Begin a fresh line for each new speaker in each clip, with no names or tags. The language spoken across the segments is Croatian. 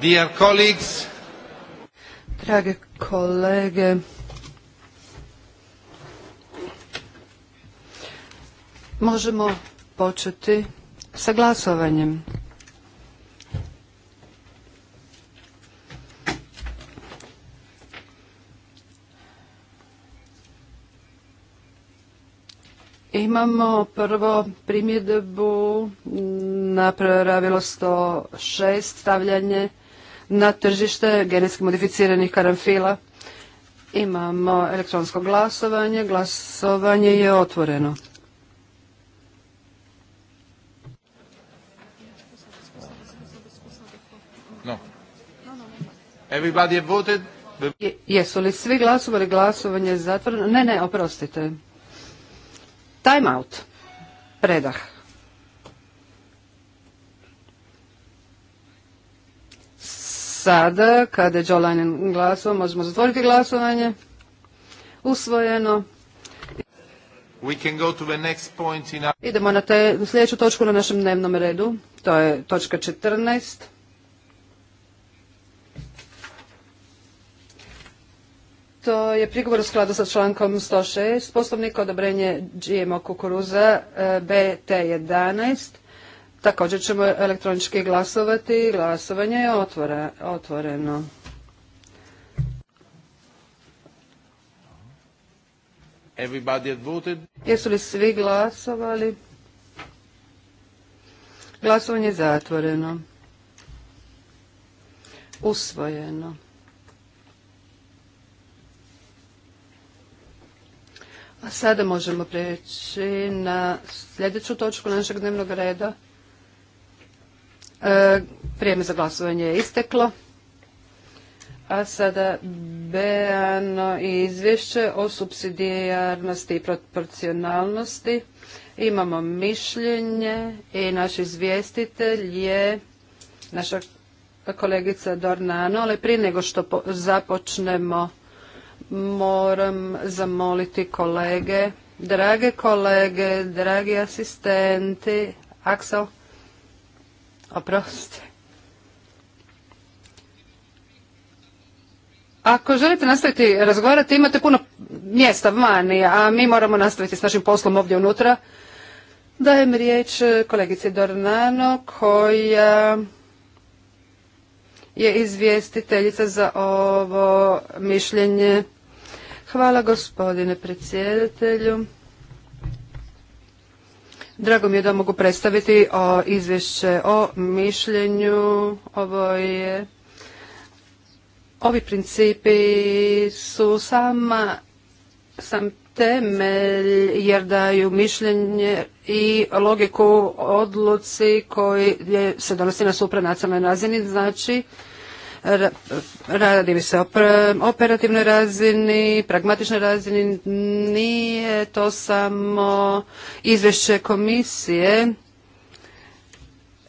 Dear colleagues.
Drage kolege. Možemo početi sa glasovanjem. Imamo prvo primjedbu na pravilo 106 stavljanje na tržište genetski modificiranih karanfila. Imamo elektronsko glasovanje. Glasovanje je otvoreno. jesu li svi glasovali glasovanje je zatvoreno? Ne, ne, oprostite. Time out. Predah. sada, kada je Joe možemo zatvoriti glasovanje. Usvojeno. Idemo na te, sljedeću točku na našem dnevnom redu. To je točka 14. To je prigovor u skladu sa člankom 106, poslovnik odobrenje GMO kukuruza e, BT11. Također ćemo elektronički glasovati. Glasovanje je otvoreno. Everybody Jesu li svi glasovali? Glasovanje je zatvoreno. Usvojeno. A sada možemo prijeći na sljedeću točku našeg dnevnog reda. E, vrijeme za glasovanje je isteklo. A sada Beano izvješće o subsidijarnosti i proporcionalnosti. Imamo mišljenje i naš izvjestitelj je naša kolegica Dornano, ali prije nego što započnemo moram zamoliti kolege, drage kolege, dragi asistenti, Axel oprostite Ako želite nastaviti razgovarati, imate puno mjesta vani, a mi moramo nastaviti s našim poslom ovdje unutra. Dajem riječ kolegici Dornano koja je izvjestiteljica za ovo mišljenje. Hvala gospodine predsjedatelju. Drago mi je da mogu predstaviti o izvješće o mišljenju. Ovo je... Ovi principi su sama, sam temelj jer daju mišljenje i logiku odluci koji se donosi na supranacionalnoj razini. Znači, radi mi se o operativnoj razini, pragmatičnoj razini, nije to samo izvješće komisije,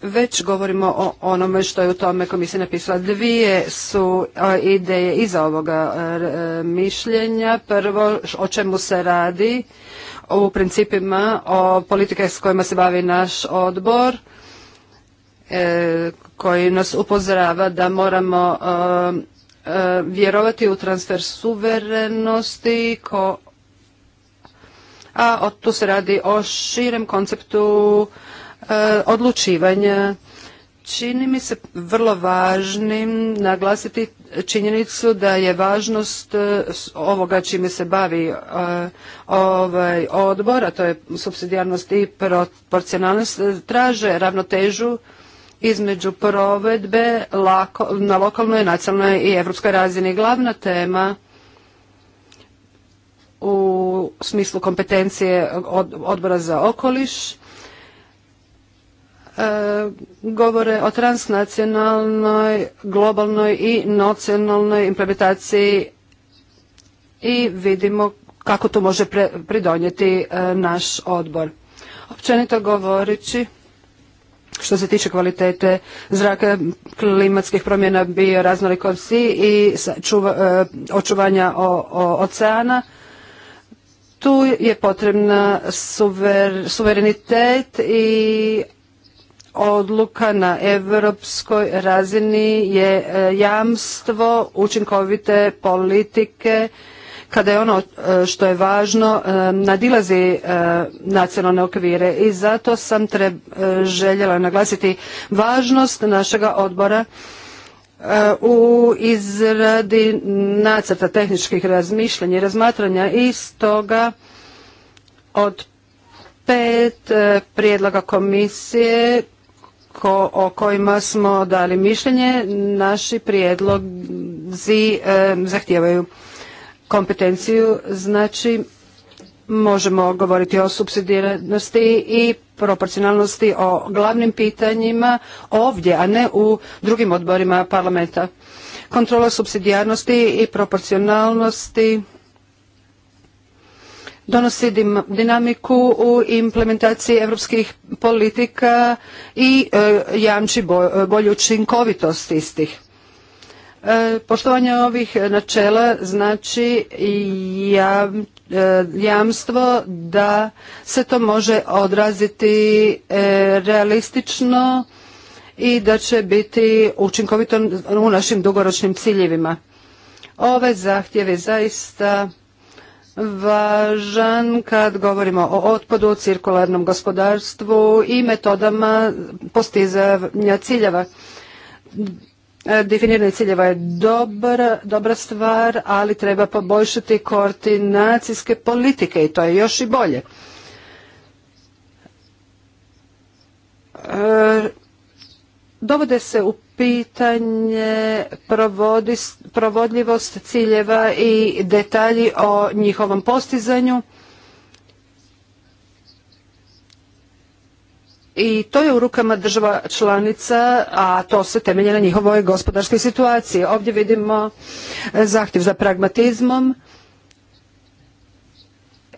već govorimo o onome što je u tome komisija napisala. Dvije su ideje iza ovoga e, mišljenja. Prvo, o čemu se radi, u principima o politike s kojima se bavi naš odbor, e, koji nas upozorava da moramo e, e, vjerovati u transfer suverenosti a tu se radi o širem konceptu e, odlučivanja. Čini mi se vrlo važnim naglasiti činjenicu da je važnost ovoga čime se bavi ovaj odbor, a to je subsidijarnost i proporcionalnost, traže ravnotežu između provedbe na lokalnoj, nacionalnoj i evropskoj razini. Glavna tema u smislu kompetencije odbora za okoliš e, govore o transnacionalnoj, globalnoj i nacionalnoj implementaciji i vidimo kako to može pridonijeti e, naš odbor. Općenito govoreći, što se tiče kvalitete zraka, klimatskih promjena, bioraznolikosti i e, očuvanja oceana. Tu je potrebna suverenitet i odluka na europskoj razini je e, jamstvo učinkovite politike kada je ono e, što je važno e, nadilazi e, nacionalne okvire i zato sam željela naglasiti važnost našega odbora u izradi nacrta tehničkih razmišljanja i razmatranja i stoga od pet prijedloga komisije ko, o kojima smo dali mišljenje, naši prijedlozi zahtijevaju kompetenciju, znači možemo govoriti o subsidijarnosti i proporcionalnosti o glavnim pitanjima ovdje, a ne u drugim odborima parlamenta. Kontrola subsidijarnosti i proporcionalnosti donosi dinamiku u implementaciji europskih politika i e, jamči bolju učinkovitost istih. E, poštovanje ovih načela znači e, jamstvo da se to može odraziti e, realistično i da će biti učinkovito u našim dugoročnim ciljevima. Ove zahtjeve zaista važan kad govorimo o otpadu, cirkularnom gospodarstvu i metodama postizanja ciljeva. E, definiranje ciljeva je dobra, stvar, ali treba poboljšati koordinacijske politike i to je još i bolje. E, dovode se u pitanje provodljivost ciljeva i detalji o njihovom postizanju i to je u rukama država članica, a to se temelje na njihovoj gospodarskoj situaciji. Ovdje vidimo e, zahtjev za pragmatizmom.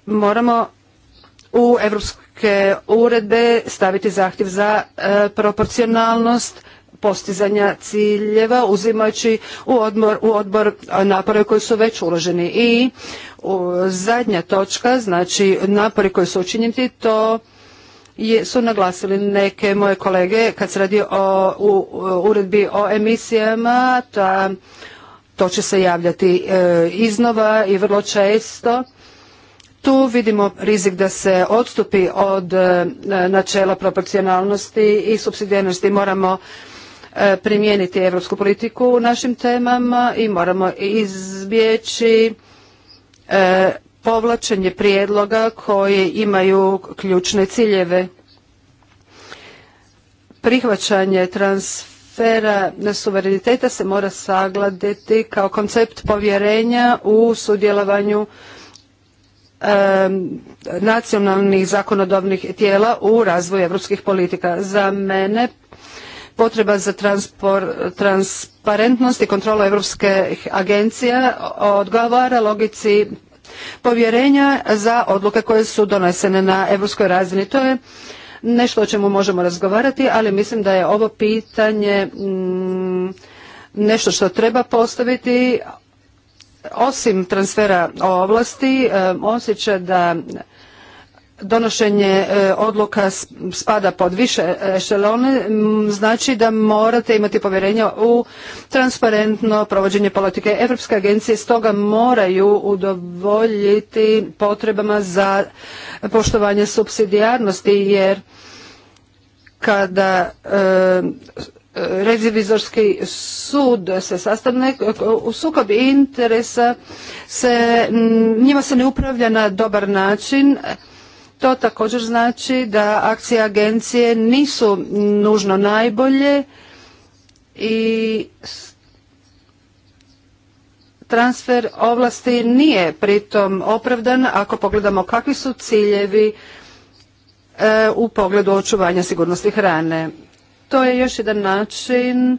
Moramo u evropske uredbe staviti zahtjev za e, proporcionalnost postizanja ciljeva uzimajući u, odmor, u odbor napore koji su već uloženi. I zadnja točka, znači napori koji su učinjeni, to su naglasili neke moje kolege kad se radi o uredbi o emisijama, ta, to će se javljati e, iznova i vrlo često. Tu vidimo rizik da se odstupi od e, načela proporcionalnosti i subsidijenosti. Moramo e, primijeniti europsku politiku u našim temama i moramo izbjeći povlačenje prijedloga koje imaju ključne ciljeve. Prihvaćanje transfera suvereniteta se mora sagladiti kao koncept povjerenja u sudjelovanju nacionalnih zakonodavnih tijela u razvoju europskih politika. Za mene potreba za transparentnost i kontrolu evropske agencije odgovara logici povjerenja za odluke koje su donesene na europskoj razini. To je nešto o čemu možemo razgovarati, ali mislim da je ovo pitanje mm, nešto što treba postaviti. Osim transfera ovlasti, e, osjeća da donošenje e, odluka spada pod više ešelone, znači da morate imati povjerenje u transparentno provođenje politike. Europske agencije stoga moraju udovoljiti potrebama za poštovanje subsidijarnosti, jer kada e, revizorski sud se sastane e, u sukob interesa se njima se ne upravlja na dobar način to također znači da akcije agencije nisu nužno najbolje i transfer ovlasti nije pritom opravdan ako pogledamo kakvi su ciljevi e, u pogledu očuvanja sigurnosti hrane. To je još jedan način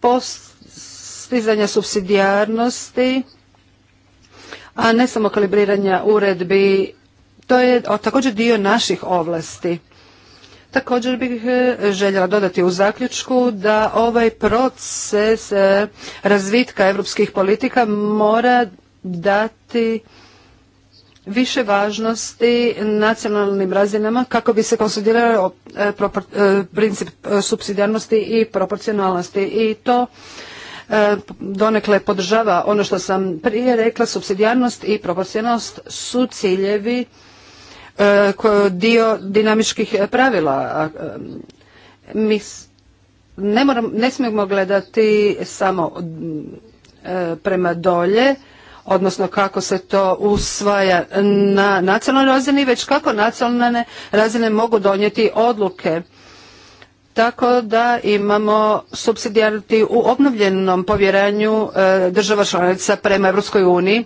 postizanja subsidijarnosti, a ne samo kalibriranja uredbi to je također dio naših ovlasti. Također bih e, željela dodati u zaključku da ovaj proces e, razvitka europskih politika mora dati više važnosti nacionalnim razinama kako bi se konsolidirao e, princip supsidijarnosti i proporcionalnosti i to donekle podržava ono što sam prije rekla, supsidijarnost i proporcionalnost su ciljevi E, dio dinamičkih e, pravila. E, mi ne, moram, ne smijemo gledati samo prema dolje, odnosno kako se to usvaja na nacionalnoj razini, već kako nacionalne razine mogu donijeti odluke. Tako da imamo subsidijariti u obnovljenom povjeranju država članica prema Europskoj uniji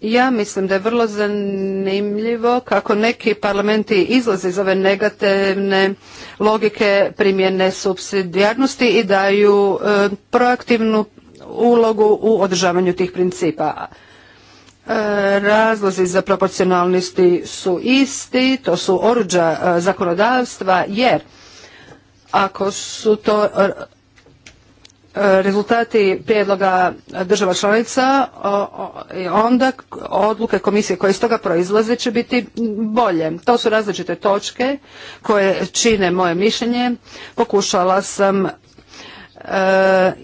ja mislim da je vrlo zanimljivo kako neki parlamenti izlaze iz ove negativne logike primjene subsidijarnosti i daju e, proaktivnu ulogu u održavanju tih principa. E, razlozi za proporcionalnosti su isti, to su oruđa e, zakonodavstva, jer ako su to rezultati prijedloga država članica, onda odluke komisije koje iz toga proizlaze će biti bolje. To su različite točke koje čine moje mišljenje. Pokušala sam e,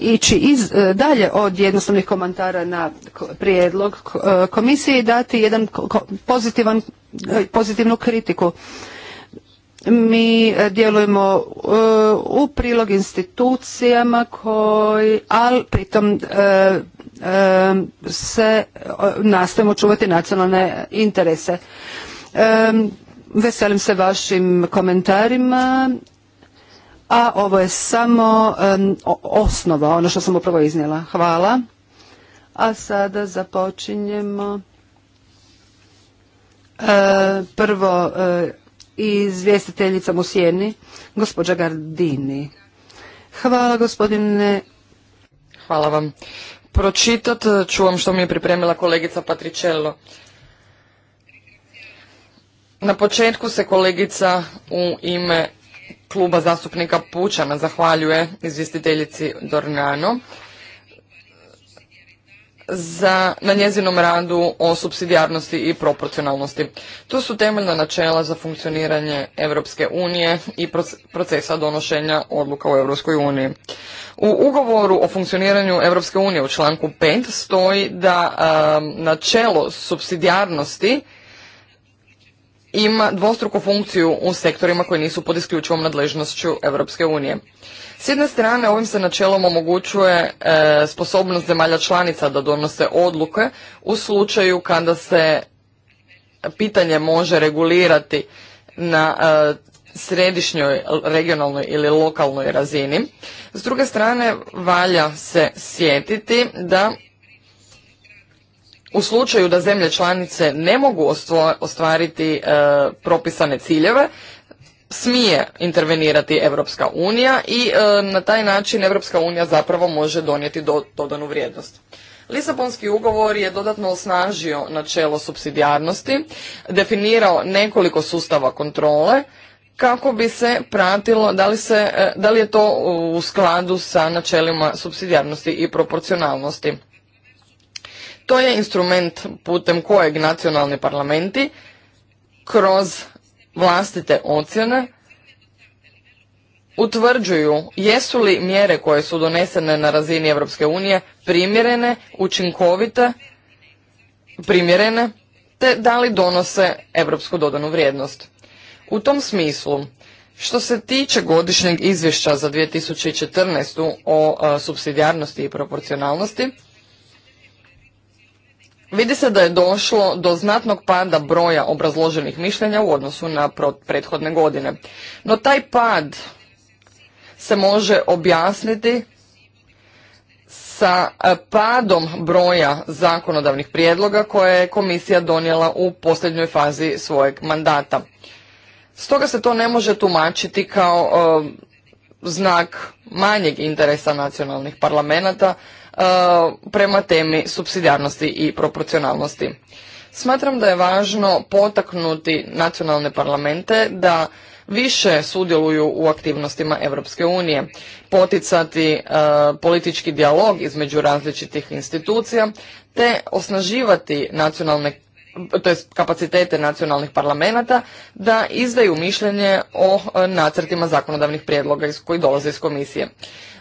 ići e, dalje od jednostavnih komentara na prijedlog e, komisije i dati jedan pozitivan, pozitivnu kritiku mi e, djelujemo e, u prilog institucijama koji, ali pritom e, se nastavimo čuvati nacionalne interese. Veselim se vašim komentarima, a ovo je samo osnova, ono što sam upravo iznijela. Hvala. A sada započinjemo prvo izvjestiteljicom u Sjeni, gospođa Gardini. Hvala gospodine.
Hvala vam. Pročitat ću vam što mi je pripremila kolegica Patričello. Na početku se kolegica u ime kluba zastupnika Pučana zahvaljuje izvjestiteljici Dornano za, na njezinom radu o subsidijarnosti i proporcionalnosti. To su temeljna načela za funkcioniranje Europske unije i procesa donošenja odluka u Europskoj uniji. U ugovoru o funkcioniranju Europske unije u članku 5 stoji da načelo subsidijarnosti ima dvostruku funkciju u sektorima koji nisu pod isključivom nadležnošću Europske unije. S jedne strane, ovim se načelom omogućuje e, sposobnost zemalja članica da donose odluke u slučaju kada se pitanje može regulirati na e, središnjoj, regionalnoj ili lokalnoj razini. S druge strane, valja se sjetiti da u slučaju da zemlje članice ne mogu ostvariti e, propisane ciljeve, smije intervenirati Europska unija i e, na taj način Europska unija zapravo može donijeti dodanu vrijednost. Lisabonski ugovor je dodatno osnažio načelo subsidijarnosti, definirao nekoliko sustava kontrole kako bi se pratilo da li, se, e, da li je to u skladu sa načelima subsidijarnosti i proporcionalnosti. To je instrument putem kojeg nacionalni parlamenti kroz vlastite ocjene utvrđuju jesu li mjere koje su donesene na razini Europske unije primjerene, učinkovite, primjerene, te da li donose europsku dodanu vrijednost. U tom smislu, što se tiče godišnjeg izvješća za 2014. o e, subsidijarnosti i proporcionalnosti, Vidi se da je došlo do znatnog pada broja obrazloženih mišljenja u odnosu na prethodne godine. No taj pad se može objasniti sa e, padom broja zakonodavnih prijedloga koje je komisija donijela u posljednjoj fazi svojeg mandata. Stoga se to ne može tumačiti kao e, znak manjeg interesa nacionalnih parlamenata E, prema temi subsidijarnosti i proporcionalnosti. Smatram da je važno potaknuti nacionalne parlamente da više sudjeluju u aktivnostima Europske unije, poticati e, politički dijalog između različitih institucija, te osnaživati nacionalne to kapacitete nacionalnih parlamenata da izdaju mišljenje o e, nacrtima zakonodavnih prijedloga koji dolaze iz komisije.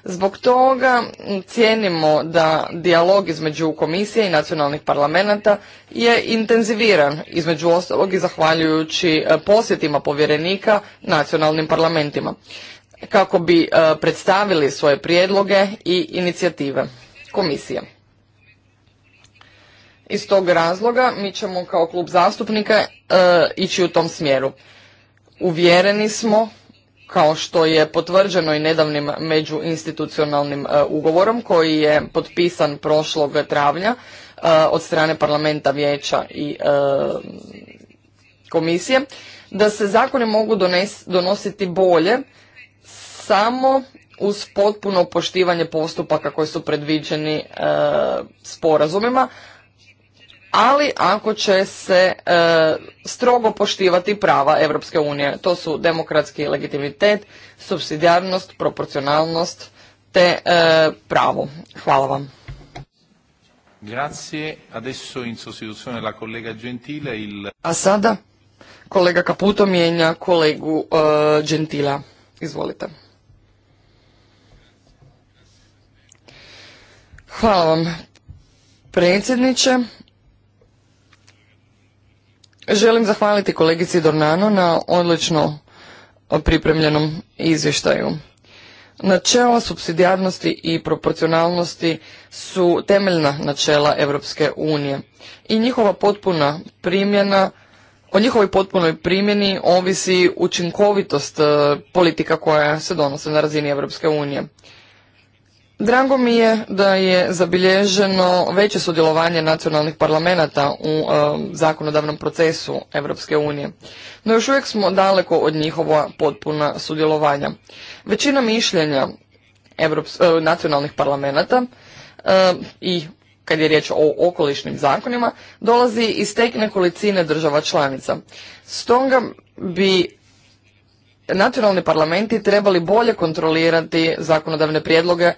Zbog toga cijenimo da dijalog između komisije i nacionalnih parlamenta je intenziviran, između ostalog i zahvaljujući e, posjetima povjerenika nacionalnim parlamentima, kako bi e, predstavili svoje prijedloge i inicijative komisije. Iz tog razloga mi ćemo kao klub zastupnika e, ići u tom smjeru. Uvjereni smo kao što je potvrđeno i nedavnim međuinstitucionalnim e, ugovorom koji je potpisan prošlog travnja e, od strane parlamenta vijeća i e, komisije, da se zakoni mogu donositi bolje samo uz potpuno poštivanje postupaka koji su predviđeni sporazumima, ali ako će se e, strogo poštivati prava Europske unije. To su demokratski legitimitet, subsidijarnost, proporcionalnost te e, pravo. Hvala vam.
Grazie.
A sada kolega Caputo mijenja kolegu e, Gentila. Izvolite. Hvala vam predsjedniče. Želim zahvaliti kolegici Dornano na odlično pripremljenom izvještaju. Načela subsidijarnosti i proporcionalnosti su temeljna načela Europske unije i njihova potpuna primjena, o njihovoj potpunoj primjeni ovisi učinkovitost e, politika koja se donose na razini Europske unije. Drago mi je da je zabilježeno veće sudjelovanje nacionalnih parlamenata u e, zakonodavnom procesu Europske unije, no još uvijek smo daleko od njihova potpuna sudjelovanja. Većina mišljenja e, nacionalnih parlamenata e, i kad je riječ o okolišnim zakonima, dolazi iz tek nekolicine država članica. Stoga bi nacionalni parlamenti trebali bolje kontrolirati zakonodavne prijedloge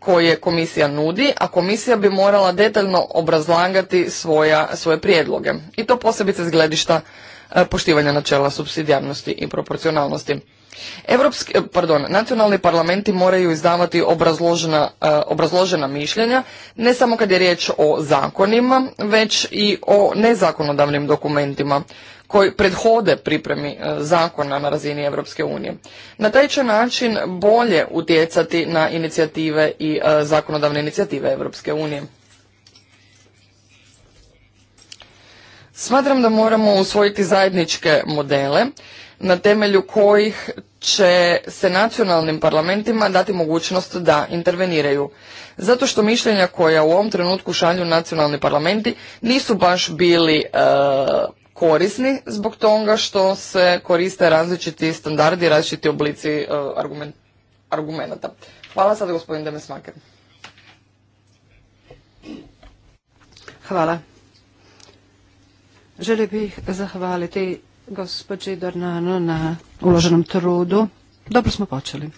koje komisija nudi, a komisija bi morala detaljno obrazlagati svoja, svoje prijedloge. I to posebice s gledišta e, poštivanja načela subsidijarnosti i proporcionalnosti. Eh, pardon, nacionalni parlamenti moraju izdavati obrazložena, eh, obrazložena mišljenja, ne samo kad je riječ o zakonima, već i o nezakonodavnim dokumentima koji prethode pripremi eh, zakona na razini Europske unije. Na taj će način bolje utjecati na inicijative i zakonodavne inicijative Europske unije. Smatram da moramo usvojiti zajedničke modele na temelju kojih će se nacionalnim parlamentima dati mogućnost da interveniraju. Zato što mišljenja koja u ovom trenutku šalju nacionalni parlamenti nisu baš bili e, korisni zbog toga što se koriste različiti standardi, različiti oblici e, argument, argumenata. Hvala sada gospodin Demesmaker.
Hvala. Želio bih zahvaliti gospođi Dornano na uloženom trudu. Dobro smo počeli.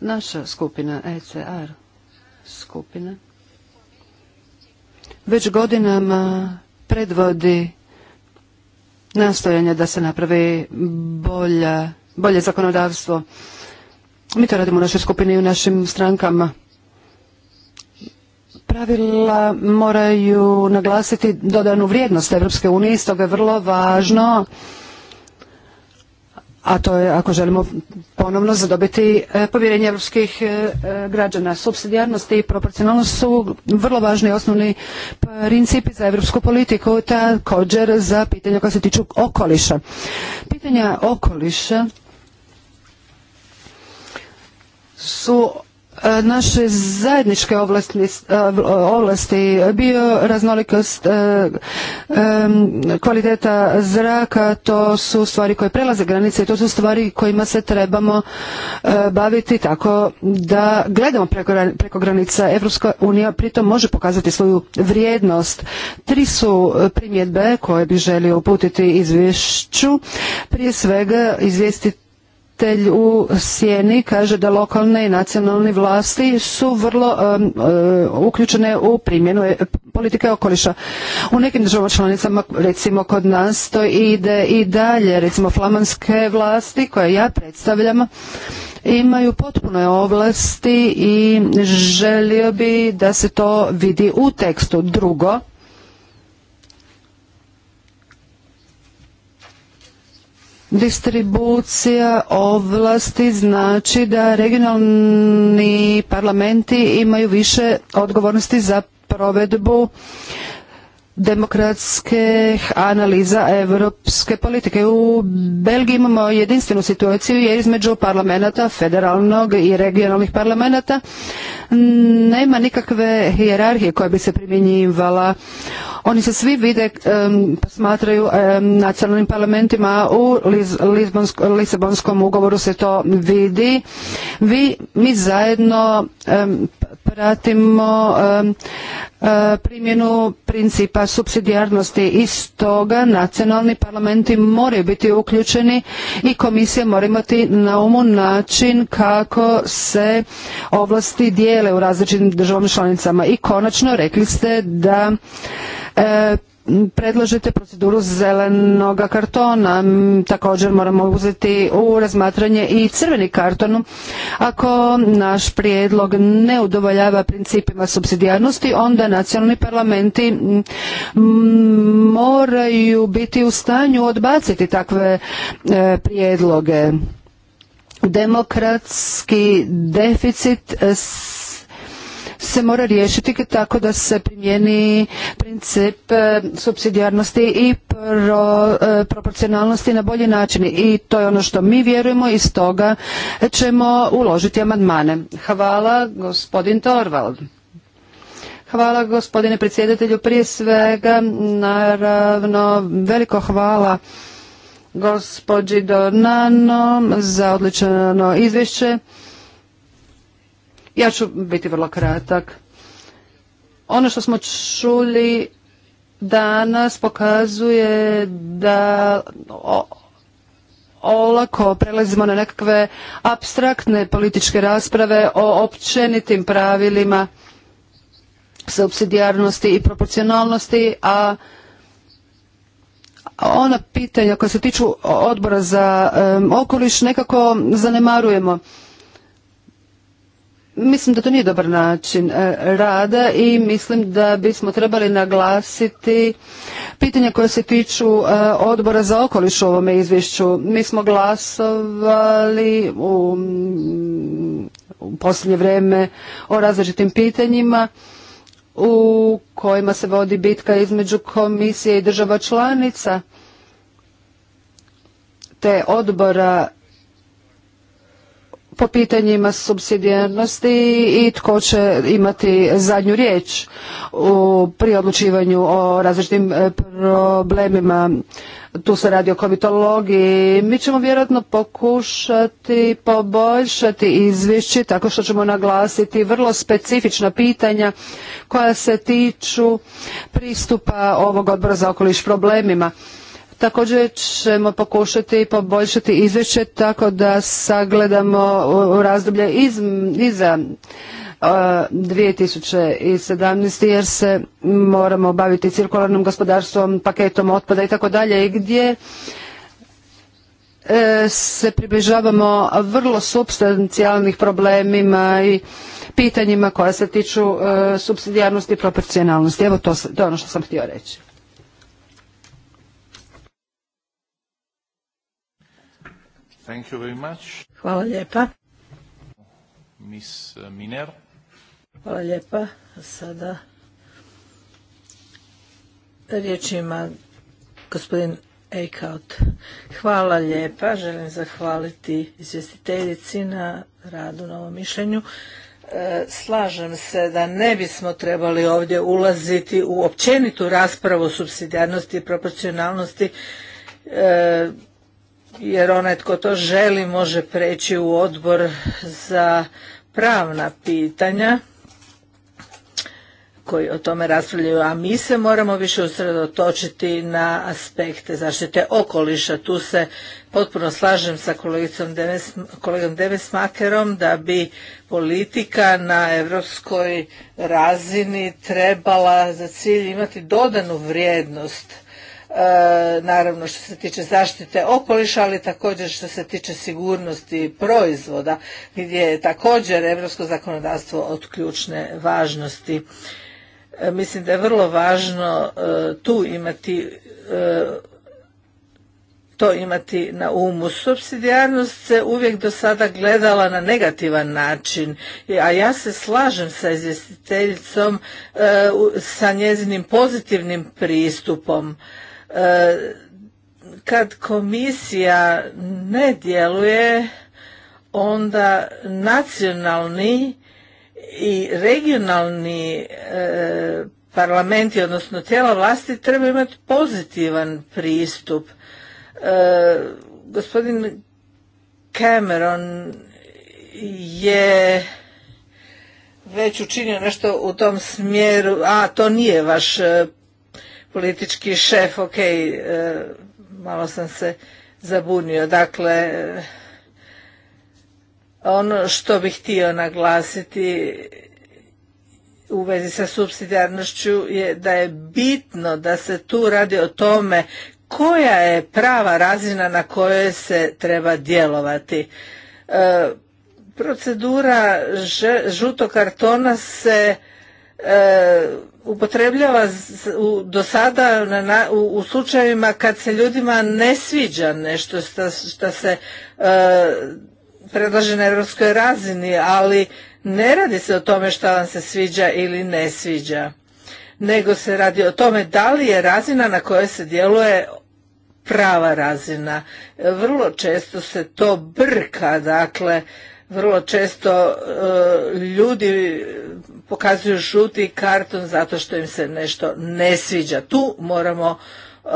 Naša skupina ECR skupina već godinama predvodi nastojanje da se napravi bolje, bolje zakonodavstvo. Mi to radimo u našoj skupini i u našim strankama pravila moraju naglasiti dodanu vrijednost Europske unije i stoga je vrlo važno a to je ako želimo ponovno zadobiti e, povjerenje europskih e, e, građana. Subsidijarnost i proporcionalnost su vrlo važni osnovni principi za europsku politiku, također za pitanja koja se tiču okoliša. Pitanja okoliša su E, naše zajedničke ovlasti, bioraznolikost e, e, bio raznolikost kvaliteta zraka, to su stvari koje prelaze granice i to su stvari kojima se trebamo baviti tako da gledamo preko, preko granica. Evropska unija pritom može pokazati svoju vrijednost. Tri su primjedbe koje bi želio uputiti izvješću. Prije svega izvijestiti u Sjeni kaže da lokalne i nacionalne vlasti su vrlo e, uključene u primjenu e, politike okoliša. U nekim državama članicama, recimo kod nas, to ide i dalje. Recimo flamanske vlasti koje ja predstavljam imaju potpune ovlasti i želio bi da se to vidi u tekstu. Drugo, Distribucija ovlasti znači da regionalni parlamenti imaju više odgovornosti za provedbu demokratskih analiza europske politike. U Belgiji imamo jedinstvenu situaciju jer između parlamenta, federalnog i regionalnih parlamenta nema nikakve hijerarhije koja bi se primjenjivala. Oni se svi vide, smatraju nacionalnim parlamentima u Lisabonskom ugovoru se to vidi. Vi, mi zajedno pratimo e, primjenu principa subsidijarnosti i stoga nacionalni parlamenti moraju biti uključeni i komisija mora imati na umu način kako se ovlasti dijele u različitim državama članicama i konačno rekli ste da e, predlažete proceduru zelenoga kartona. Također moramo uzeti u razmatranje i crveni karton. Ako naš prijedlog ne udovoljava principima subsidijarnosti, onda nacionalni parlamenti moraju biti u stanju odbaciti takve e, prijedloge. Demokratski deficit se mora riješiti tako da se primijeni princip e, subsidijarnosti i pro, e, proporcionalnosti na bolji način i to je ono što mi vjerujemo i stoga ćemo uložiti amandmane. Hvala gospodin Torvald. Hvala gospodine predsjedatelju. Prije svega, naravno, veliko hvala gospođi Donano za odlično izvješće. Ja ću biti vrlo kratak. Ono što smo čuli danas pokazuje da olako prelazimo na nekakve abstraktne političke rasprave o općenitim pravilima subsidijarnosti i proporcionalnosti, a ona pitanja koja se tiču odbora za okoliš nekako zanemarujemo. Mislim da to nije dobar način e, rada i mislim da bismo trebali naglasiti pitanja koja se tiču e, odbora za okoliš u ovome izvješću. Mi smo glasovali u, posljednje vrijeme o različitim pitanjima u kojima se vodi bitka između komisije i država članica te odbora po pitanjima subsidijarnosti i tko će imati zadnju riječ u, pri odlučivanju o različitim e, problemima. Tu se radi o komitologiji. Mi ćemo vjerojatno pokušati poboljšati izvješće tako što ćemo naglasiti vrlo specifična pitanja koja se tiču pristupa ovog odbora za okoliš problemima. Također ćemo pokušati poboljšati izvješće tako da sagledamo u razdoblje iz, iza 2017. E, jer se moramo baviti cirkularnim gospodarstvom, paketom otpada i tako dalje i gdje e, se približavamo vrlo substancijalnih problemima i pitanjima koja se tiču e, subsidijarnosti i proporcionalnosti. Evo to, to je ono što sam htio reći. Thank you very much. Hvala lijepa. Miss Miner.
Hvala lijepa. Sada riječ ima gospodin Eichhout. Hvala lijepa. Želim zahvaliti izvjestiteljici na radu na ovom mišljenju. E, slažem se da ne bismo trebali ovdje ulaziti u općenitu raspravu subsidijarnosti i proporcionalnosti. E, jer onaj tko to želi može preći u odbor za pravna pitanja koji o tome raspravljaju, a mi se moramo više usredotočiti na aspekte zaštite okoliša. Tu se potpuno slažem sa Deves, kolegom Devesmakerom da bi politika na europskoj razini trebala za cilj imati dodanu vrijednost E, naravno što se tiče zaštite okoliša, ali također što se tiče sigurnosti proizvoda, gdje je također europsko zakonodavstvo od ključne važnosti. E, mislim da je vrlo važno e, tu imati to imati na umu. Subsidijarnost se uvijek do sada gledala na negativan način, a ja se slažem sa izvjestiteljicom sa njezinim pozitivnim pristupom. E, kad komisija ne djeluje onda nacionalni i regionalni e, parlamenti odnosno tijela vlasti treba imati pozitivan pristup e, gospodin Cameron je već učinio nešto u tom smjeru a to nije vaš politički šef, ok, e, malo sam se zabunio. Dakle, e, ono što bih htio naglasiti u vezi sa subsidijarnošću je da je bitno da se tu radi o tome koja je prava razina na kojoj se treba djelovati. E, procedura žutog kartona se upotrebljava do sada u slučajevima kad se ljudima ne sviđa nešto što se e, predlaže na europskoj razini, ali ne radi se o tome što vam se sviđa ili ne sviđa, nego se radi o tome da li je razina na kojoj se djeluje prava razina. Vrlo često se to brka, dakle, vrlo često e, ljudi pokazuju žuti karton zato što im se nešto ne sviđa. Tu moramo e,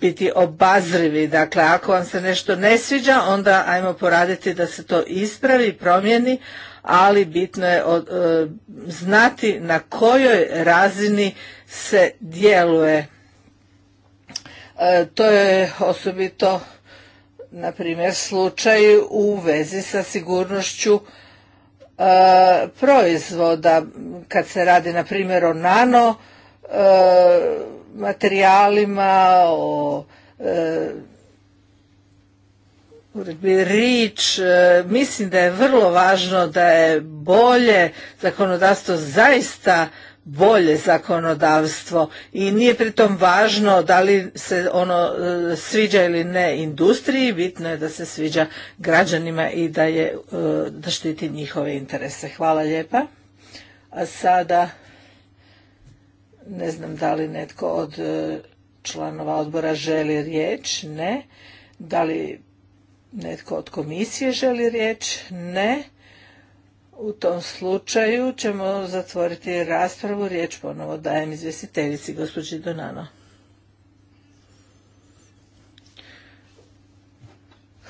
biti obazrivi. Dakle, ako vam se nešto ne sviđa, onda ajmo poraditi da se to ispravi, promijeni, ali bitno je e, znati na kojoj razini se djeluje. to je osobito na primjer slučaj u vezi sa sigurnošću e, proizvoda kad se radi na primjer o nano e, materijalima o e, rič mislim da je vrlo važno da je bolje zakonodavstvo zaista bolje zakonodavstvo i nije pritom važno da li se ono e, sviđa ili ne industriji, bitno je da se sviđa građanima i da, je, e, da štiti njihove interese. Hvala lijepa. A sada ne znam da li netko od e, članova odbora želi riječ, ne. Da li netko od komisije želi riječ, ne. U tom slučaju ćemo zatvoriti raspravu. Riječ ponovo dajem izvjestiteljici, gospođi Donano.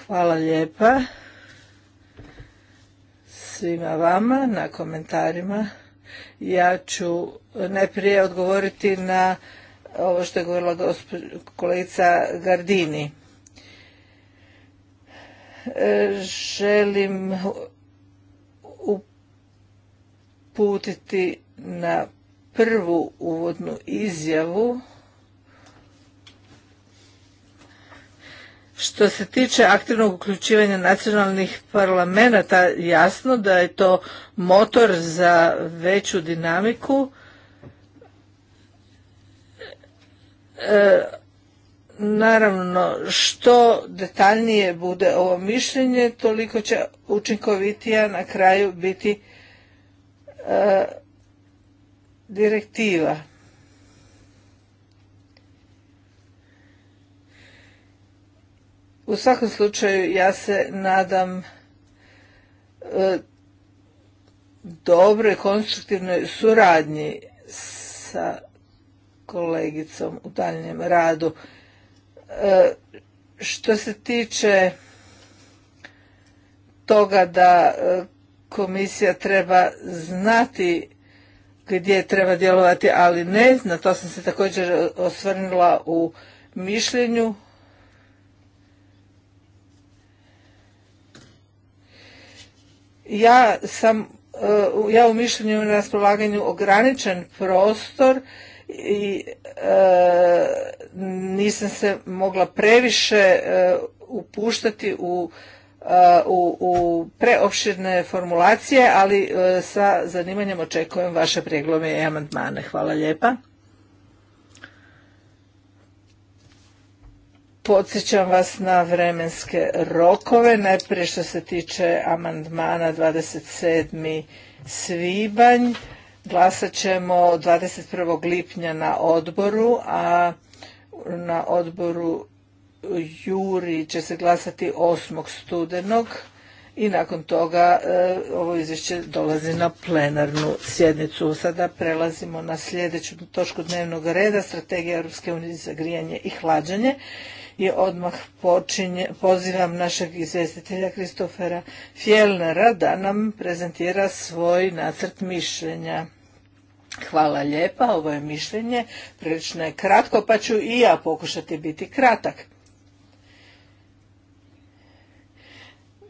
Hvala lijepa svima vama na komentarima. Ja ću najprije odgovoriti na ovo što je govorila kolegica Gardini. E, želim uputiti na prvu uvodnu izjavu Što se tiče aktivnog uključivanja nacionalnih parlamenta, jasno da je to motor za veću dinamiku. E, naravno, što detaljnije bude ovo mišljenje, toliko će učinkovitija na kraju biti E, direktiva. U svakom slučaju ja se nadam e, dobroj konstruktivnoj suradnji sa kolegicom u daljnjem radu. E, što se tiče toga da komisija treba znati gdje treba djelovati, ali ne zna. To sam se također osvrnula u mišljenju. Ja sam e, ja u mišljenju na raspolaganju ograničen prostor i e, nisam se mogla previše e, upuštati u u, u preopširne formulacije, ali e, sa zanimanjem očekujem vaše prijeglome i amandmane. Hvala lijepa. Podsjećam vas na vremenske rokove, najprije što se tiče amandmana 27. svibanj, glasat ćemo 21. lipnja na odboru, a na odboru juri će se glasati 8. studenog i nakon toga e, ovo izvješće dolazi na plenarnu sjednicu. Sada prelazimo na sljedeću točku dnevnog reda, strategija Europske unije za grijanje i hlađanje. I odmah počinje, pozivam našeg izvjestitelja Kristofera Fjellnera da nam prezentira svoj nacrt mišljenja. Hvala lijepa, ovo je mišljenje, prilično je kratko, pa ću i ja pokušati biti kratak.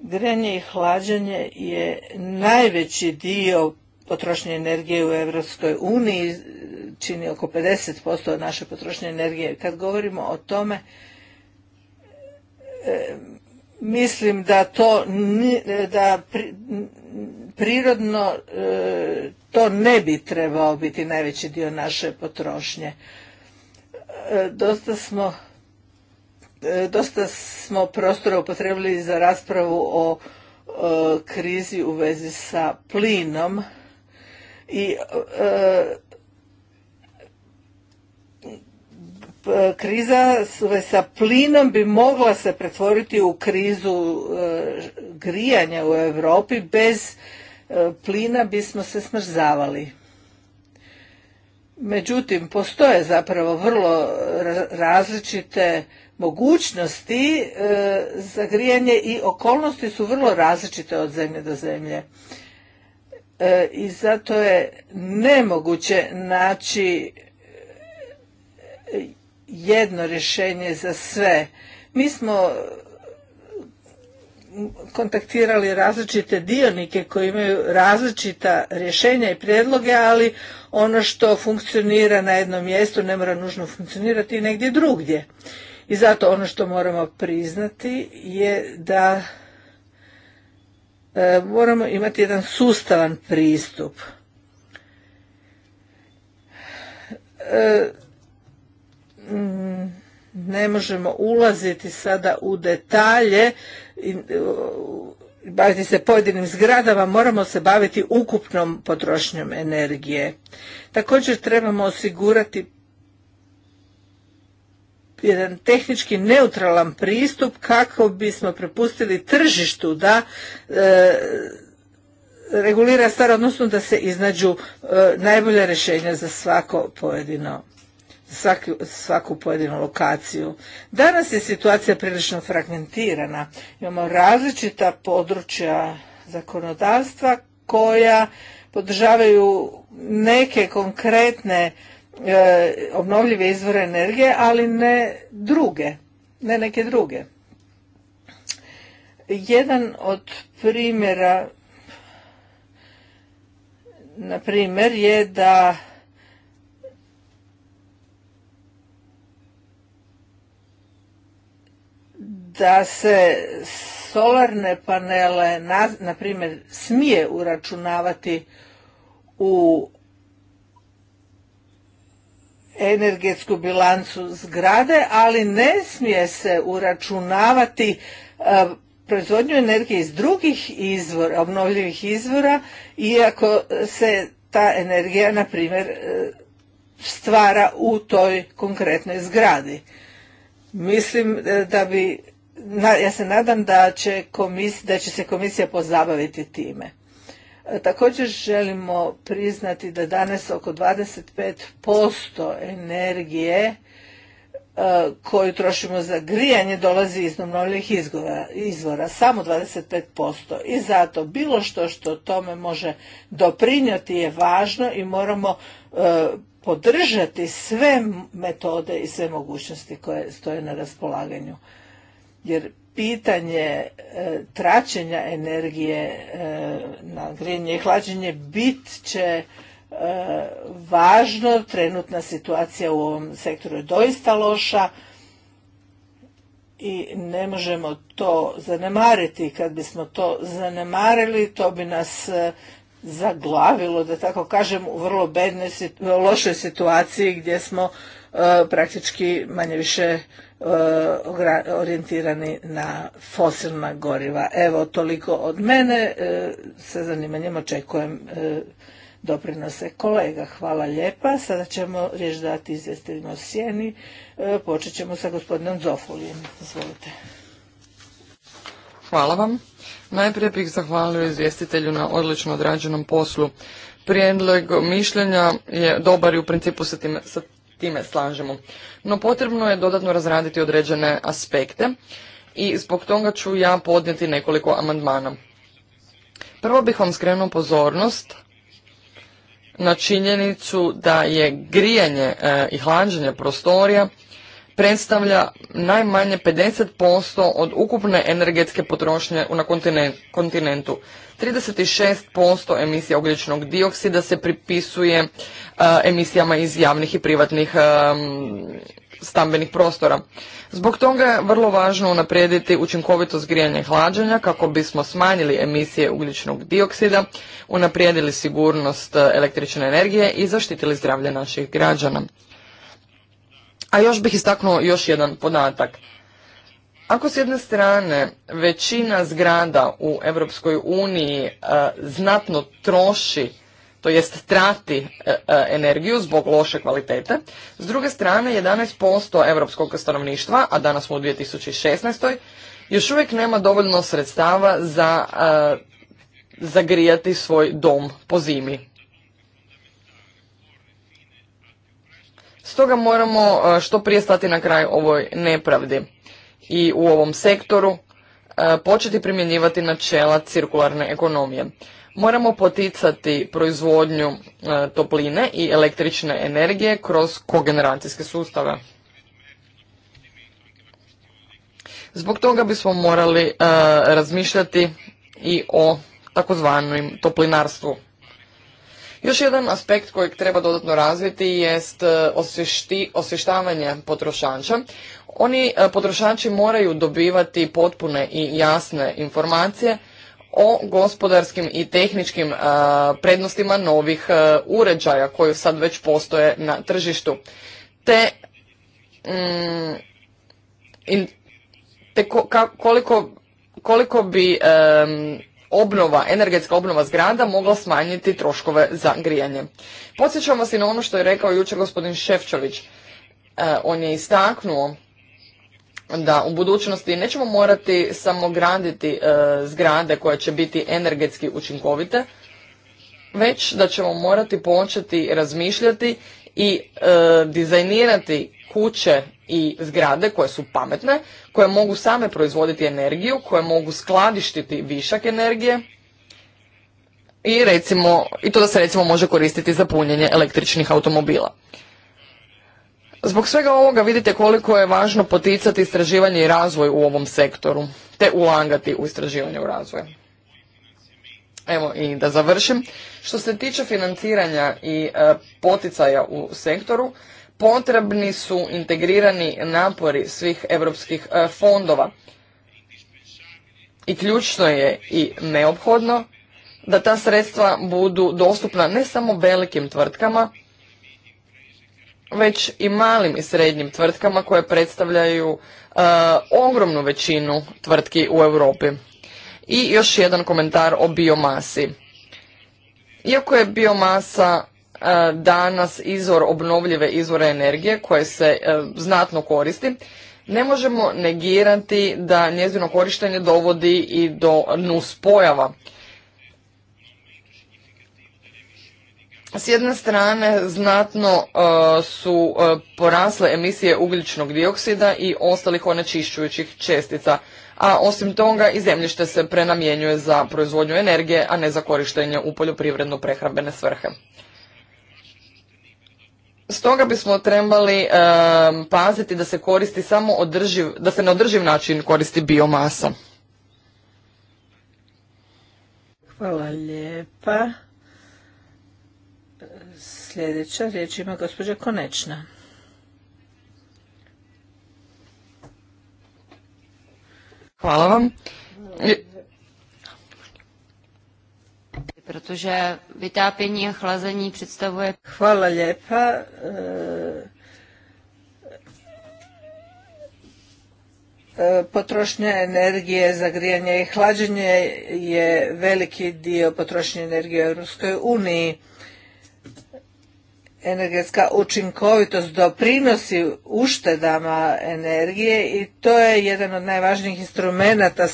Grenje i hlađenje je najveći dio potrošnje energije u Europskoj uniji, čini oko 50% naše potrošnje energije. Kad govorimo o tome, e, mislim da to da prirodno e, to ne bi trebao biti najveći dio naše potrošnje. E, dosta smo E, dosta smo prostora upotrebili za raspravu o e, krizi u vezi sa plinom i e, kriza sa plinom bi mogla se pretvoriti u krizu grijanja u Europi bez plina bismo se smrzavali. Međutim, postoje zapravo vrlo različite mogućnosti e, za grijanje i okolnosti su vrlo različite od zemlje do zemlje e, i zato je nemoguće naći e, jedno rješenje za sve. Mi smo kontaktirali različite dionike koji imaju različita rješenja i prijedloge, ali ono što funkcionira na jednom mjestu ne mora nužno funkcionirati i negdje drugdje. I zato ono što moramo priznati je da e, moramo imati jedan sustavan pristup. E, mm, ne možemo ulaziti sada u detalje baviti se pojedinim zgradama, moramo se baviti ukupnom potrošnjom energije. Također trebamo osigurati jedan tehnički neutralan pristup kako bismo prepustili tržištu da e, regulira stvar, odnosno da se iznađu e, najbolja rješenja za svako pojedino svaku pojedinu lokaciju. Danas je situacija prilično fragmentirana. Imamo različita područja zakonodavstva koja podržavaju neke konkretne E, obnovljive izvore energije, ali ne druge, ne neke druge. Jedan od primjera na primjer je da da se solarne panele na, na primjer smije uračunavati u energetsku bilancu zgrade, ali ne smije se uračunavati e, proizvodnju energije iz drugih izvora, obnovljivih izvora, iako se ta energija, na primjer, e, stvara u toj konkretnoj zgradi. Mislim e, da bi, ja se nadam da će, da će se komisija pozabaviti time. E, također želimo priznati da danas oko 25% energije e, koju trošimo za grijanje dolazi iz obnovljivih izvora, samo 25%. I zato bilo što što tome može doprinijeti je važno i moramo e, podržati sve metode i sve mogućnosti koje stoje na raspolaganju. Jer pitanje e, traćenja energije e, na grijanje i hlađenje bit će e, važno. Trenutna situacija u ovom sektoru je doista loša i ne možemo to zanemariti. Kad bismo to zanemarili, to bi nas zaglavilo, da tako kažem, u vrlo bednoj, lošoj situaciji gdje smo praktički manje više Eh, orijentirani na fosilna goriva. Evo, toliko od mene. Eh, sa zanimanjem očekujem eh, doprinose kolega. Hvala lijepa. Sada ćemo riječ dati sjeni. Počet ćemo sa gospodinom Zofulijem. Izvolite.
Hvala vam. Najprije bih zahvalio izvjestitelju na odlično odrađenom poslu. Prijedlog mišljenja je dobar i u principu sa time slažemo. No potrebno je dodatno razraditi određene aspekte i zbog toga ću ja podnijeti nekoliko amandmana. Prvo bih vam skrenuo pozornost na činjenicu da je grijanje e, i hlađenje prostorija predstavlja najmanje 50% od ukupne energetske potrošnje na kontinentu. 36% emisija ugljičnog dioksida se pripisuje e, emisijama iz javnih i privatnih e, stambenih prostora. Zbog toga je vrlo važno unaprijediti učinkovitost grijanja i hlađenja kako bismo smanjili emisije ugljičnog dioksida, unaprijedili sigurnost e, električne energije i zaštitili zdravlje naših građana. A još bih istaknuo još jedan podatak. Ako s jedne strane većina zgrada u Europskoj uniji e, znatno troši, to jest trati e, e, energiju zbog loše kvalitete, s druge strane 11% europskog stanovništva, a danas smo u 2016. još uvijek nema dovoljno sredstava za zagrijati svoj dom po zimi. Stoga moramo e, što prije stati na kraj ovoj nepravdi i u ovom sektoru e, početi primjenjivati načela cirkularne ekonomije. Moramo poticati proizvodnju e, topline i električne energije kroz kogeneracijske sustave. Zbog toga bismo morali razmišljati i o takozvanom toplinarstvu. Još jedan aspekt kojeg treba dodatno razviti jest e, osvještavanje potrošača. Oni e, potrošači moraju dobivati potpune i jasne informacije o gospodarskim i tehničkim e, prednostima novih uređaja koji sad već postoje na tržištu. Te, mm, koliko, bi obnova, energetska obnova zgrada mogla smanjiti troškove za grijanje. Podsjećam vas i na ono što je rekao jučer gospodin Ševčović. E, on je istaknuo da u budućnosti nećemo morati samo graditi e, zgrade koje će biti energetski učinkovite, već da ćemo morati početi razmišljati i e, dizajnirati kuće i zgrade koje su pametne, koje mogu same proizvoditi energiju, koje mogu skladištiti višak energije i recimo, i to da se recimo može koristiti za punjenje električnih automobila. Zbog svega ovoga vidite koliko je važno poticati istraživanje i razvoj u ovom sektoru, te ulagati u istraživanje u razvoj. Evo i da završim. Što se tiče financiranja i e, poticaja u sektoru, potrebni su integrirani napori svih europskih e, fondova. I ključno je i neophodno da ta sredstva budu dostupna ne samo velikim tvrtkama, već i malim i srednjim tvrtkama koje predstavljaju e, ogromnu većinu tvrtki u Europi. I još jedan komentar o biomasi. Iako je biomasa E, danas izvor obnovljive izvore energije koje se e, znatno koristi, ne možemo negirati da njezino korištenje dovodi i do nuspojava. S jedne strane znatno e, su porasle emisije ugljičnog dioksida i ostalih onečišćujućih čestica, a osim toga i zemljište se prenamjenjuje za proizvodnju energije, a ne za korištenje u poljoprivredno prehrambene svrhe. Stoga bismo trebali paziti da se koristi samo održiv, da se na održiv način koristi biomasa.
Hvala lijepa. Sljedeća riječ ima gospođa Konečna.
Hvala vam protože vytápění a chlazení představuje...
Hvala lijepa. E, e, potrošnja energije za grijanje i hlađenje je veliki dio potrošnje energije u Europskoj uniji energetska učinkovitost doprinosi uštedama energije i to je jedan od najvažnijih instrumenata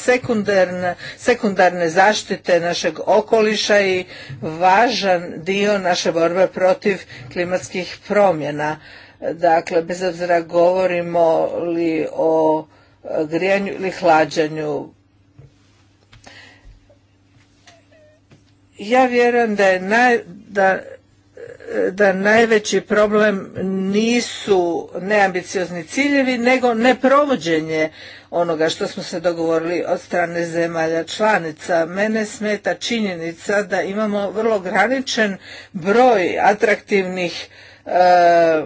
sekundarne, zaštite našeg okoliša i važan dio naše borbe protiv klimatskih promjena. Dakle, bez obzira govorimo li o grijanju ili hlađanju ja vjerujem da je da da najveći problem nisu neambiciozni ciljevi nego neprovođenje onoga što smo se dogovorili od strane zemalja članica. Mene smeta činjenica da imamo vrlo ograničen broj atraktivnih eh,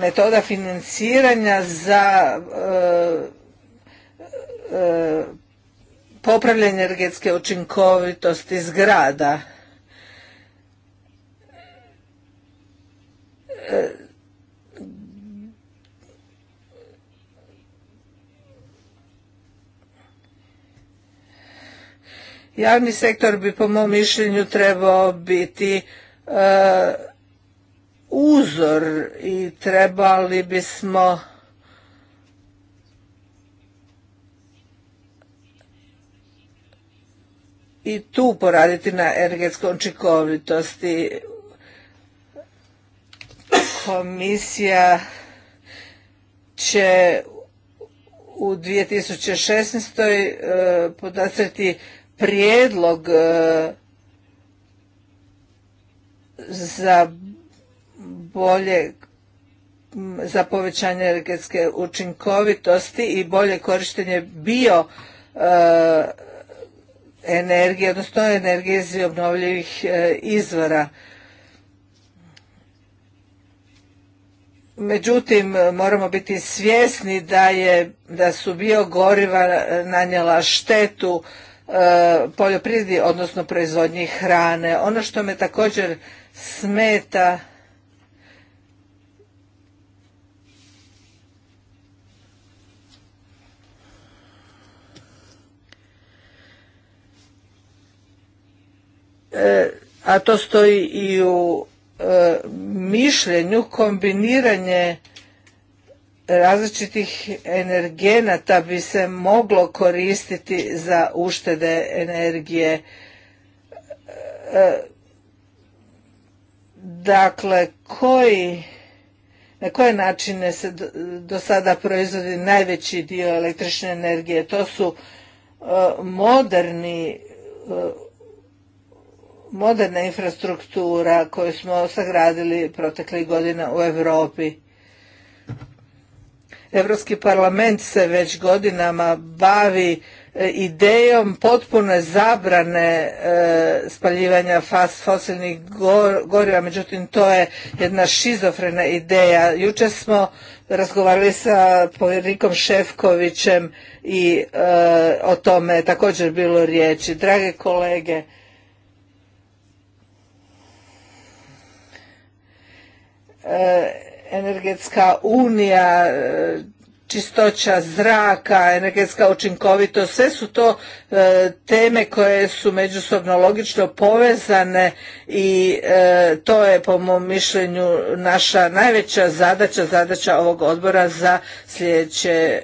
metoda financiranja za eh, eh, popravljanje energetske učinkovitosti zgrada Javni sektor bi po mom mišljenju trebao biti e, uzor i trebali bismo i tu poraditi na energetskoj učinkovitosti komisija će u 2016. Eh, podastrati prijedlog eh, za bolje za povećanje energetske učinkovitosti i bolje korištenje bio eh, energije, odnosno energije iz obnovljivih izvora. Međutim, moramo biti svjesni da, je, da su goriva nanijela štetu e, poljoprivredi, odnosno proizvodnji hrane. Ono što me također smeta e, a to stoji i u E, mišljenju kombiniranje različitih energenata bi se moglo koristiti za uštede energije. E, dakle, koji, na koje načine se do sada proizvodi najveći dio električne energije? To su e, moderni moderna infrastruktura koju smo sagradili proteklih godina u Europi. Europski parlament se već godinama bavi e, idejom potpune zabrane e, spaljivanja fosilnih goriva, međutim to je jedna šizofrena ideja. Juče smo razgovarali sa povjernikom Šefkovićem i e, o tome je također bilo riječi. Drage kolege, E, energetska unija, e, čistoća zraka, energetska učinkovitost, sve su to e, teme koje su međusobno logično povezane i to je po mom mišljenju naša najveća zadaća, zadaća ovog odbora za sljedeće,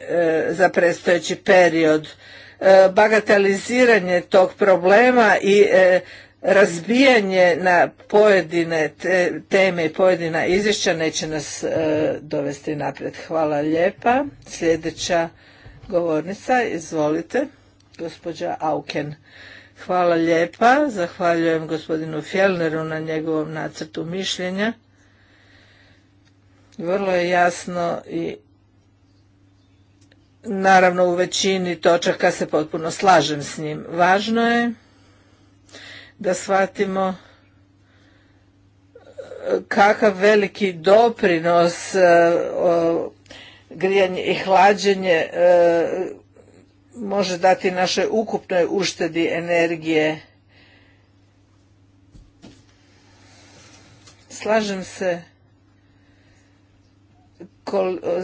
za predstojeći period. Bagateliziranje tog problema i razbijanje na pojedine teme i pojedina izvješća neće nas e, dovesti naprijed. Hvala lijepa. Sljedeća govornica, izvolite, gospođa Auken. Hvala lijepa, zahvaljujem gospodinu Fjellneru na njegovom nacrtu mišljenja. Vrlo je jasno i naravno u većini točaka se potpuno slažem s njim. Važno je da shvatimo e, kakav veliki doprinos e, grijanje i hlađenje e, može dati našoj ukupnoj uštedi energije. Slažem se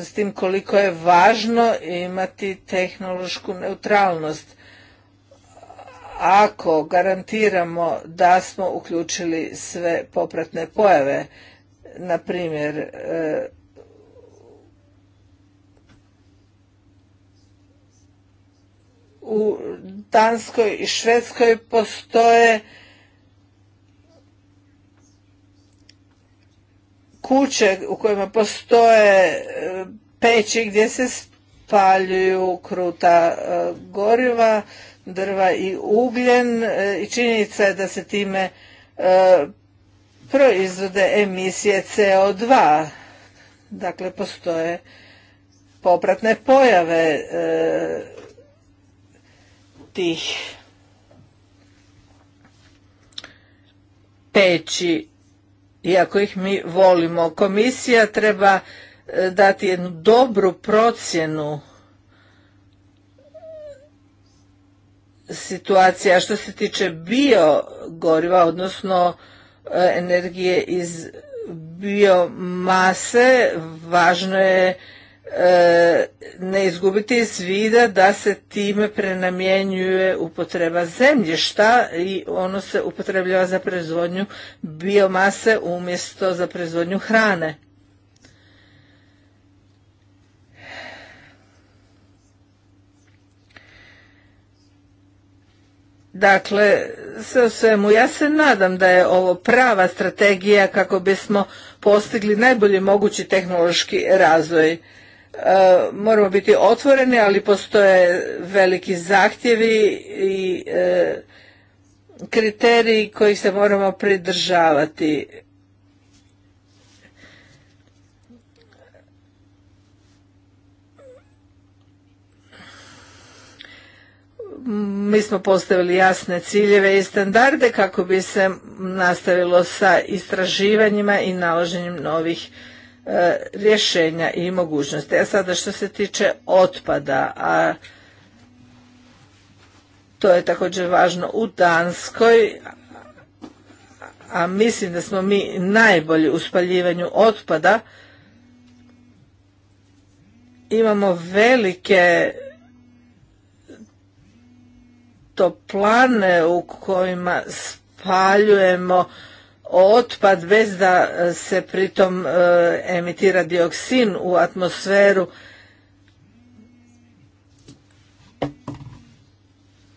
s tim koliko je važno imati tehnološku neutralnost ako garantiramo da smo uključili sve popratne pojave, na primjer e, u Danskoj i Švedskoj postoje kuće u kojima postoje e, peći gdje se spaljuju kruta e, goriva drva i ugljen e, i činjenica je da se time e, proizvode emisije CO2. Dakle, postoje popratne pojave e, tih peći, iako ih mi volimo. Komisija treba dati jednu dobru procjenu situacija što se tiče biogoriva, odnosno e, energije iz biomase, važno je e, ne izgubiti iz vida da se time prenamjenjuje upotreba zemljišta i ono se upotrebljava za proizvodnju biomase umjesto za proizvodnju hrane. Dakle, sve o svemu, ja se nadam da je ovo prava strategija kako bismo postigli najbolji mogući tehnološki razvoj. E, moramo biti otvoreni, ali postoje veliki zahtjevi i e, kriteriji kojih se moramo pridržavati. mi smo postavili jasne ciljeve i standarde kako bi se nastavilo sa istraživanjima i naloženjem novih e, rješenja i mogućnosti. A sada što se tiče otpada, a to je također važno u Danskoj, a mislim da smo mi najbolji u spaljivanju otpada, imamo velike toplane u kojima spaljujemo otpad bez da e, se pritom e, emitira dioksin u atmosferu.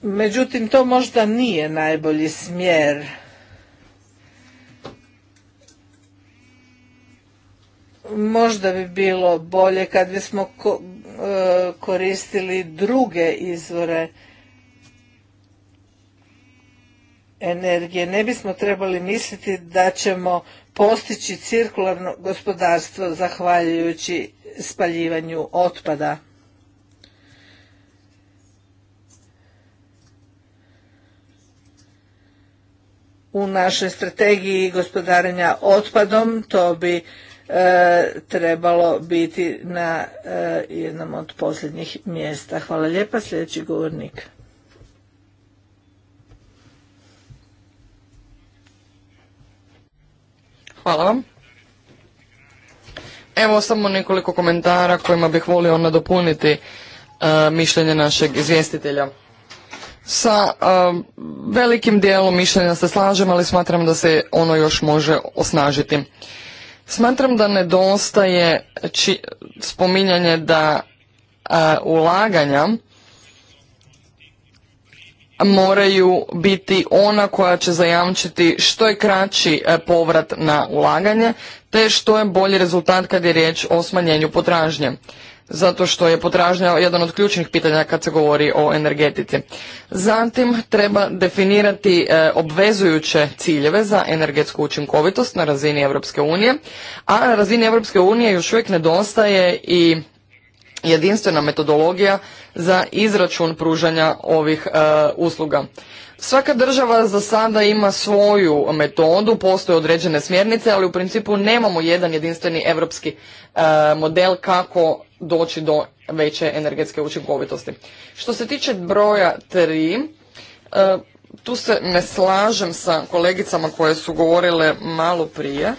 Međutim, to možda nije najbolji smjer. Možda bi bilo bolje kad bismo e, koristili druge izvore energije. Ne bismo trebali misliti da ćemo postići cirkularno gospodarstvo zahvaljujući spaljivanju otpada. U našoj strategiji gospodarenja otpadom to bi e, trebalo biti na e, jednom od posljednjih mjesta. Hvala lijepa, sljedeći govornik.
Hvala vam. Evo samo nekoliko komentara kojima bih volio nadopuniti e, mišljenje našeg izvjestitelja. Sa e, velikim dijelom mišljenja se slažem, ali smatram da se ono još može osnažiti. Smatram da nedostaje spominjanje da e, ulaganja moraju biti ona koja će zajamčiti što je kraći e, povrat na ulaganje, te što je bolji rezultat kad je riječ o smanjenju potražnje. Zato što je potražnja jedan od ključnih pitanja kad se govori o energetici. Zatim treba definirati e, obvezujuće ciljeve za energetsku učinkovitost na razini Europske unije, a na razini Europske unije još uvijek nedostaje i jedinstvena metodologija za izračun pružanja ovih e, usluga. Svaka država za sada ima svoju metodu, postoje određene smjernice, ali u principu nemamo jedan jedinstveni europski e, model kako doći do veće energetske učinkovitosti. Što se tiče broja 3, e, tu se ne slažem sa kolegicama koje su govorile malo prije,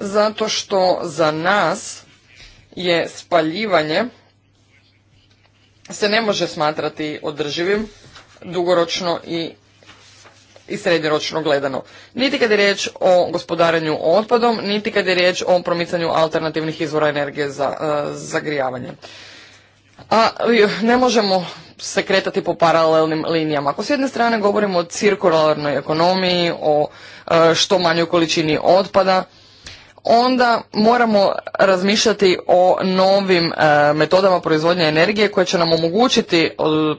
zato što za nas je spaljivanje se ne može smatrati održivim dugoročno i i srednjoročno gledano. Niti kad je riječ o gospodaranju otpadom, niti kad je riječ o promicanju alternativnih izvora energije za e, zagrijavanje. A ne možemo se kretati po paralelnim linijama. Ako s jedne strane govorimo o cirkularnoj ekonomiji, o e, što manjoj količini otpada, onda moramo razmišljati o novim e, metodama proizvodnje energije koje će nam omogućiti e,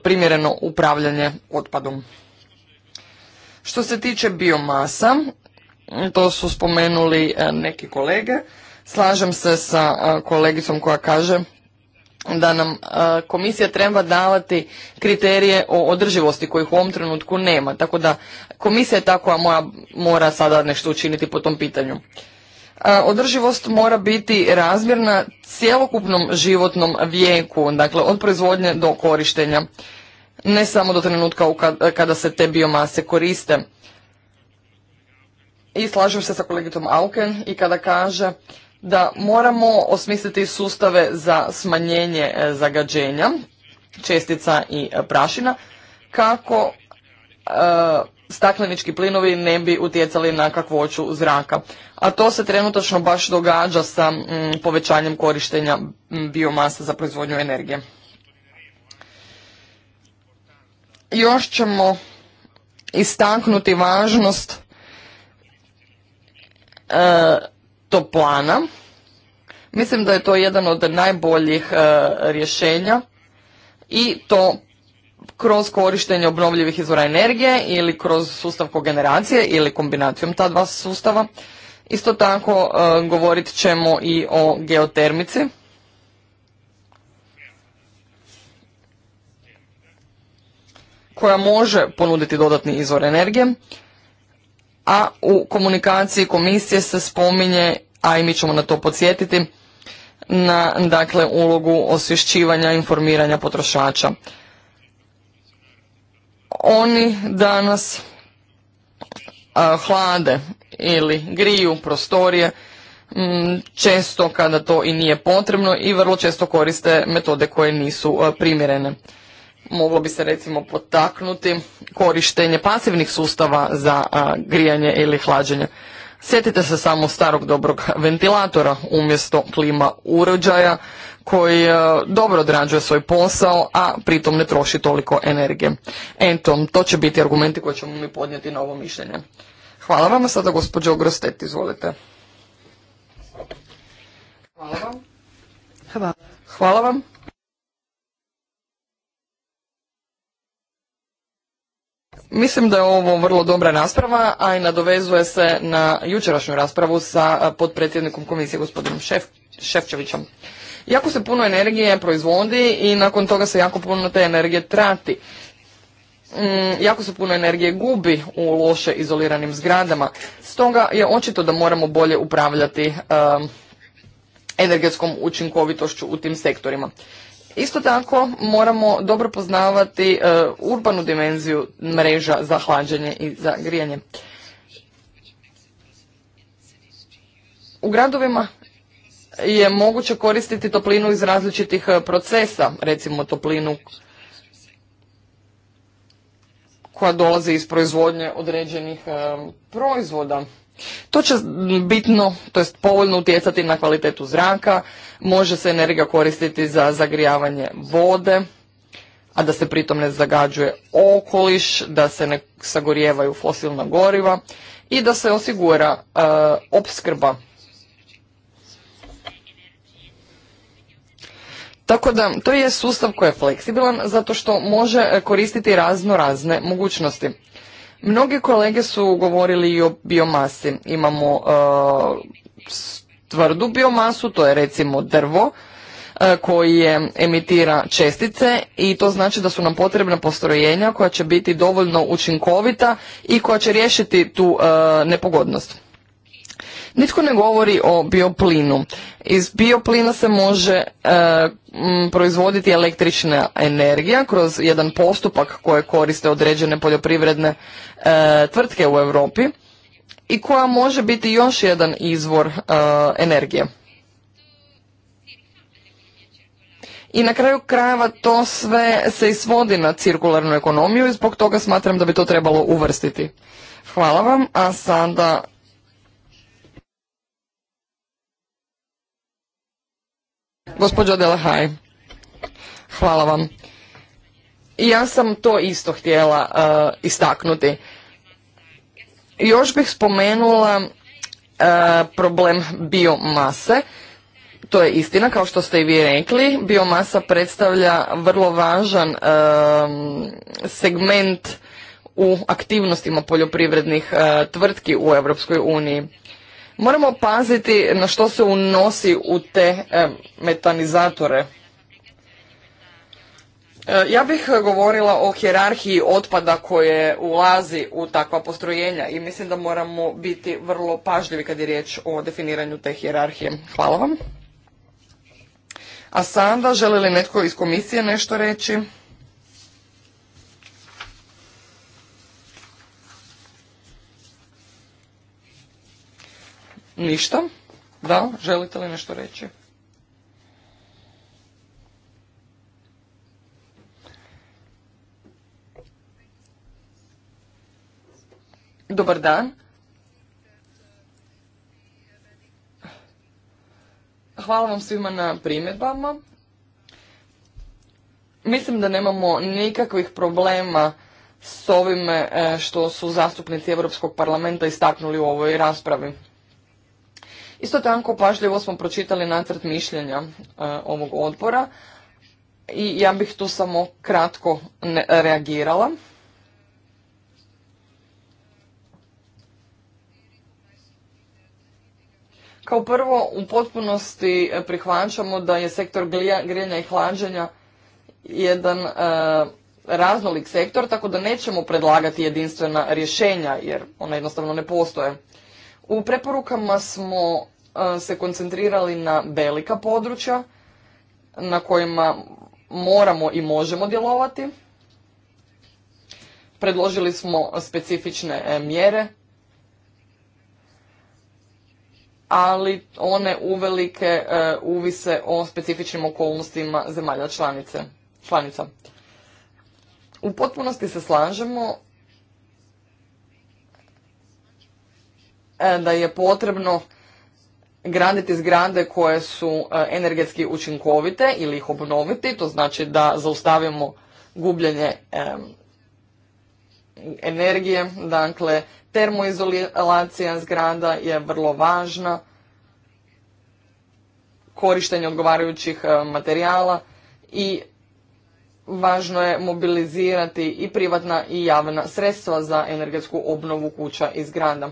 primjereno upravljanje otpadom. Što se tiče biomasa, to su spomenuli e, neki kolege, slažem se sa kolegicom koja kaže da nam komisija treba davati kriterije o održivosti kojih u ovom trenutku nema. Tako da komisija je ta mora sada nešto učiniti po tom pitanju održivost mora biti razmjerna cjelokupnom životnom vijeku, dakle od proizvodnje do korištenja, ne samo do trenutka kada se te biomase koriste. I slažem se sa kolegitom Auken i kada kaže da moramo osmisliti sustave za smanjenje e, zagađenja, čestica i prašina, kako e, staklenički plinovi ne bi utjecali na kakvoću zraka. A to se trenutačno baš događa sa mm, povećanjem korištenja mm, biomasa za proizvodnju energije. Još ćemo istaknuti važnost e, plana. Mislim da je to jedan od najboljih e, rješenja i to kroz korištenje obnovljivih izvora energije ili kroz sustav kogeneracije ili kombinacijom ta dva sustava. Isto tako e, govorit ćemo i o geotermici. koja može ponuditi dodatni izvor energije, a u komunikaciji komisije se spominje, a i mi ćemo na to podsjetiti, na dakle, ulogu osvješćivanja, informiranja potrošača. Oni danas hlade ili griju prostorije mm, često kada to i nije potrebno i vrlo često koriste metode koje nisu primjerene. Moglo bi se recimo potaknuti korištenje pasivnih sustava za grijanje ili hlađenje. Sjetite se samo starog dobrog ventilatora umjesto klima uređaja koji e, dobro odrađuje svoj posao, a pritom ne troši toliko energije. Eto, to će biti argumenti koje ćemo mi podnijeti na ovo mišljenje. Hvala vam, sada gospođo Grostet, izvolite. Hvala vam. Hvala. vam. Mislim da je ovo vrlo dobra rasprava, a i nadovezuje se na jučerašnju raspravu sa e, potpredsjednikom komisije gospodinom Šef, Jako se puno energije proizvodi i nakon toga se jako puno te energije trati. Mm, jako se puno energije gubi u loše izoliranim zgradama. Stoga je očito da moramo bolje upravljati energetskom učinkovitošću u tim sektorima. Isto tako moramo dobro poznavati e, urbanu dimenziju mreža za hlađenje i za grijanje. U gradovima je moguće koristiti toplinu iz različitih e, procesa, recimo toplinu koja dolazi iz proizvodnje određenih e, proizvoda. To će bitno, to jest povoljno utjecati na kvalitetu zraka, može se energija koristiti za zagrijavanje vode, a da se pritom ne zagađuje okoliš, da se ne sagorijevaju fosilna goriva i da se osigura e, opskrba Tako da to je sustav koji je fleksibilan zato što može e, koristiti razno razne mogućnosti. Mnogi kolege su govorili i o biomasi. Imamo e, tvrdu biomasu, to je recimo drvo e, koje emitira čestice i to znači da su nam potrebna postrojenja koja će biti dovoljno učinkovita i koja će riješiti tu nepogodnost. Nitko ne govori o bioplinu. Iz bioplina se može e, proizvoditi električna energija kroz jedan postupak koje koriste određene poljoprivredne e, tvrtke u Europi i koja može biti još jedan izvor e, energije. I na kraju krajeva to sve se isvodi na cirkularnu ekonomiju i zbog toga smatram da bi to trebalo uvrstiti. Hvala vam, a sada Gospođo Delahaj, hvala vam. Ja sam to isto htjela eh, istaknuti. Još bih spomenula eh, problem biomase. To je istina, kao što ste i vi rekli. Biomasa predstavlja vrlo važan eh, segment u aktivnostima poljoprivrednih tvrtki u Europskoj uniji. Moramo paziti na što se unosi u te e, metanizatore. E, ja bih govorila o hjerarhiji otpada koje ulazi u takva postrojenja i mislim da moramo biti vrlo pažljivi kad je riječ o definiranju te hjerarhije. Hvala vam. A sada, želi li netko iz komisije nešto reći? Ništa? Da, želite li nešto reći? Dobar dan. Hvala vam svima na primjedbama. Mislim da nemamo nikakvih problema s ovime e, što su zastupnici Europskog parlamenta istaknuli u ovoj raspravi. Isto tako pažljivo smo pročitali nacrt mišljenja e, ovog odbora i ja bih tu samo kratko reagirala. Kao prvo, u potpunosti prihvaćamo da je sektor grijanja i hlađenja jedan e, raznolik sektor, tako da nećemo predlagati jedinstvena rješenja, jer ona jednostavno ne postoje. U preporukama smo e, se koncentrirali na velika područja na kojima moramo i možemo djelovati. Predložili smo specifične e, mjere, ali one uvelike e, uvise o specifičnim okolnostima zemalja članice, članica. U potpunosti se slažemo Eh, da je potrebno graditi zgrade koje su eh, energetski učinkovite ili ih obnoviti, to znači da zaustavimo gubljenje energije, dakle termoizolacija zgrada je vrlo važna, korištenje odgovarajućih eh, materijala i važno je mobilizirati i privatna i javna sredstva za energetsku obnovu kuća i zgrada.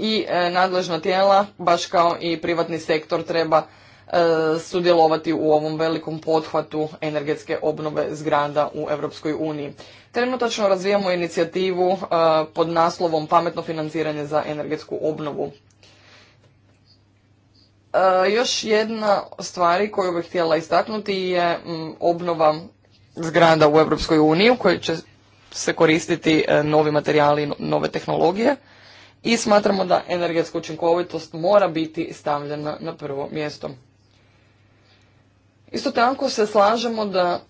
i e, nadležna tijela, baš kao i privatni sektor, treba e, sudjelovati u ovom velikom pothvatu energetske obnove zgrada u Europskoj uniji. Trenutačno razvijamo inicijativu e, pod naslovom Pametno financiranje za energetsku obnovu. Još jedna stvari koju bih htjela istaknuti je obnova zgrada u Europskoj uniji u kojoj će se koristiti novi materijali i nove tehnologije i smatramo da energetska učinkovitost mora biti stavljena na prvo mjesto. Isto tako se slažemo da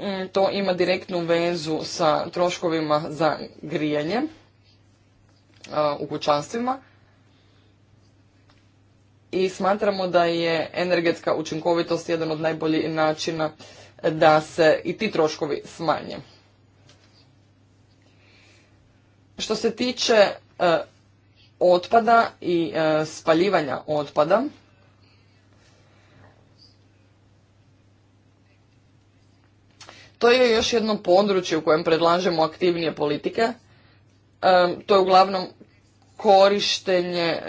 mm, to ima direktnu vezu sa troškovima za grijanje u kućanstvima i smatramo da je energetska učinkovitost jedan od najboljih načina da se i ti troškovi smanje. Što se tiče otpada i e, spaljivanja otpada To je još jedno područje u kojem predlažemo aktivnije politike. E, to je uglavnom korištenje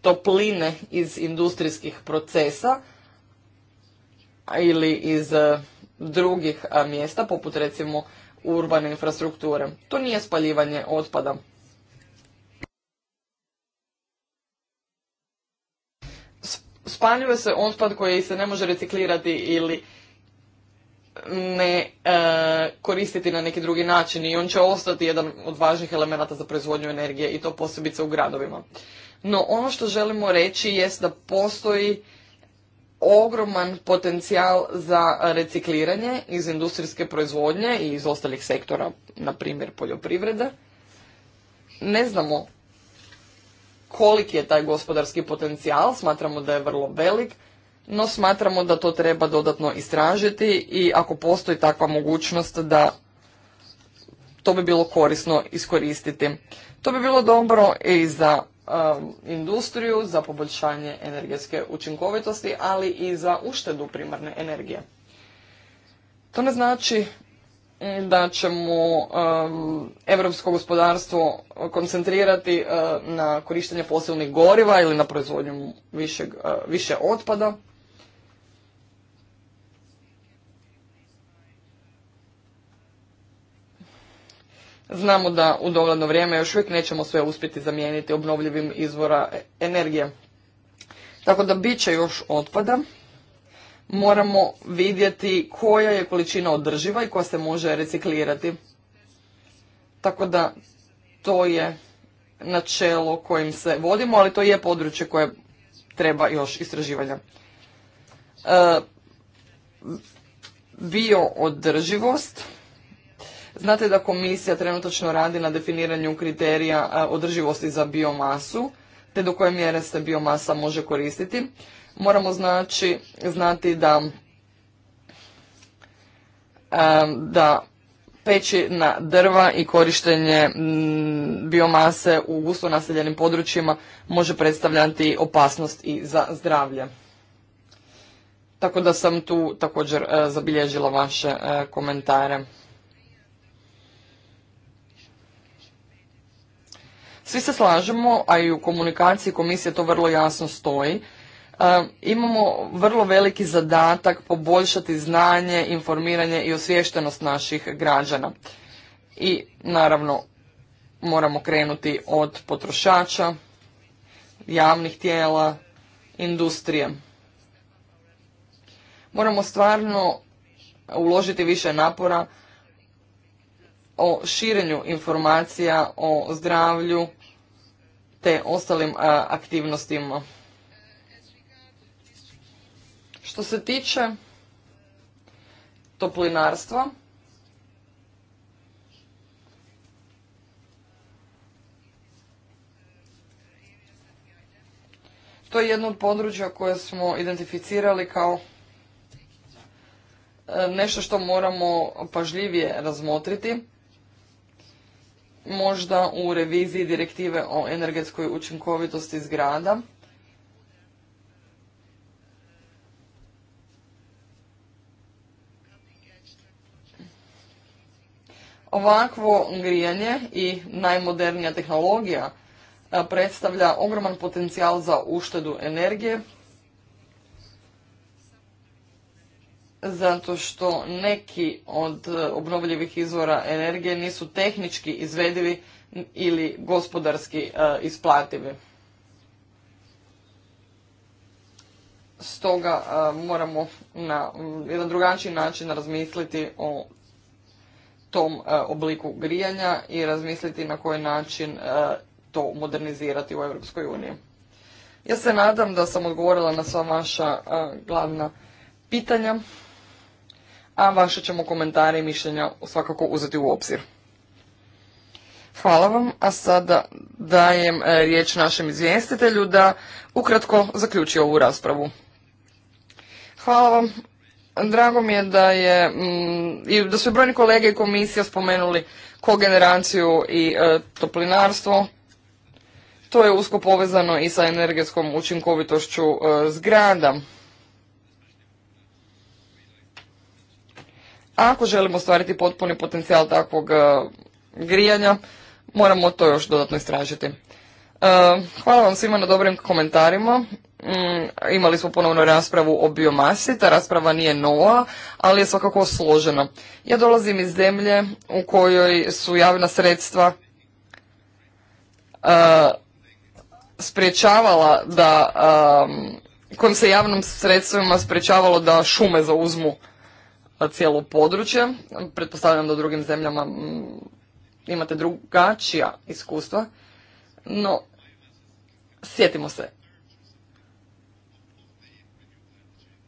topline iz industrijskih procesa ili iz e, drugih mjesta, poput recimo urbane infrastrukture. To nije spaljivanje otpada. spaljuje se otpad koji se ne može reciklirati ili ne e, koristiti na neki drugi način i on će ostati jedan od važnih elemenata za proizvodnju energije i to posebice u gradovima. No ono što želimo reći jest da postoji ogroman potencijal za recikliranje iz industrijske proizvodnje i iz ostalih sektora, na primjer poljoprivrede. Ne znamo koliki je taj gospodarski potencijal, smatramo da je vrlo velik, no smatramo da to treba dodatno istražiti i ako postoji takva mogućnost da to bi bilo korisno iskoristiti. To bi bilo dobro i za um, industriju, za poboljšanje energetske učinkovitosti, ali i za uštedu primarne energije. To ne znači da ćemo um, europsko gospodarstvo koncentrirati uh, na korištenje fosilnih goriva ili na proizvodnju više, uh, više otpada. Znamo da u dogledno vrijeme još uvijek nećemo sve uspjeti zamijeniti obnovljivim izvora e-, energije. Tako da bit će još otpada moramo vidjeti koja je količina održiva i koja se može reciklirati. Tako da to je načelo kojim se vodimo, ali to je područje koje treba još istraživanja. E, Bio održivost. Znate da komisija trenutačno radi na definiranju kriterija e, održivosti za biomasu, te do koje mjere se biomasa može koristiti moramo znači znati da da peći na drva i korištenje mm, biomase u gusto naseljenim područjima može predstavljati opasnost i za zdravlje. Tako da sam tu također e, zabilježila vaše e, komentare. Svi se slažemo, a i u komunikaciji komisije to vrlo jasno stoji, imamo vrlo veliki zadatak poboljšati znanje, informiranje i osviještenost naših građana. I naravno moramo krenuti od potrošača, javnih tijela, industrije. Moramo stvarno uložiti više napora o širenju informacija o zdravlju te ostalim aktivnostima što se tiče toplinarstva, to je jedno od područja koje smo identificirali kao e, nešto što moramo pažljivije razmotriti možda u reviziji direktive o energetskoj učinkovitosti zgrada Ovakvo grijanje i najmodernija tehnologija e, predstavlja ogroman potencijal za uštedu energije, zato što neki od e, obnovljivih izvora energije nisu tehnički izvedivi ili gospodarski e, isplativi. Stoga moramo na jedan drugačiji način razmisliti o tom e, obliku grijanja i razmisliti na koji način e, to modernizirati u Europskoj uniji. Ja se nadam da sam odgovorila na sva vaša e, glavna pitanja, a vaše ćemo komentare i mišljenja svakako uzeti u obzir. Hvala vam, a sada dajem riječ našem izvjestitelju da ukratko zaključi ovu raspravu. Hvala vam, Drago mi je da je mm, i da su brojni kolege i komisija spomenuli kogeneraciju i e, toplinarstvo. To je usko povezano i sa energetskom učinkovitošću e, zgrada. Ako želimo ostvariti potpuni potencijal takvog e, grijanja, moramo to još dodatno istražiti. Hvala vam svima na dobrim komentarima. Mm, imali smo ponovno raspravu o biomasi, ta rasprava nije nova, ali je svakako složena. Ja dolazim iz zemlje u kojoj su javna sredstva sprečavala sprječavala da, kojim se javnim sredstvima sprječavalo da šume zauzmu cijelo područje. Pretpostavljam da u drugim zemljama mm, imate drugačija iskustva. No, sjetimo se,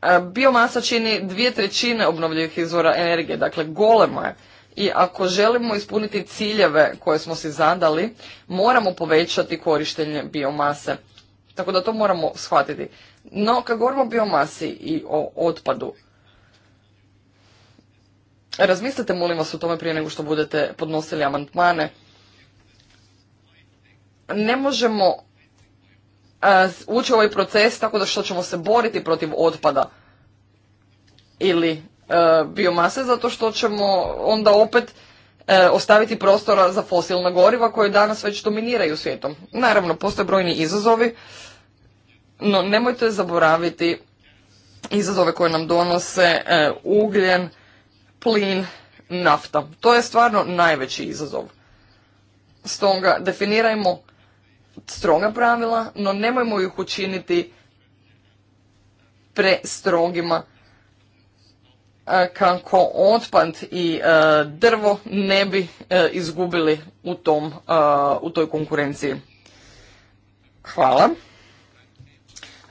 E, biomasa čini dvije trećine obnovljivih izvora energije, dakle golema je. I ako želimo ispuniti ciljeve koje smo si zadali, moramo povećati korištenje biomase. Tako da to moramo shvatiti. No, kad govorimo o biomasi i o otpadu, razmislite, molim vas, o tome prije nego što budete podnosili amantmane. Ne možemo Eh, ući u ovaj proces tako da što ćemo se boriti protiv otpada ili eh, biomase zato što ćemo onda opet eh, ostaviti prostora za fosilna goriva koje danas već dominiraju svijetom. Naravno, postoje brojni izazovi, no nemojte zaboraviti izazove koje nam donose ugljen, plin, nafta. To je stvarno najveći izazov. Stoga definirajmo stroga pravila, no nemojmo ih učiniti prestrogima e, kako otpad i e, drvo ne bi e, izgubili u, tom, u toj konkurenciji. Hvala.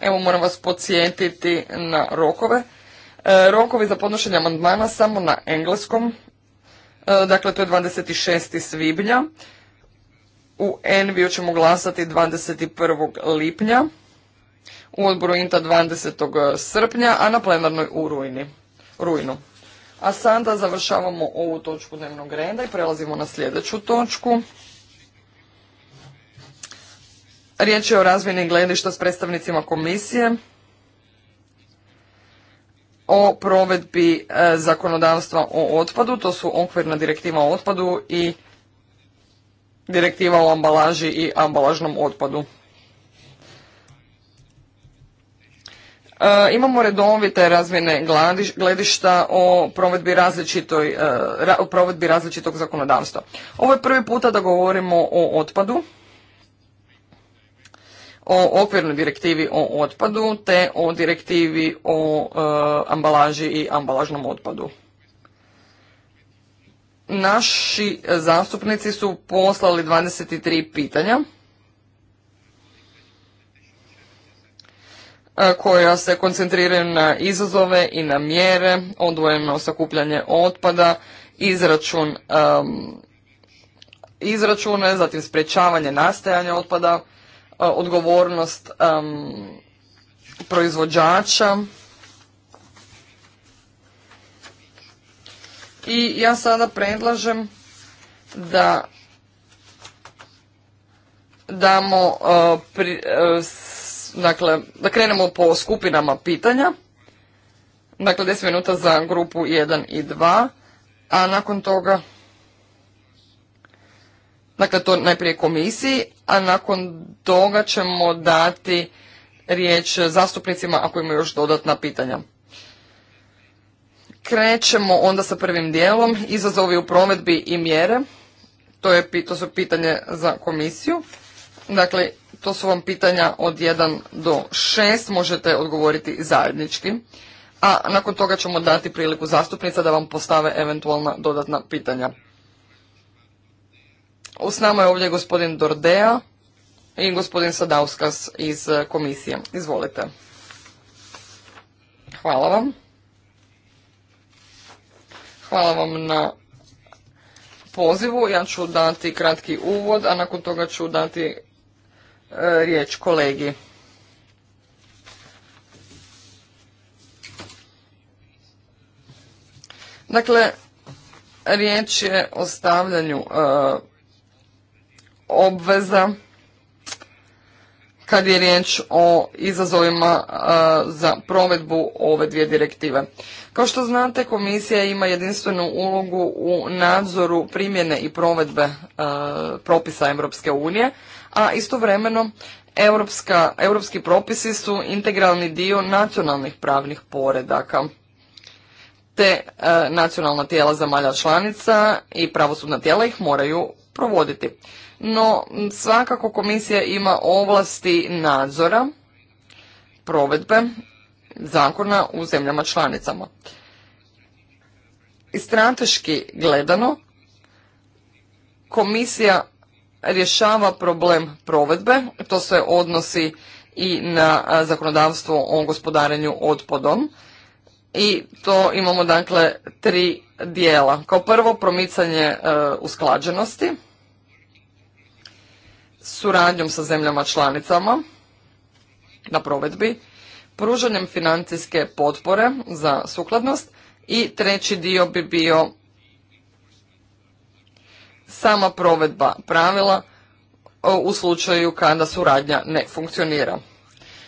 Evo moram vas podsjetiti na rokove. Rokovi za podnošenje amandmana samo na engleskom. Dakle, to je 26. svibnja. U Enviju ćemo glasati 21. lipnja, u odboru INTA 20. srpnja, a na plenarnoj u rujni, rujnu. A sada završavamo ovu točku dnevnog reda i prelazimo na sljedeću točku. Riječ je o razmjeni gledišta s predstavnicima komisije o provedbi e, zakonodavstva o otpadu, to su okvirna direktiva o otpadu i direktiva o ambalaži i ambalažnom otpadu. E, imamo redovite razmjene gledišta o provedbi, e, o provedbi različitog zakonodavstva. Ovo je prvi puta da govorimo o otpadu, o okvirnoj direktivi o otpadu te o direktivi o e, ambalaži i ambalažnom otpadu naši zastupnici su poslali 23 pitanja e, koja se koncentriraju na izazove i na mjere, odvojeno sakupljanje otpada, izračun, izračune, zatim sprečavanje nastajanja otpada, e, odgovornost proizvođača, I ja sada predlažem da damo, e, e, dakle, da krenemo po skupinama pitanja. Dakle, 10 minuta za grupu 1 i 2, a nakon toga, dakle, to najprije komisiji, a nakon toga ćemo dati riječ zastupnicima ako imaju još dodatna pitanja. Krećemo onda sa prvim dijelom, izazovi u provedbi i mjere. To, je, to su pitanje za komisiju. Dakle, to su vam pitanja od 1 do 6, možete odgovoriti zajednički. A nakon toga ćemo dati priliku zastupnica da vam postave eventualna dodatna pitanja. S nama je ovdje gospodin Dordea i gospodin Sadauskas iz eh, komisije. Izvolite. Hvala vam. Hvala vam na pozivu. Ja ću dati kratki uvod, a nakon toga ću dati e, riječ kolegi. Dakle, riječ je o stavljanju e, obveza kad je riječ o izazovima e, za provedbu ove dvije direktive. Kao što znate, komisija ima jedinstvenu ulogu u nadzoru primjene i provedbe e, propisa Europske unije, a istovremeno europski propisi su integralni dio nacionalnih pravnih poredaka te e, nacionalna tijela za malja članica i pravosudna tijela ih moraju provoditi. No, svakako komisija ima ovlasti nadzora provedbe zakona u zemljama članicama. I strateški gledano, komisija rješava problem provedbe, to se odnosi i na zakonodavstvo o gospodarenju otpadom. I to imamo dakle tri dijela. Kao prvo promicanje e, usklađenosti suradnjom sa zemljama članicama na provedbi pružanjem financijske potpore za sukladnost i treći dio bi bio sama provedba pravila u slučaju kada suradnja ne funkcionira.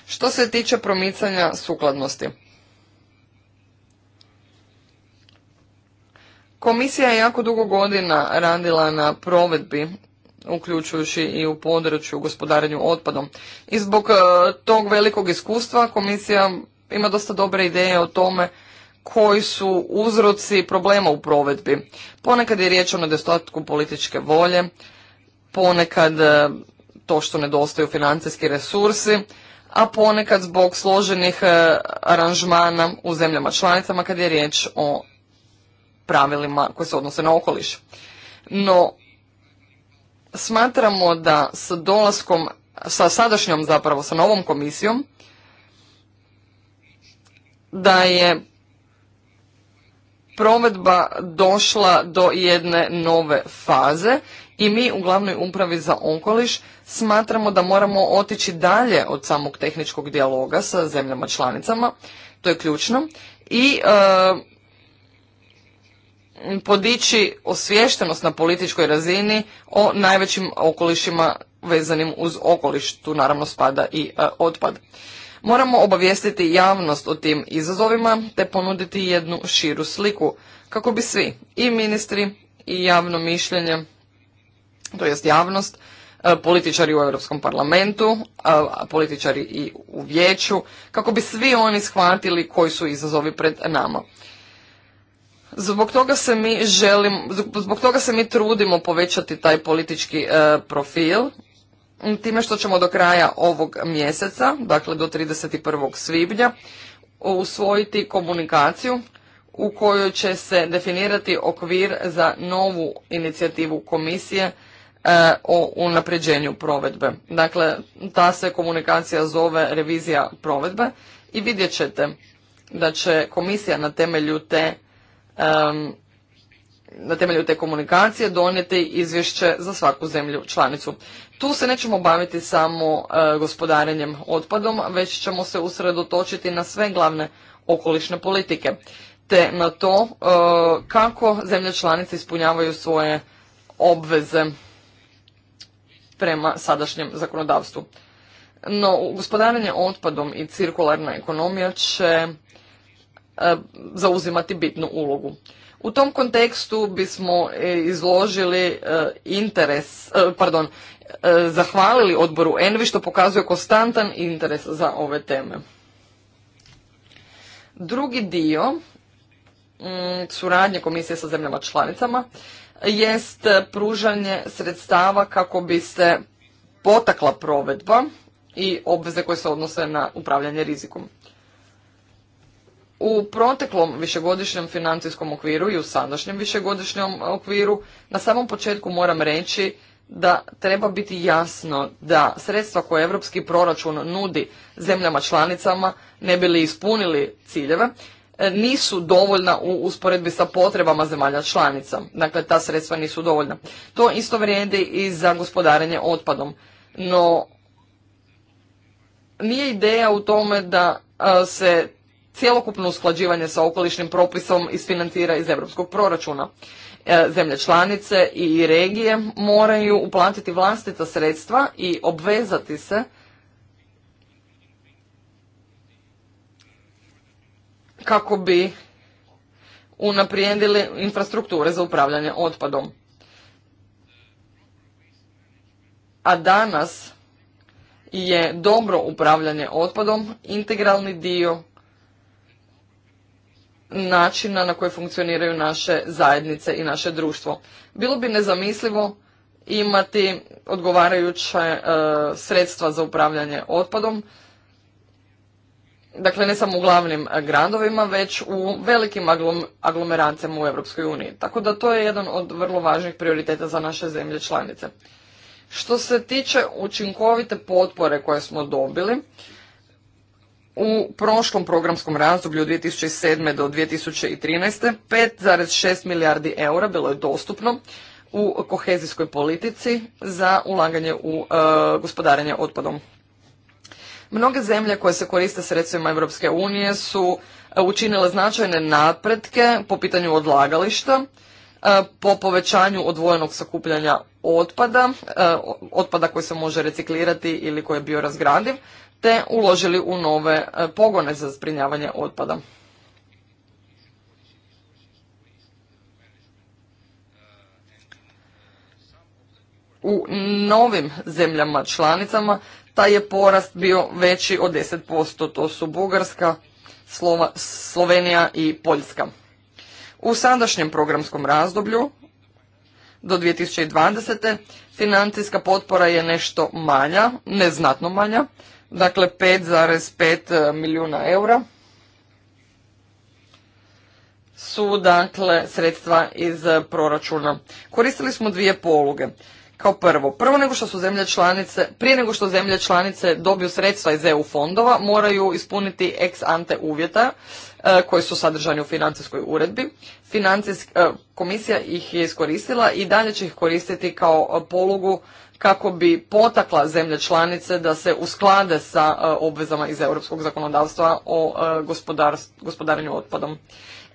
Što se tiče promicanja sukladnosti. Komisija je jako dugo godina radila na provedbi uključujući i u području gospodarenju otpadom. I zbog e, tog velikog iskustva komisija ima dosta dobre ideje o tome koji su uzroci problema u provedbi. Ponekad je riječ o nedostatku političke volje, ponekad e, to što nedostaju financijski resursi, a ponekad zbog složenih e, aranžmana u zemljama članicama kad je riječ o pravilima koje se odnose na okoliš. No, smatramo da s dolaskom, sa sadašnjom zapravo, sa novom komisijom, da je provedba došla do jedne nove faze i mi u glavnoj upravi za okoliš smatramo da moramo otići dalje od samog tehničkog dijaloga sa zemljama članicama, to je ključno, i e, podići osviještenost na političkoj razini o najvećim okolišima vezanim uz okoliš. Tu naravno spada i e, otpad. Moramo obavijestiti javnost o tim izazovima te ponuditi jednu širu sliku kako bi svi i ministri i javno mišljenje, to jest javnost, e, političari u Europskom parlamentu, e, političari i u vijeću, kako bi svi oni shvatili koji su izazovi pred nama. Zbog toga se mi želim, zbog toga se mi trudimo povećati taj politički e, profil time što ćemo do kraja ovog mjeseca, dakle do 31. svibnja, usvojiti komunikaciju u kojoj će se definirati okvir za novu inicijativu komisije e, o unapređenju provedbe. Dakle, ta se komunikacija zove revizija provedbe i vidjet ćete da će komisija na temelju te na temelju te komunikacije donijeti izvješće za svaku zemlju članicu. Tu se nećemo baviti samo e, gospodarenjem otpadom, već ćemo se usredotočiti na sve glavne okolišne politike, te na to e, kako zemlje članice ispunjavaju svoje obveze prema sadašnjem zakonodavstvu. No, gospodarenje otpadom i cirkularna ekonomija će E, zauzimati bitnu ulogu. U tom kontekstu bismo e, izložili e, interes, pardon, zahvalili odboru Envi što pokazuje konstantan interes za ove teme. Drugi dio mm, suradnje komisije sa zemljama članicama jest pružanje sredstava kako bi se potakla provedba i obveze koje se odnose na upravljanje rizikom u proteklom višegodišnjem financijskom okviru i u sadašnjem višegodišnjem okviru na samom početku moram reći da treba biti jasno da sredstva koje europski proračun nudi zemljama članicama ne bi li ispunili ciljeve e, nisu dovoljna u usporedbi sa potrebama zemalja članica. Dakle, ta sredstva nisu dovoljna. To isto vrijedi i za gospodarenje otpadom. No, nije ideja u tome da se cjelokupno usklađivanje sa okolišnim propisom isfinancira iz europskog proračuna. E, zemlje članice i regije moraju uplatiti vlastita sredstva i obvezati se kako bi unaprijedili infrastrukture za upravljanje otpadom. A danas je dobro upravljanje otpadom integralni dio načina na koji funkcioniraju naše zajednice i naše društvo. Bilo bi nezamislivo imati odgovarajuće e, sredstva za upravljanje otpadom, dakle ne samo u glavnim e, gradovima, već u velikim aglom, aglomeracijama u EU. Tako da to je jedan od vrlo važnih prioriteta za naše zemlje članice. Što se tiče učinkovite potpore koje smo dobili, u prošlom programskom razdoblju 2007. do 2013. 5,6 milijardi eura bilo je dostupno u kohezijskoj politici za ulaganje u e, gospodarenje otpadom. Mnoge zemlje koje se koriste sredstvima Europske unije su e, učinile značajne napretke po pitanju odlagališta, e, po povećanju odvojenog sakupljanja otpada, otpada koji se može reciklirati ili koji je bio razgradiv, te uložili u nove e, pogone za zbrinjavanje otpada. U novim zemljama članicama taj je porast bio veći od 10%, to su Bugarska, Slovenija i Poljska. U sadašnjem programskom razdoblju do 2020. financijska potpora je nešto manja, neznatno manja, dakle 5,5 e, milijuna eura su dakle sredstva iz e, proračuna. Koristili smo dvije poluge. Kao prvo, prvo nego što su zemlje članice, prije nego što zemlje članice dobiju sredstva iz EU fondova, moraju ispuniti ex ante uvjeta e, koji su sadržani u financijskoj uredbi. komisija ih je iskoristila i dalje će ih koristiti kao polugu kako bi potakla zemlje članice da se usklade sa e, obvezama iz europskog zakonodavstva o e, gospodarenju otpadom.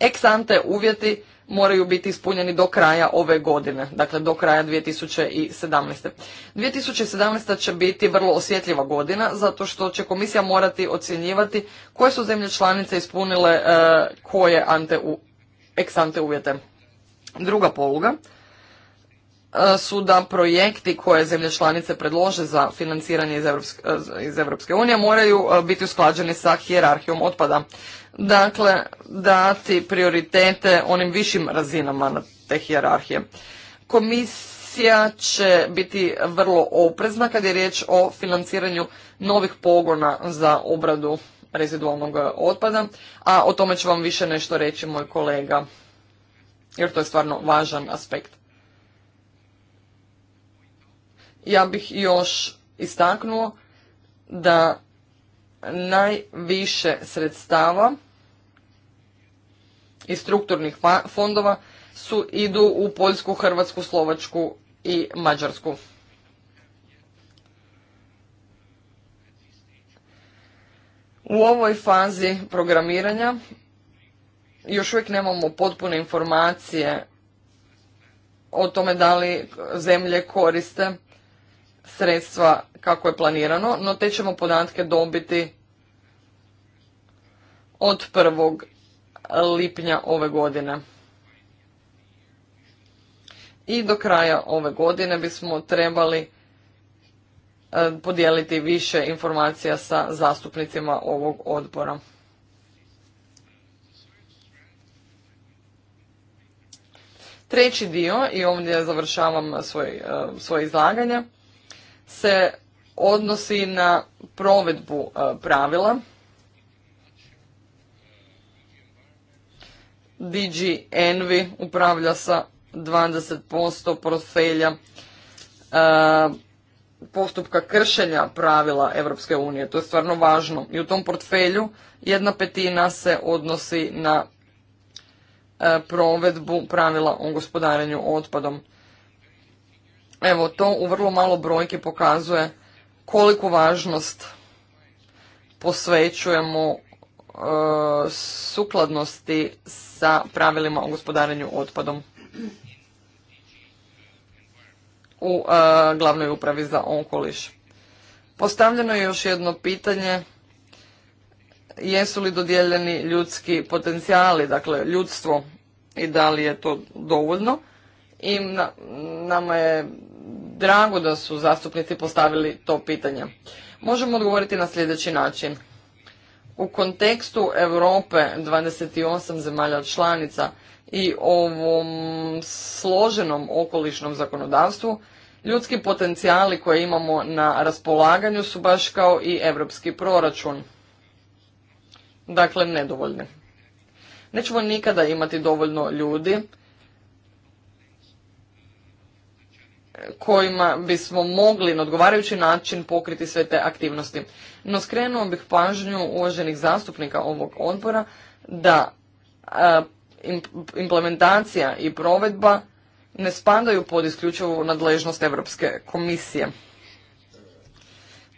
Ex ante uvjeti moraju biti ispunjeni do kraja ove godine, dakle do kraja 2017. 2017. će biti vrlo osjetljiva godina zato što će komisija morati ocjenjivati koje su zemlje članice ispunile e, koje ante, ex ante uvjete. Druga poluga E, su da projekti koje zemlje članice predlože za financiranje iz Europske, e, unije moraju e, biti usklađeni sa hijerarhijom otpada. Dakle, dati prioritete onim višim razinama te hijerarhije. Komisija će biti vrlo oprezna kad je riječ o financiranju novih pogona za obradu rezidualnog otpada, a o tome će vam više nešto reći moj kolega, jer to je stvarno važan aspekt. Ja bih još istaknuo da najviše sredstava i strukturnih fondova su idu u Poljsku, Hrvatsku, Slovačku i Mađarsku. U ovoj fazi programiranja još uvijek nemamo potpune informacije o tome da li zemlje koriste sredstva kako je planirano, no te ćemo podatke dobiti od 1. lipnja ove godine. I do kraja ove godine bismo trebali e, podijeliti više informacija sa zastupnicima ovog odbora. Treći dio, i ovdje završavam svoje, svoje izlaganje, se odnosi na provedbu e, pravila. DG Envy upravlja sa 20% portfelja e, postupka kršenja pravila Europske unije. To je stvarno važno. I u tom portfelju jedna petina se odnosi na e, provedbu pravila o gospodarenju otpadom. Evo, to u vrlo malo brojki pokazuje koliku važnost posvećujemo e, sukladnosti sa pravilima o gospodarenju otpadom u e, glavnoj upravi za okoliš. Postavljeno je još jedno pitanje jesu li dodijeljeni ljudski potencijali, dakle ljudstvo i da li je to dovoljno. I nama je drago da su zastupnici postavili to pitanje. Možemo odgovoriti na sljedeći način. U kontekstu Europe 28 zemalja članica i ovom složenom okolišnom zakonodavstvu, ljudski potencijali koje imamo na raspolaganju su baš kao i europski proračun. Dakle, nedovoljni. Nećemo nikada imati dovoljno ljudi kojima bismo mogli na odgovarajući način pokriti sve te aktivnosti. No skrenuo bih pažnju uvaženih zastupnika ovog odbora da implementacija i provedba ne spadaju pod isključivu nadležnost Europske komisije.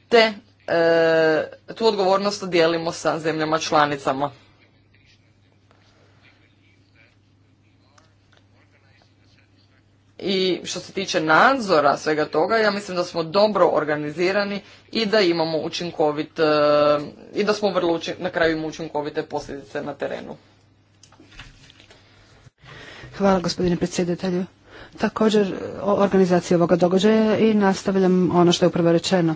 Te e, tu odgovornost dijelimo sa zemljama članicama. I što se tiče nadzora svega toga, ja mislim da smo dobro organizirani i da imamo učinkovit, e, i da smo vrlo na kraju imamo učinkovite posljedice na terenu.
Hvala gospodine predsjedatelju. Također o organizaciji ovoga događaja i nastavljam ono što je upravo rečeno.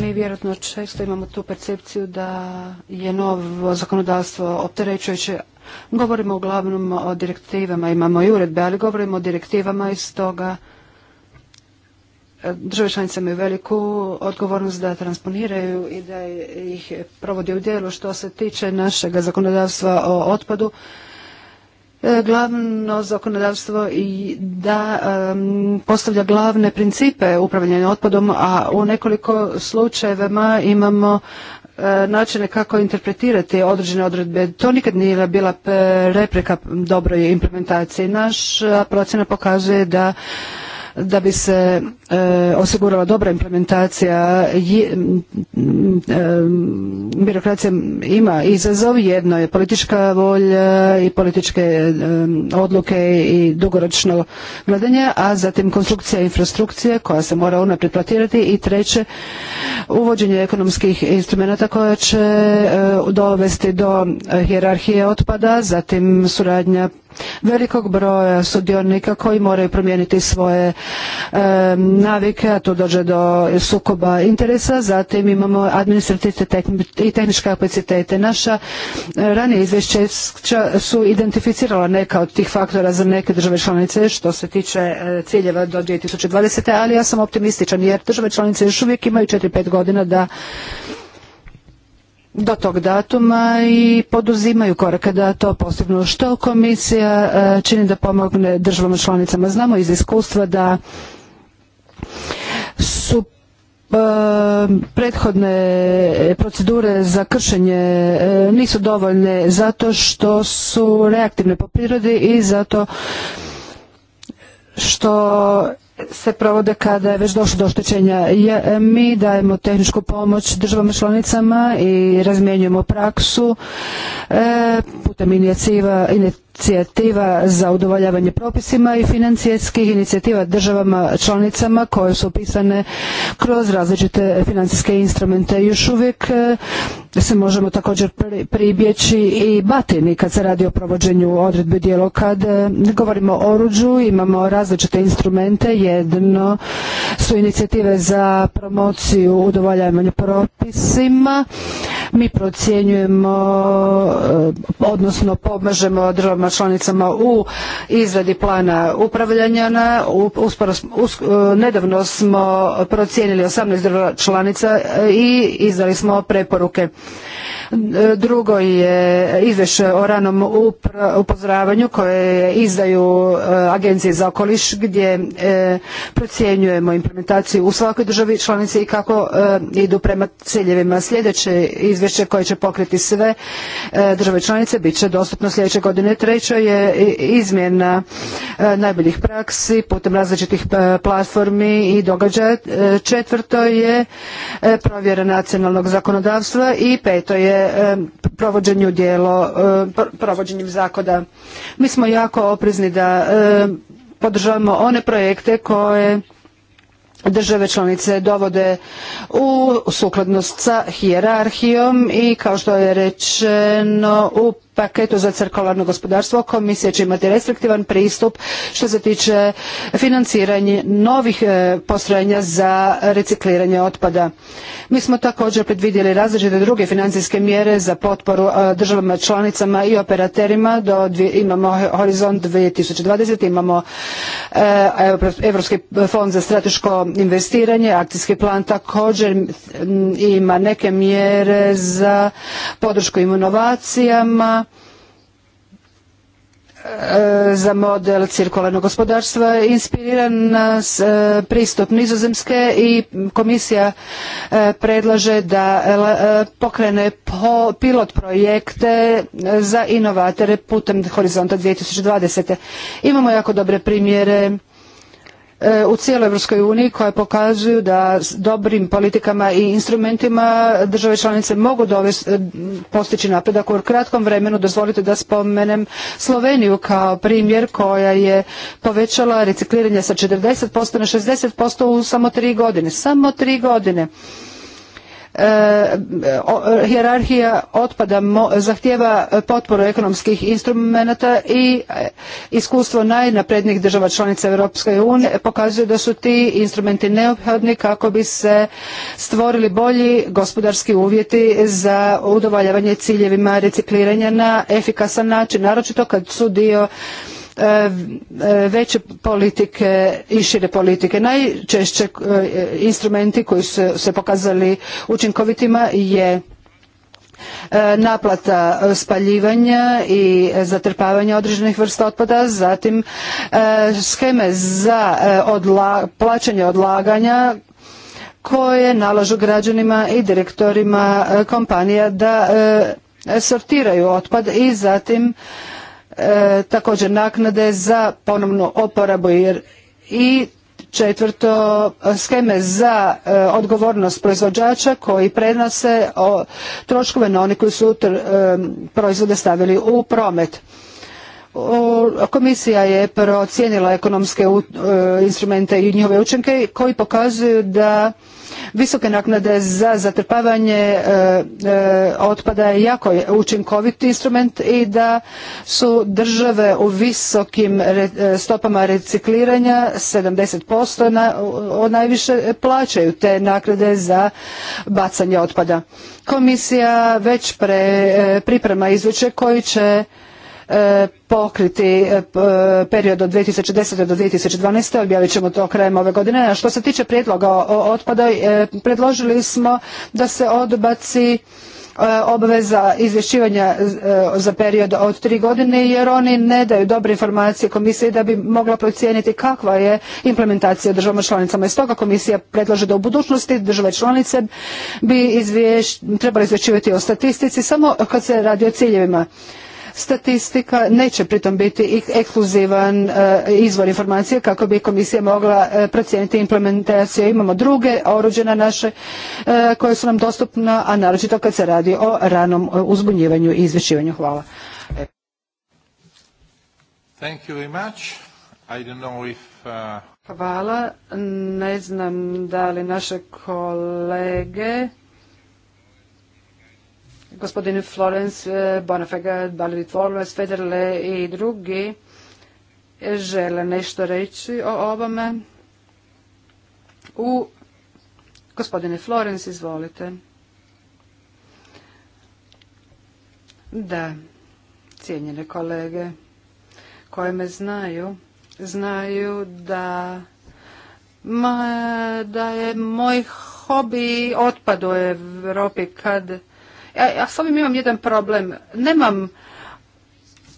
Mi vjerojatno često imamo tu percepciju da je novo zakonodavstvo opterećujuće, Govorimo uglavnom o direktivama, imamo i uredbe, ali govorimo o direktivama i stoga e, države članice imaju veliku odgovornost da transponiraju i da ih provodi u djelu što se tiče našega zakonodavstva o otpadu. E, glavno zakonodavstvo i da e, postavlja glavne principe upravljanja otpadom, a u nekoliko slučajevima imamo E, načine kako interpretirati određene odredbe. To nikad nije bila prepreka dobroj implementaciji. Naš procjena pokazuje da da bi se e, osigurala dobra implementacija e, birokracija ima izazov jedno je politička volja i političke e, odluke i dugoročno gledanje a zatim konstrukcija infrastrukcije koja se mora unaprijed platirati i treće uvođenje ekonomskih instrumenata koja će dovesti do hjerarhije otpada zatim suradnja velikog broja sudionika koji moraju promijeniti svoje navike, a tu dođe do sukoba interesa. Zatim imamo administrativne i tehničke kapacitete. Naša eh, ranije izvješća su identificirala neka od tih faktora za neke države članice što se tiče eh, ciljeva do 2020. ali ja sam optimističan jer države članice još uvijek imaju 4-5 godina da do tog datuma i poduzimaju korake da to posebno Što komisija e, čini da pomogne državama članicama? Znamo iz iskustva da su e, prethodne procedure za kršenje e, nisu dovoljne zato što su reaktivne po prirodi i zato što se provode kada je već došlo do oštećenja. Mi dajemo tehničku pomoć državama članicama i razmjenjujemo praksu e, putem inicijativa, inicijativa za udovoljavanje propisima i financijskih inicijativa državama članicama koje su opisane kroz različite financijske instrumente. Još uvijek e, se možemo također pribjeći i batini kad se radi o provođenju odredbe dijelo. E, govorimo o oruđu imamo različite instrumente jedno su inicijative za promociju udovoljavanja propisima. Mi procjenjujemo, eh, odnosno pomažemo državama članicama u izradi plana upravljanja. Eh, nedavno smo procijenili 18 država članica eh, i izdali smo preporuke. Drugo je izvješće o ranom upozoravanju koje izdaju agencije za okoliš gdje procjenjujemo implementaciju u svakoj državi članici i kako e, idu prema ciljevima. Sljedeće izvješće koje će pokriti sve e, države članice bit će dostupno sljedeće godine. Treće je izmjena e, najboljih praksi putem različitih platformi i događaja. Četvrto je provjera nacionalnog zakonodavstva i peto je provođenju djelo, provođenjem zakoda. Mi smo jako oprezni da podržavamo one projekte koje države članice dovode u sukladnost sa hijerarhijom i kao što je rečeno u paketu za cirkularno gospodarstvo komisija će imati restriktivan pristup što se tiče financiranja novih e, postrojenja za recikliranje otpada. Mi smo također predvidjeli različite druge financijske mjere za potporu e, državama članicama i operaterima. Do imamo Horizont 2020, imamo Europski fond za strateško investiranje, akcijski plan također ima neke mjere za podršku inovacijama E, za model cirkularnog gospodarstva inspiriran nas e, pristup nizozemske i komisija e, predlaže da pokrene pilot projekte za inovatore putem horizonta 2020. Imamo jako dobre primjere E, u cijeloj Europskoj uniji koje pokazuju da s dobrim politikama i instrumentima države članice mogu e, postići napredak u kratkom vremenu. Dozvolite da spomenem Sloveniju kao primjer koja je povećala recikliranje sa 40% na 60% u samo tri godine. Samo tri godine hjerarhija eh, otpada zahtjeva potporu ekonomskih instrumenata i eh, iskustvo najnaprednijih država članica Europske unije pokazuje da su ti instrumenti neophodni kako bi se stvorili bolji gospodarski uvjeti za udovoljavanje ciljevima recikliranja na efikasan način, naročito kad su dio E, veće politike i šire politike. Najčešće e, instrumenti koji su se pokazali učinkovitima je e, naplata spaljivanja i zatrpavanja određenih vrsta otpada, zatim scheme za plaćanje odlaganja koje nalažu građanima i direktorima kompanija da sortiraju otpad i zatim E, također naknade za ponovnu oporabu i četvrto e, skeme za e, odgovornost proizvođača koji prenose troškove na oni koji su tr, proizvode stavili u promet. Komisija je procijenila ekonomske e, instrumente i njihove učinke koji pokazuju da visoke naknade za zatrpavanje e, e, otpada je jako učinkovit instrument i da su države u visokim stopama recikliranja 70% najviše plaćaju te naknade za bacanje otpada. Komisija već priprema izvješće koji će E, pokriti e, e, period od 2010. do 2012. objavit ćemo to krajem ove godine. A što se tiče prijedloga o otpadu, predložili smo da se odbaci obveza izvješćivanja za period od tri godine jer oni ne daju dobre informacije komisiji da bi mogla procijeniti kakva je implementacija državama članicama. I stoga komisija predlaže da u budućnosti države članice bi trebali izvješćivati o statistici samo kad se radi o ciljevima Statistika neće pritom biti ekskluzivan e, izvor informacije kako bi komisija mogla e, procijeniti implementaciju. Imamo druge oruđena naše e, koje su nam dostupna, a naročito kad se radi o ranom uzbunjivanju i izvješćivanju. Hvala.
Uh,
Hvala. Ne znam da li naše kolege gospodin Florence, eh, Bonafega, Balit Florence, Federle i drugi žele nešto reći o ovome. U gospodine Florence, izvolite. Da, cijenjene kolege koje me znaju, znaju da, da je moj hobi otpad u Europi kad ja, s ovim imam jedan problem. Nemam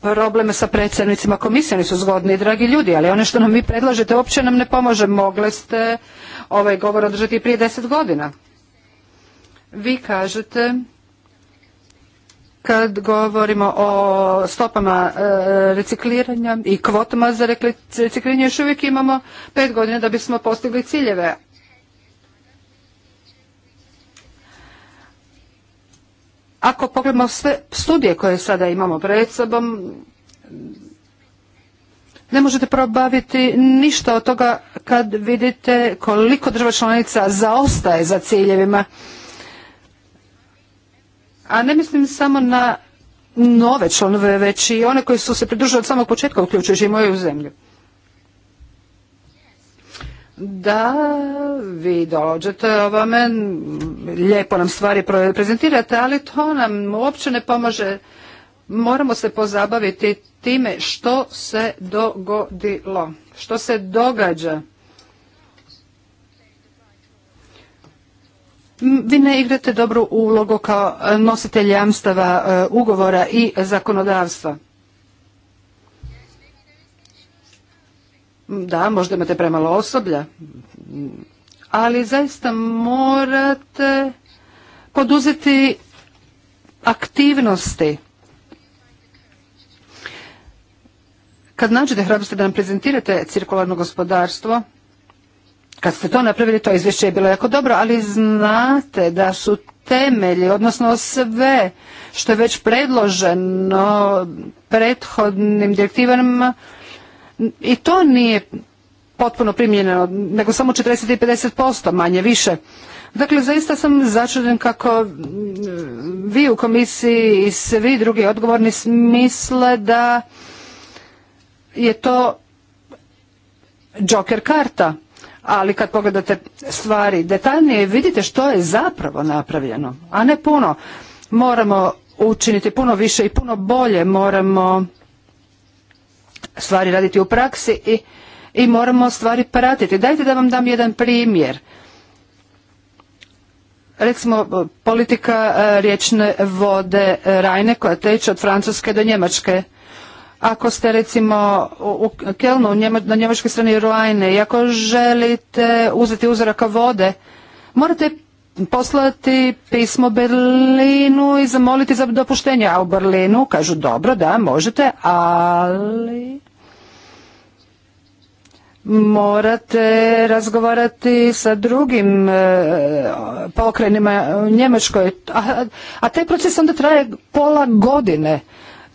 probleme sa predsjednicima komisije, oni su zgodni i dragi ljudi, ali ono što nam vi predlažete uopće nam ne pomaže. Mogle ste ovaj govor održati prije deset godina. Vi kažete kad govorimo o stopama e, recikliranja i kvotama za recikliranje još uvijek imamo pet godina da bismo postigli ciljeve Ako pogledamo sve studije koje sada imamo pred sobom, ne možete probaviti ništa od toga kad vidite koliko država članica zaostaje za ciljevima. A ne mislim samo na nove članove, već i one koji su se pridružili od samog početka, uključujući i moju zemlju da vi dođete ovome, lijepo nam stvari prezentirate, ali to nam uopće ne pomaže. Moramo se pozabaviti time što se dogodilo, što se događa. Vi ne igrate dobru ulogu kao nositelj jamstava e, ugovora i zakonodavstva. Da, možda imate premalo osoblja, ali zaista morate poduzeti aktivnosti. Kad nađete hrabrosti da nam prezentirate cirkularno gospodarstvo, kad ste to napravili, to izvješće je bilo jako dobro, ali znate da su temelji, odnosno sve što je već predloženo prethodnim direktivama, i to nije potpuno primjenjeno, nego samo 40 i 50%, manje više. Dakle, zaista sam začuden kako vi u komisiji i svi drugi odgovorni misle da je to joker karta, ali kad pogledate stvari detaljnije vidite što je zapravo napravljeno, a ne puno. Moramo učiniti puno više i puno bolje, moramo stvari raditi u praksi i, i moramo stvari pratiti. Dajte da vam dam jedan primjer. Recimo politika e, riječne vode e, Rajne koja teče od Francuske do Njemačke. Ako ste recimo u Kelnu na njemačkoj strani Rajne i ako želite uzeti uzoraka vode, morate poslati pismo Berlinu i zamoliti za dopuštenje. A u Berlinu kažu dobro, da, možete, ali morate razgovarati sa drugim e, pokrajinima u Njemačkoj, a, taj proces onda traje pola godine.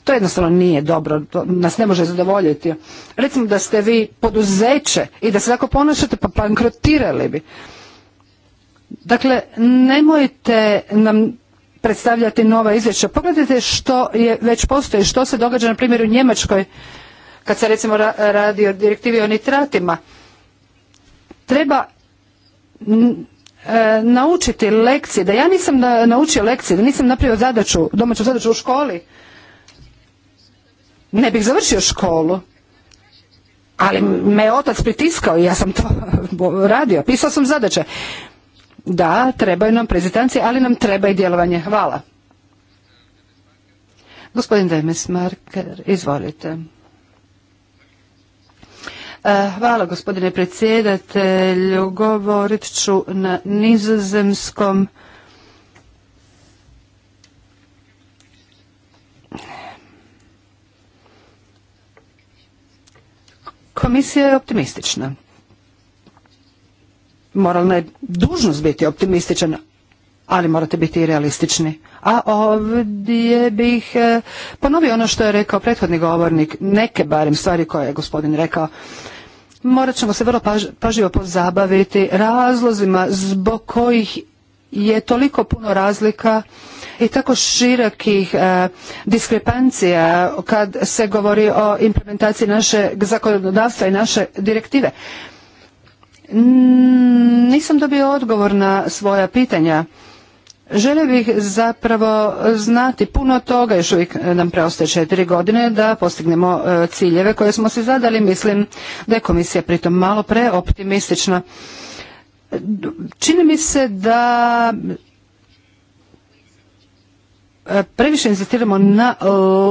To jednostavno nije dobro, to nas ne može zadovoljiti. Recimo da ste vi poduzeće i da se tako ponašate, pa pankrotirali bi. Dakle, nemojte nam predstavljati nova izvješća. Pogledajte što je već postoji, što se događa na primjer u Njemačkoj kad se recimo radi o direktivi o nitratima. Treba e, naučiti lekcije, da ja nisam naučio lekcije, da nisam napravio zadaću, domaću zadaću u školi, ne bih završio školu. Ali me je otac pritiskao i ja sam to radio, pisao sam zadaće. Da, trebaju nam prezentacije, ali nam treba i djelovanje. Hvala. Gospodin Demis Marker, izvolite. Eh, hvala gospodine predsjedatelju. Govorit ću na nizozemskom. Komisija je optimistična. Moralna je dužnost biti optimističan, ali morate biti i realistični. A ovdje bih eh, ponovio ono što je rekao prethodni govornik, neke barem stvari koje je gospodin rekao morat ćemo se vrlo pažljivo pozabaviti razlozima zbog kojih je toliko puno razlika i tako širokih e, diskrepancija kad se govori o implementaciji našeg zakonodavstva i naše direktive. nisam dobio odgovor na svoja pitanja. Želio bih zapravo znati puno toga, još uvijek nam preostaje četiri godine da postignemo e, ciljeve koje smo si zadali. Mislim da je komisija pritom malo preoptimistična. Čini mi se da E, previše insistiramo na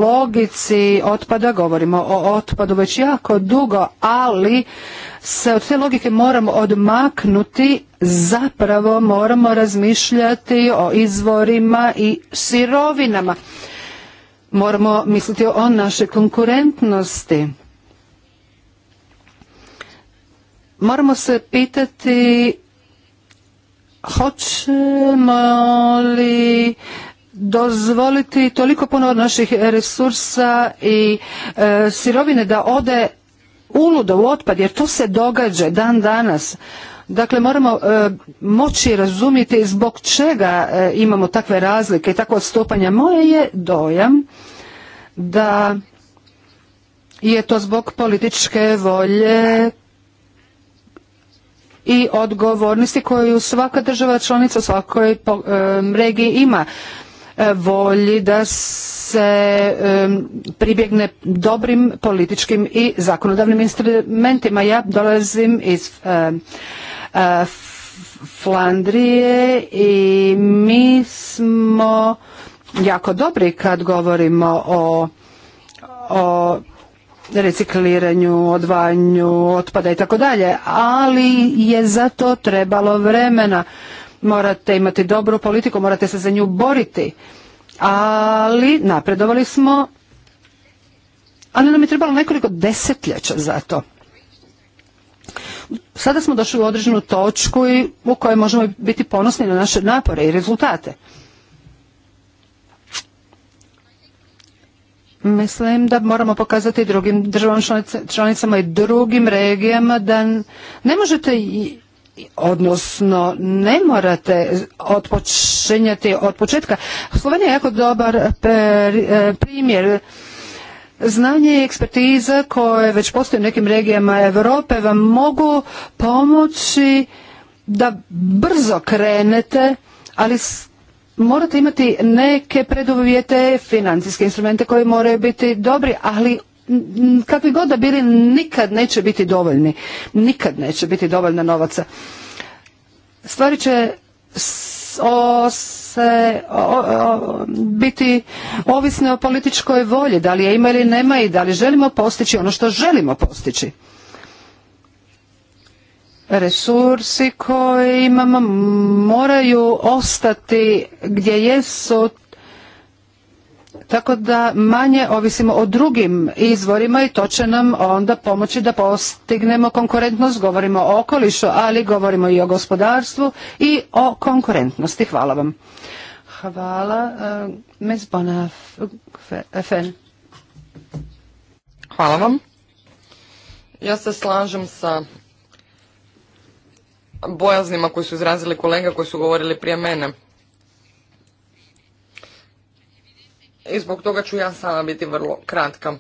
logici otpada, govorimo o otpadu već jako dugo, ali se od te logike moramo odmaknuti, zapravo moramo razmišljati o izvorima i sirovinama. Moramo misliti o našoj konkurentnosti. Moramo se pitati hoćemo li dozvoliti toliko puno od naših resursa i e, sirovine da ode uludo u otpad jer to se događa dan danas dakle moramo e, moći razumjeti zbog čega e, imamo takve razlike i takve odstupanja moje je dojam da je to zbog političke volje i odgovornosti koju svaka država članica u svakoj regiji ima E, volji da se e, pribjegne dobrim političkim i zakonodavnim instrumentima. Ja dolazim iz e, Flandrije i mi smo jako dobri kad govorimo o, recikliranju, odvajanju otpada i tako dalje, ali je za to trebalo vremena morate imati dobru politiku, morate se za nju boriti. Ali napredovali smo, ali nam je trebalo nekoliko desetljeća za to. Sada smo došli u određenu točku u kojoj možemo biti ponosni na naše napore i rezultate. Mislim da moramo pokazati drugim državama članicama i drugim regijama da ne možete odnosno ne morate odpočinjati od početka. Slovenija je jako dobar e, primjer. Znanje i ekspertiza koje već postoje u nekim regijama Europe vam mogu pomoći da brzo krenete, ali morate imati neke preduvjete, financijske instrumente koji moraju biti dobri, ali kakvi god da bili nikad neće biti dovoljni. Nikad neće biti dovoljna novaca. Stvari će se biti ovisne o političkoj volji, da li je ima ili nema i da li želimo postići ono što želimo postići. Resursi koje imamo moraju ostati gdje jesu tako da manje ovisimo o drugim izvorima i to će nam onda pomoći da postignemo konkurentnost. Govorimo o okolišu, ali govorimo i o gospodarstvu i o konkurentnosti. Hvala vam. Hvala. Eh, Hvala
vam. Ja se slažem sa bojaznima koji su izrazili kolega koji su govorili prije mene. i zbog toga ću ja sama biti vrlo kratka.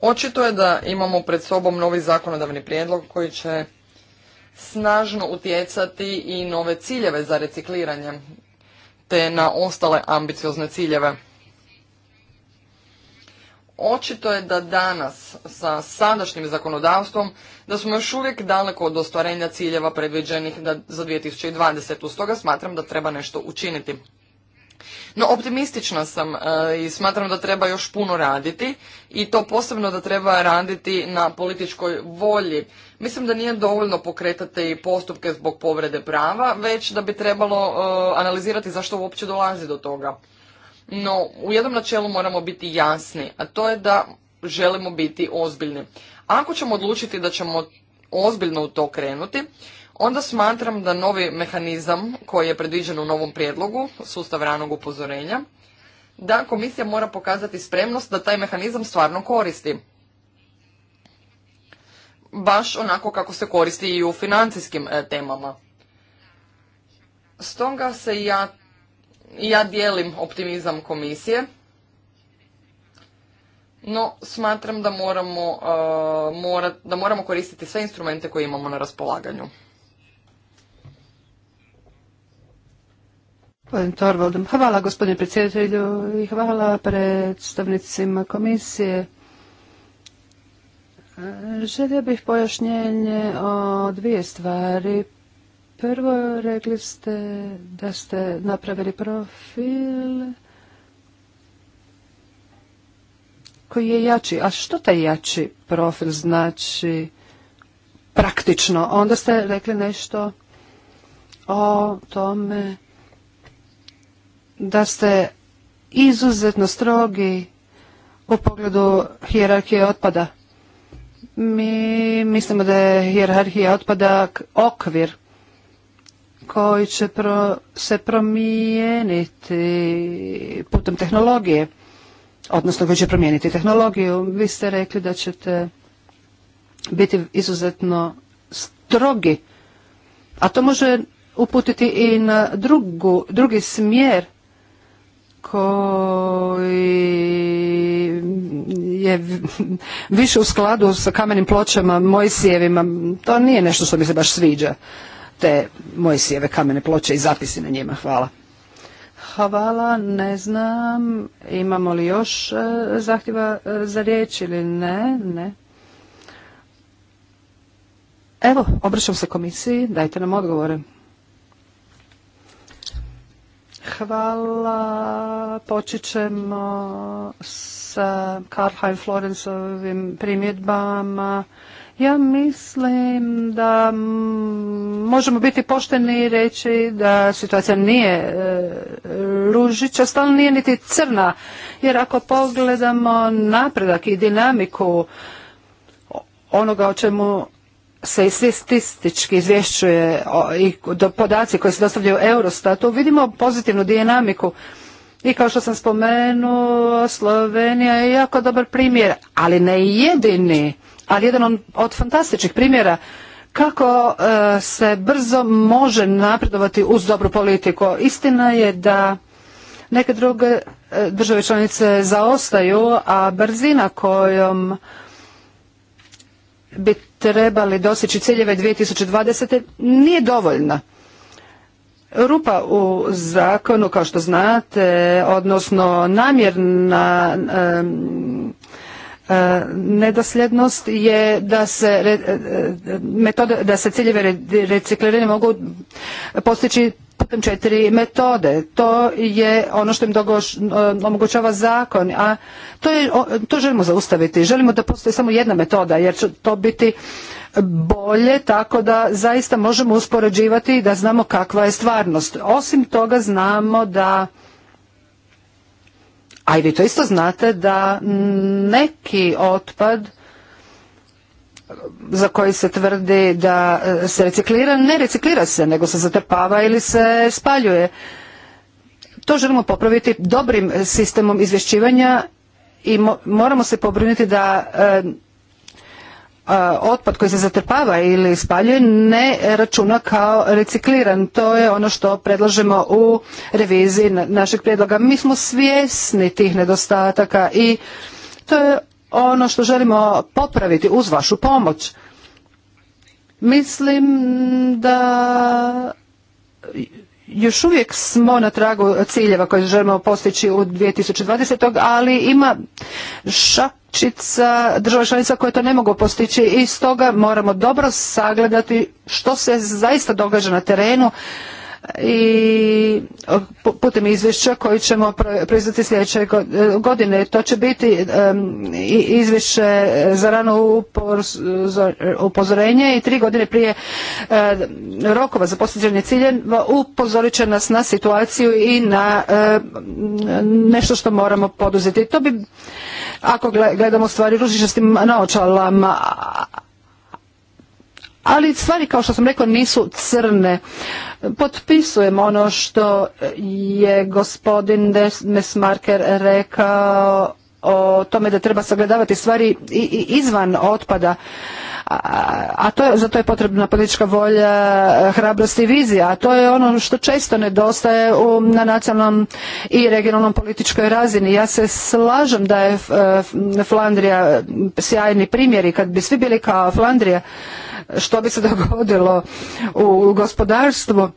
Očito je da imamo pred sobom novi zakonodavni prijedlog koji će snažno utjecati i nove ciljeve za recikliranje, te na ostale ambiciozne ciljeve. Očito je da danas sa sadašnjim zakonodavstvom da smo još uvijek daleko od ostvarenja ciljeva predviđenih za 2020. Stoga smatram da treba nešto učiniti. No, optimistična sam e, i smatram da treba još puno raditi i to posebno da treba raditi na političkoj volji. Mislim da nije dovoljno pokretati postupke zbog povrede prava, već da bi trebalo e, analizirati zašto uopće dolazi do toga. No, u jednom načelu moramo biti jasni, a to je da želimo biti ozbiljni. Ako ćemo odlučiti da ćemo ozbiljno u to krenuti, onda smatram da novi mehanizam koji je predviđen u novom prijedlogu, sustav ranog upozorenja, da komisija mora pokazati spremnost da taj mehanizam stvarno koristi. Baš onako kako se koristi i u financijskim e, temama. Stoga se ja, ja dijelim optimizam komisije, no smatram da moramo, e, da moramo koristiti sve instrumente koje imamo na raspolaganju.
Hvala gospodine predsjedatelju i hvala predstavnicima komisije. Želio bih pojašnjenje o dvije stvari. Prvo, rekli ste da ste napravili profil koji je jači. A što taj jači profil znači praktično? Onda ste rekli nešto o tome da ste izuzetno strogi u pogledu hijerarhije otpada. Mi mislimo da je hijerarhija otpada okvir koji će se promijeniti putem tehnologije, odnosno koji će promijeniti tehnologiju. Vi ste rekli da ćete biti izuzetno strogi, a to može uputiti i na drugu, drugi smjer koji je više u skladu sa kamenim pločama, mojsijevima, to nije nešto što mi se baš sviđa, te sjeve kamene ploče i zapisi na njima. Hvala. Hvala, ne znam, imamo li još e, zahtjeva e, za riječ ili ne, ne. Evo, obraćam se komisiji, dajte nam odgovore. Hvala. Počet ćemo sa karlheim primjedbama. Ja mislim da možemo biti pošteni i reći da situacija nije ružića, e, ružičasta, nije niti crna. Jer ako pogledamo napredak i dinamiku onoga o čemu se i statistički izvješćuje i podaci koje se dostavljaju Eurostatu, vidimo pozitivnu dinamiku. I kao što sam spomenuo, Slovenija je jako dobar primjer, ali ne jedini, ali jedan od fantastičnih primjera kako e, se brzo može napredovati uz dobru politiku. Istina je da neke druge e, države članice zaostaju, a brzina kojom bi trebali doseći ciljeve 2020. nije dovoljna. Rupa u zakonu, kao što znate, odnosno namjerna E, nedosljednost je da se e, da se ciljeve recikliranja mogu postići putem četiri metode. To je ono što im dogoš, e, omogućava zakon, a to, je, to želimo zaustaviti. Želimo da postoji samo jedna metoda, jer će to biti bolje, tako da zaista možemo uspoređivati da znamo kakva je stvarnost. Osim toga znamo da a i vi to isto znate da neki otpad za koji se tvrdi da e, se reciklira, ne reciklira se, nego se zatrpava ili se spaljuje. To želimo popraviti dobrim sistemom izvješćivanja i moramo se pobrinuti da e, otpad koji se zatrpava ili spaljuje ne računa kao recikliran. To je ono što predlažemo u reviziji našeg prijedloga. Mi smo svjesni tih nedostataka i to je ono što želimo popraviti uz vašu pomoć. Mislim da još uvijek smo na tragu ciljeva koje želimo postići u 2020. ali ima šak članica, država članica koje to ne mogu postići i stoga moramo dobro sagledati što se zaista događa na terenu i putem izvješća koji ćemo proizvati sljedeće e, godine. To će biti izvješće za rano upozorenje i tri godine prije e, rokova za postiđenje ciljeva upozorit će nas na situaciju i na e, nešto što moramo poduzeti. To bi ako gledamo stvari ružičastim naočalama. Ali stvari, kao što sam rekao, nisu crne. Potpisujem ono što je gospodin Mesmarker rekao o tome da treba sagledavati stvari izvan otpada a to je, za to je potrebna politička volja, e, hrabrost i vizija, a to je ono što često nedostaje u, na nacionalnom i regionalnom političkoj razini. Ja se slažem da je e, Flandrija sjajni primjer i kad bi svi bili kao Flandrija, što bi se dogodilo u gospodarstvu?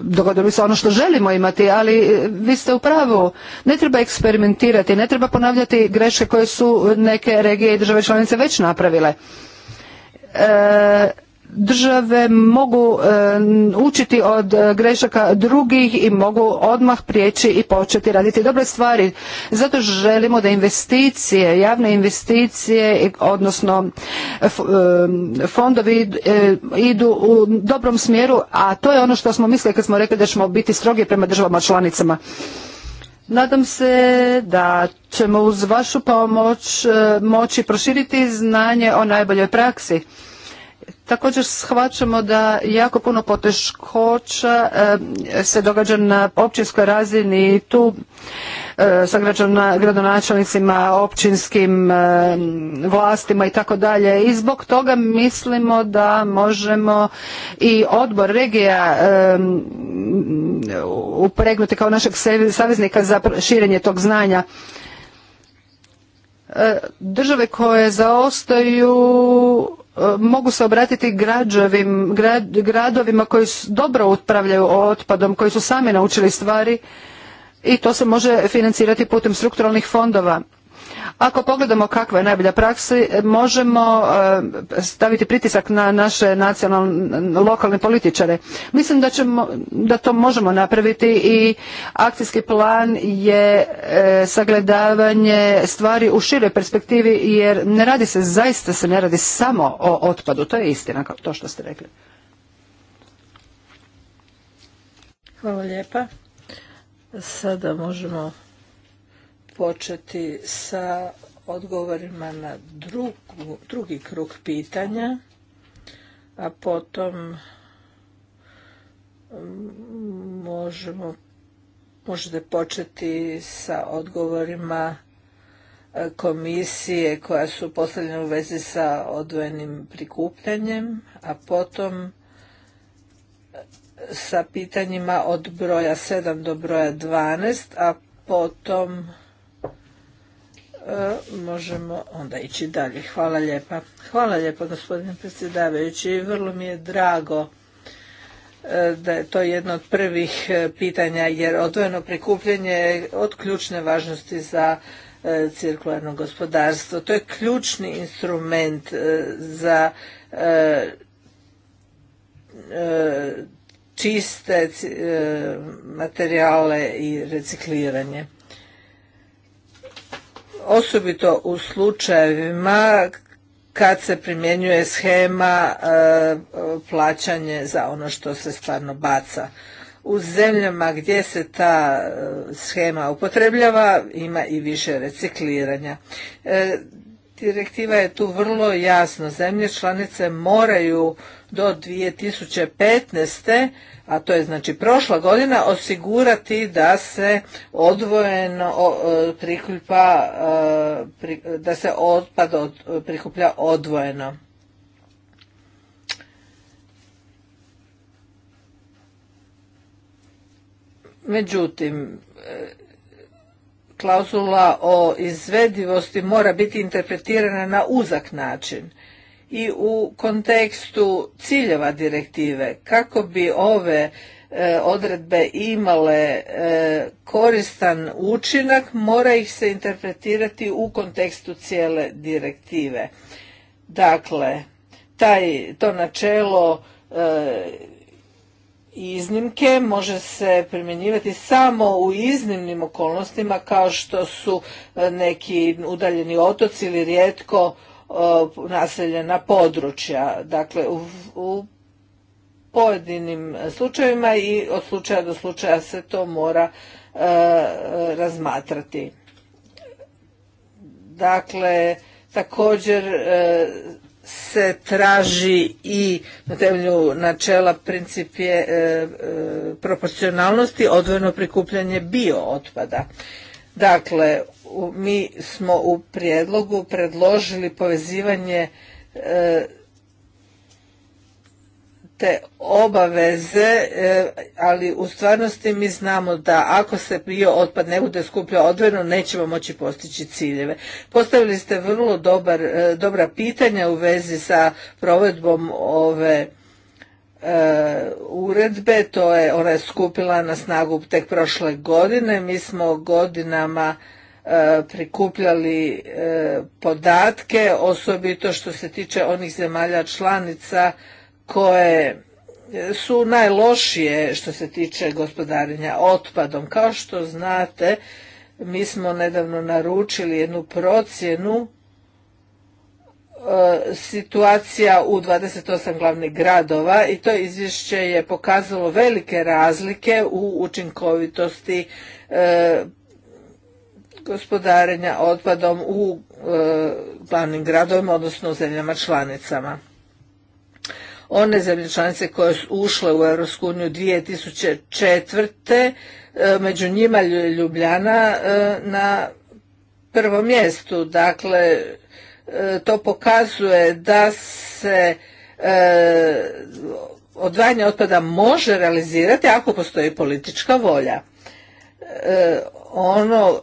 dogodilo bi se ono što želimo imati, ali e, vi ste u pravu. Ne treba eksperimentirati, ne treba ponavljati greške koje su neke regije i države članice već napravile. E, države mogu e, učiti od e, grešaka drugih i mogu odmah prijeći i početi raditi dobre stvari. Zato želimo da investicije, javne investicije, odnosno e, fondovi idu u dobrom smjeru, a to je ono što smo mislili kad smo rekli da ćemo biti strogi prema državama članicama. Nadam se da ćemo uz vašu pomoć moći proširiti znanje o najboljoj praksi Također shvaćamo da jako puno poteškoća eh, se događa na općinskoj razini i tu eh, sa gradonačelnicima, općinskim eh, vlastima i tako dalje. I zbog toga mislimo da možemo i odbor regija upregnuti kao našeg saveznika za širenje tog znanja države koje zaostaju mogu se obratiti građavim, gradovima koji dobro upravljaju otpadom, koji su sami naučili stvari i to se može financirati putem strukturalnih fondova. Ako pogledamo kakva je najbolja praksa, možemo e, staviti pritisak na naše nacionalne, lokalne političare. Mislim da, da to možemo napraviti i akcijski plan je e, sagledavanje stvari u široj perspektivi jer ne radi se, zaista se ne radi samo o otpadu. To je istina, to što ste rekli.
Hvala lijepa. Sada možemo početi sa odgovorima na drugi krug pitanja, a potom mm, možemo, možete početi sa odgovorima e, komisije koja su postavljena u vezi sa odvojenim prikupljanjem, a potom e, sa pitanjima od broja 7 do broja 12, a potom E, možemo onda ići dalje. Hvala lijepa. Hvala lijepa gospodine predsjedavajući. Vrlo mi je drago e, da je to jedno od prvih e, pitanja jer odvojeno prikupljanje je od ključne važnosti za cirkularno gospodarstvo. To je ključni instrument za čiste materijale i recikliranje osobito u slučajevima kad se primjenjuje schema e, plaćanje za ono što se stvarno baca. U zemljama gdje se ta e, schema upotrebljava ima i više recikliranja. E, direktiva je tu vrlo jasno. Zemlje članice moraju do 2015. a to je znači prošla godina, osigurati da se odvojeno e, prikupa, e, da se otpad prikuplja odvojeno. Međutim, e, klauzula o izvedivosti mora biti interpretirana na uzak način i u kontekstu ciljeva direktive kako bi ove e, odredbe imale e, koristan učinak mora ih se interpretirati u kontekstu cijele direktive dakle taj to načelo e, iznimke može se primjenjivati samo u iznimnim okolnostima kao što su neki udaljeni otoci ili rijetko naseljena područja. Dakle, u, pojedinim slučajevima i od slučaja do slučaja se to mora e, razmatrati. Dakle, također e, se traži i na temelju načela principije e, proporcionalnosti odvojeno prikupljanje bio otpada Dakle, mi smo u prijedlogu predložili povezivanje e, te obaveze, e, ali u stvarnosti mi znamo da ako se bio otpad ne bude skupljao odvojeno, nećemo moći postići ciljeve. Postavili ste vrlo e, dobra pitanja u vezi sa provedbom ove uredbe, to je ona je skupila na snagu tek prošle godine, mi smo godinama E, prikupljali e, podatke, osobito što se tiče onih zemalja članica koje su najlošije što se tiče gospodarenja otpadom. Kao što znate, mi smo nedavno naručili jednu procjenu e, situacija u 28 glavnih gradova i to izvješće je pokazalo velike razlike u učinkovitosti gospodarenja otpadom u e, glavnim gradovima, odnosno u zemljama članicama. One zemlje članice koje su ušle u EU 2004. E, među njima Ljubljana e, na prvom mjestu. Dakle, to pokazuje da se odvajanje otpada može realizirati ako postoji politička volja ono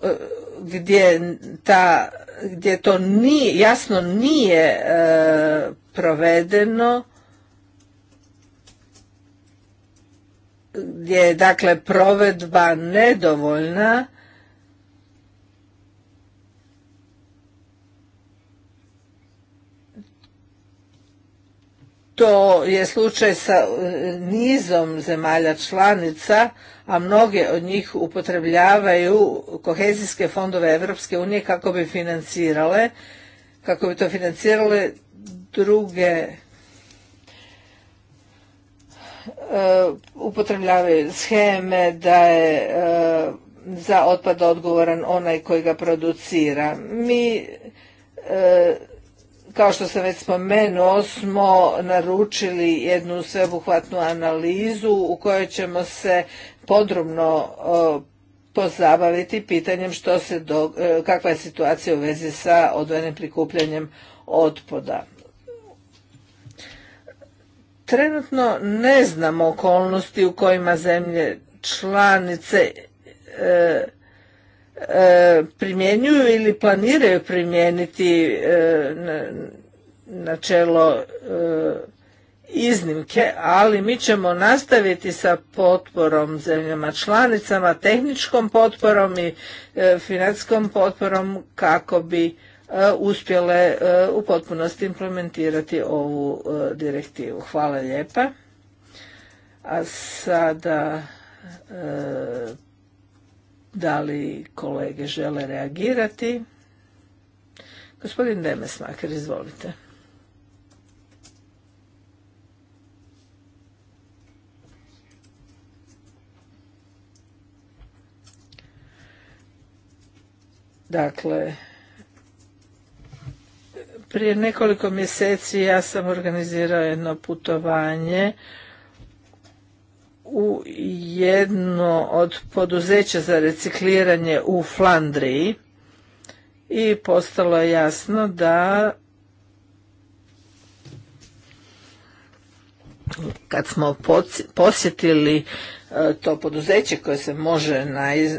gdje, ta, gdje to nije, jasno nije e, provedeno, gdje je dakle provedba nedovoljna, to je slučaj sa e, nizom zemalja članica, a mnoge od njih upotrebljavaju kohezijske fondove Europske unije kako bi financirale, kako bi to financirale druge e, upotrebljavaju scheme da je e, za otpad odgovoran onaj koji ga producira. Mi kao što sam već spomenuo, smo naručili jednu sveobuhvatnu analizu u kojoj ćemo se podrobno pozabaviti pitanjem što se do, e, kakva je situacija u vezi sa odvojenim prikupljanjem otpada. Trenutno ne znamo okolnosti u kojima zemlje članice e, E, primjenjuju ili planiraju primijeniti e, načelo e, iznimke, ali mi ćemo nastaviti sa potporom zemljama članicama, tehničkom potporom i financijskom potporom kako bi uspjele u potpunosti implementirati ovu direktivu. Hvala lijepa. A sada da li kolege žele reagirati? Gospodin Demesmaker, izvolite. Dakle, prije nekoliko mjeseci ja sam organizirao jedno putovanje u jedno od poduzeća za recikliranje u Flandriji i postalo je jasno da kad smo posjetili e, to poduzeće koje se može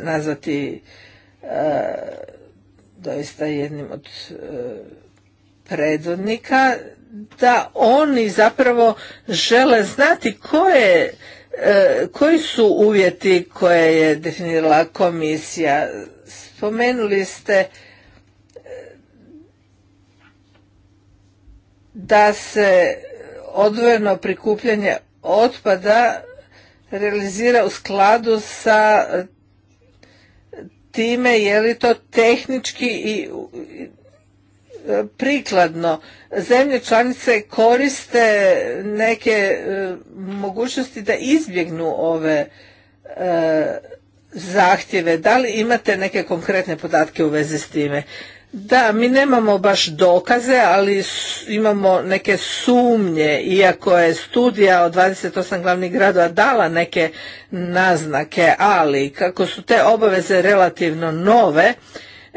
nazvati e, doista jednim od e, predvodnika, da oni zapravo žele znati koje E, koji su uvjeti koje je definirala komisija? Spomenuli ste e, da se odvojeno prikupljanje otpada realizira u skladu sa time je li to tehnički i prikladno. Zemlje članice koriste neke e, mogućnosti da izbjegnu ove e, zahtjeve. Da li imate neke konkretne podatke u vezi s time? Da, mi nemamo baš dokaze, ali imamo neke sumnje, iako je studija od 28 glavnih gradova dala neke naznake, ali kako su te obaveze relativno nove,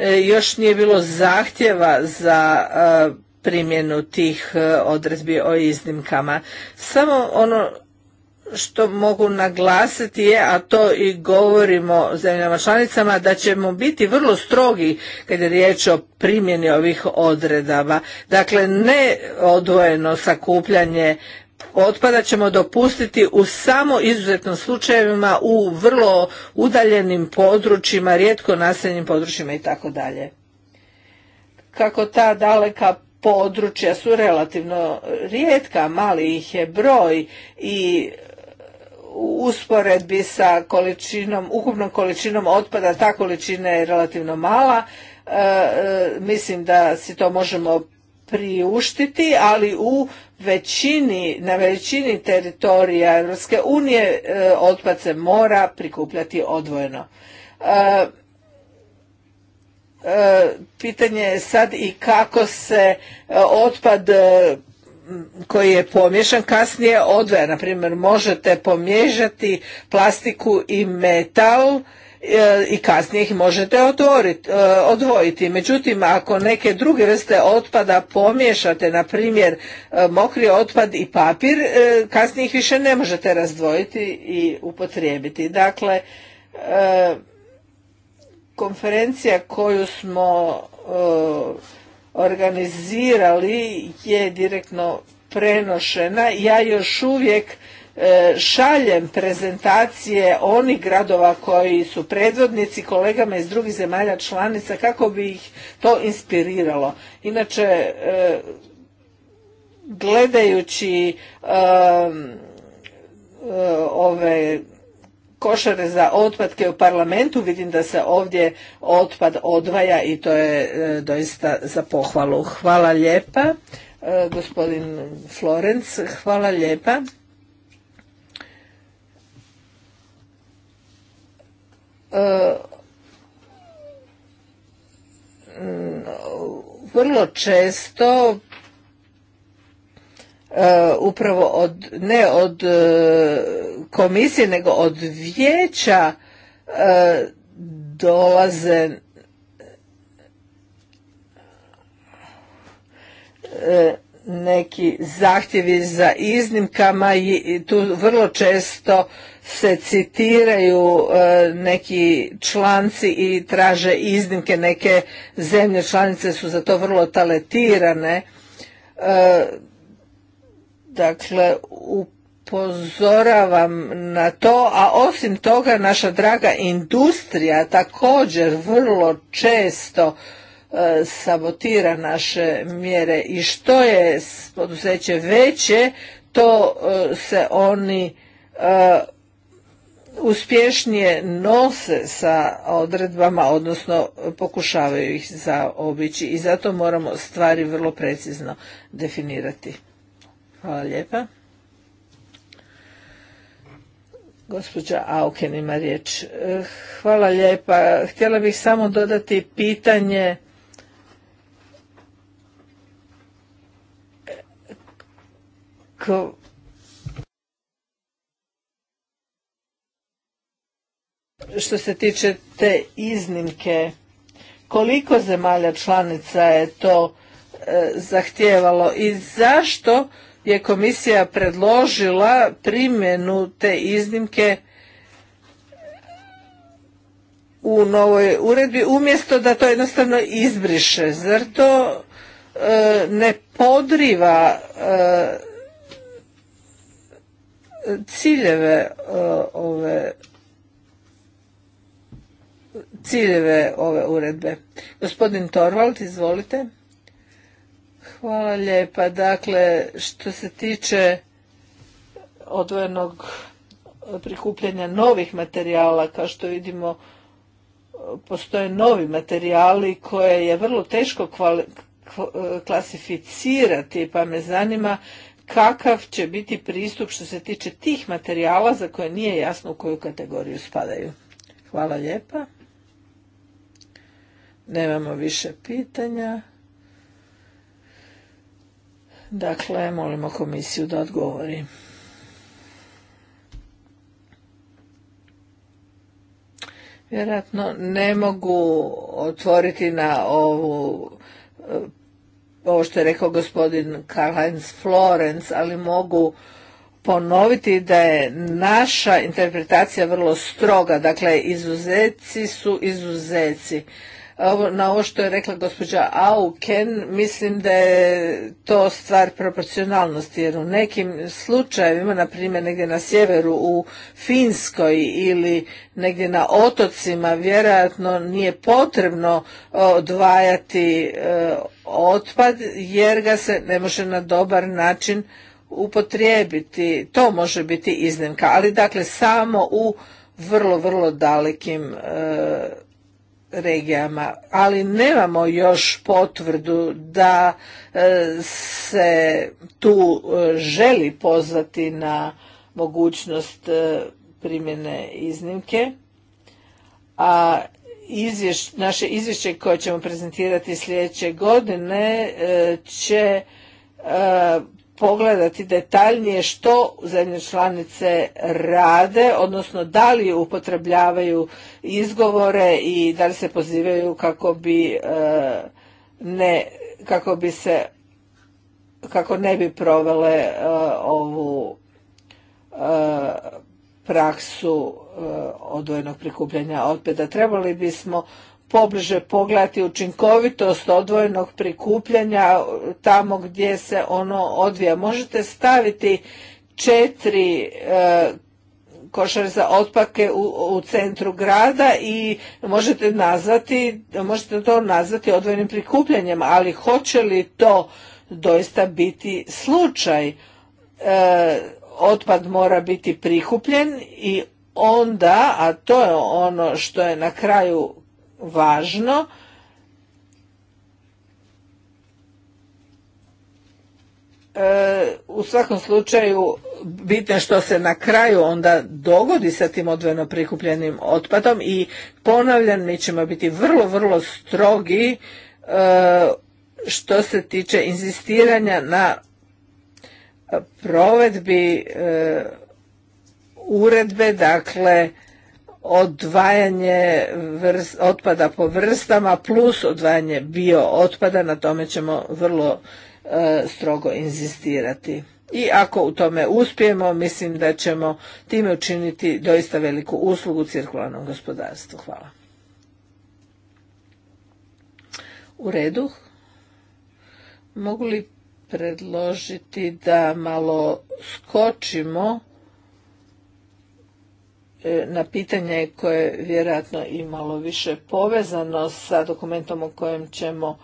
E, još nije bilo zahtjeva za e, primjenu tih e, odredbi o iznimkama. Samo ono što mogu naglasiti je, a to i govorimo zemljama članicama, da ćemo biti vrlo strogi kad je riječ o primjeni ovih odredaba. Dakle, ne odvojeno sakupljanje otpada ćemo dopustiti u samo izuzetnim slučajevima u vrlo udaljenim područjima, rijetko naseljenim područjima i tako dalje. Kako ta daleka područja su relativno rijetka, mali ih je broj i u usporedbi sa količinom, ukupnom količinom otpada ta količina je relativno mala. E, e, mislim da si to možemo priuštiti, ali u većini, na većini teritorija Europske unije e, otpad se mora prikupljati odvojeno. E, e, pitanje je sad i kako se otpad koji je pomješan kasnije odvaja. Naprimjer, možete pomiješati plastiku i metal E, i kasnije ih možete e, odvojiti. Međutim, ako neke druge vrste otpada pomiješate, na primjer e, mokri otpad i papir, kasnije ih više ne možete razdvojiti i upotrijebiti. Dakle, konferencija koju smo organizirali je direktno prenošena. Ja još uvijek E, šaljem prezentacije onih gradova koji su predvodnici kolegama iz drugih zemalja članica kako bi ih to inspiriralo. Inače, e, gledajući e, ove košare za otpadke u parlamentu, vidim da se ovdje otpad odvaja i to je doista za pohvalu. Hvala lijepa, gospodin Florenc, hvala lijepa. E, mm, vrlo često e, upravo od, ne od e, komisije nego od vijeća dolaze neki zahtjevi za iznimkama i tu vrlo često se citiraju e, neki članci i traže iznimke, neke zemlje članice su za to vrlo taletirane. E, dakle, upozoravam na to, a osim toga naša draga industrija također vrlo često e, sabotira naše mjere i što je poduzeće veće, to se oni uspješnije nose sa odredbama, odnosno pokušavaju ih zaobići i zato moramo stvari vrlo precizno definirati. Hvala lijepa. Gospođa Auken ima riječ. Hvala lijepa. Htjela bih samo dodati pitanje ko što se tiče te iznimke, koliko zemalja članica je to e, i zašto je komisija predložila primjenu te iznimke u novoj uredbi umjesto da to jednostavno izbriše. Zar to e, ne podriva e, ciljeve e, ove ciljeve ove uredbe. Gospodin Torvald, izvolite. Hvala lijepa. Dakle, što se tiče odvojenog prikupljanja novih materijala, kao što vidimo, postoje novi materijali koje je vrlo teško klasificirati, pa me zanima kakav će biti pristup što se tiče tih materijala za koje nije jasno u koju kategoriju spadaju. Hvala lijepa. Nemamo više pitanja. Dakle, molimo komisiju da odgovori. Vjerojatno ne mogu otvoriti na ovu ovo što je rekao gospodin Karl-Heinz ali mogu ponoviti da je naša interpretacija vrlo stroga. Dakle, izuzeci su izuzeci na ovo što je rekla gospođa Auken, mislim da je to stvar proporcionalnosti, jer u nekim slučajevima, na primjer negdje na sjeveru u Finskoj ili negdje na otocima, vjerojatno nije potrebno e, odvajati e, otpad, jer ga se ne može na dobar način upotrijebiti. To može biti iznimka, ali dakle samo u vrlo, vrlo dalekim e, regijama, ali nemamo još potvrdu da e, se tu e, želi pozvati na mogućnost e, primjene iznimke, a naše izvješće koje ćemo prezentirati sljedeće godine će pogledati detaljnije što zemlje članice rade, odnosno da li upotrebljavaju izgovore i da li se pozivaju kako bi e, ne kako bi se kako ne bi provele e, ovu e, praksu odvojenog prikupljanja otpada. Trebali bismo pobliže pogledati učinkovitost odvojenog prikupljanja tamo gdje se ono odvija. Možete staviti četiri e, košare za otpake u, centru grada i možete nazvati, možete to nazvati odvojenim prikupljanjem, ali hoće li to doista biti slučaj? E, otpad mora biti prikupljen i onda, a to je ono što je na kraju važno. E, u svakom slučaju bitno što se na kraju onda dogodi sa tim odvojeno prikupljenim otpadom i ponavljam mi ćemo biti vrlo, vrlo strogi e, što se tiče inzistiranja na provedbi e, uredbe, dakle odvajanje vrst, otpada po vrstama plus odvajanje bio otpada, na tome ćemo vrlo e, strogo inzistirati. I ako u tome uspijemo, mislim da ćemo time učiniti doista veliku uslugu cirkularnom gospodarstvu. Hvala. U redu. Mogu li predložiti da malo skočimo E, na pitanje koje je vjerojatno i malo više povezano sa dokumentom o kojem ćemo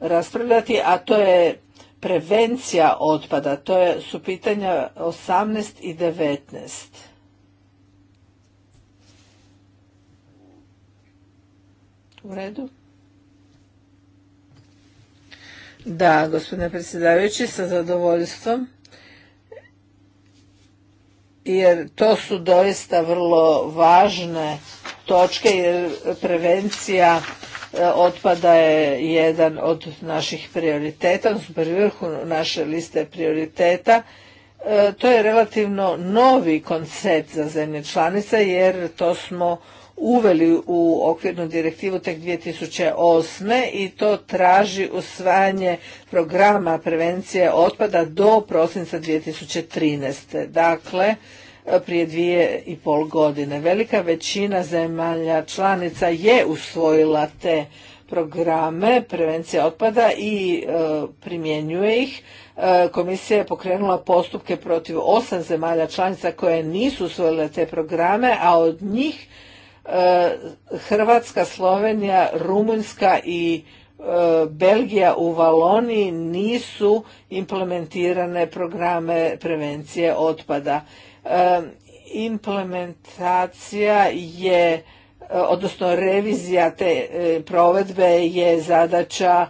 raspravljati, a to je prevencija otpada. To je, su pitanja 18 i 19. U redu? Da, gospodine predsjedavajući, sa zadovoljstvom jer to su doista vrlo važne točke jer prevencija e, otpada je jedan od naših prioriteta, odnosno pri vrhu naše liste prioriteta. E, to je relativno novi koncept za zemlje članice jer to smo uveli u okvirnu direktivu tek 2008. i to traži usvajanje programa prevencije otpada do prosinca 2013. Dakle, prije dvije i pol godine. Velika većina zemalja članica je usvojila te programe prevencije otpada i e, primjenjuje ih. E, komisija je pokrenula postupke protiv osam zemalja članica koje nisu usvojile te programe, a od njih e, Hrvatska, Slovenija, Rumunjska i Belgija u Valoniji nisu implementirane programe prevencije otpada implementacija je e, odnosno revizija te e, provedbe je zadaća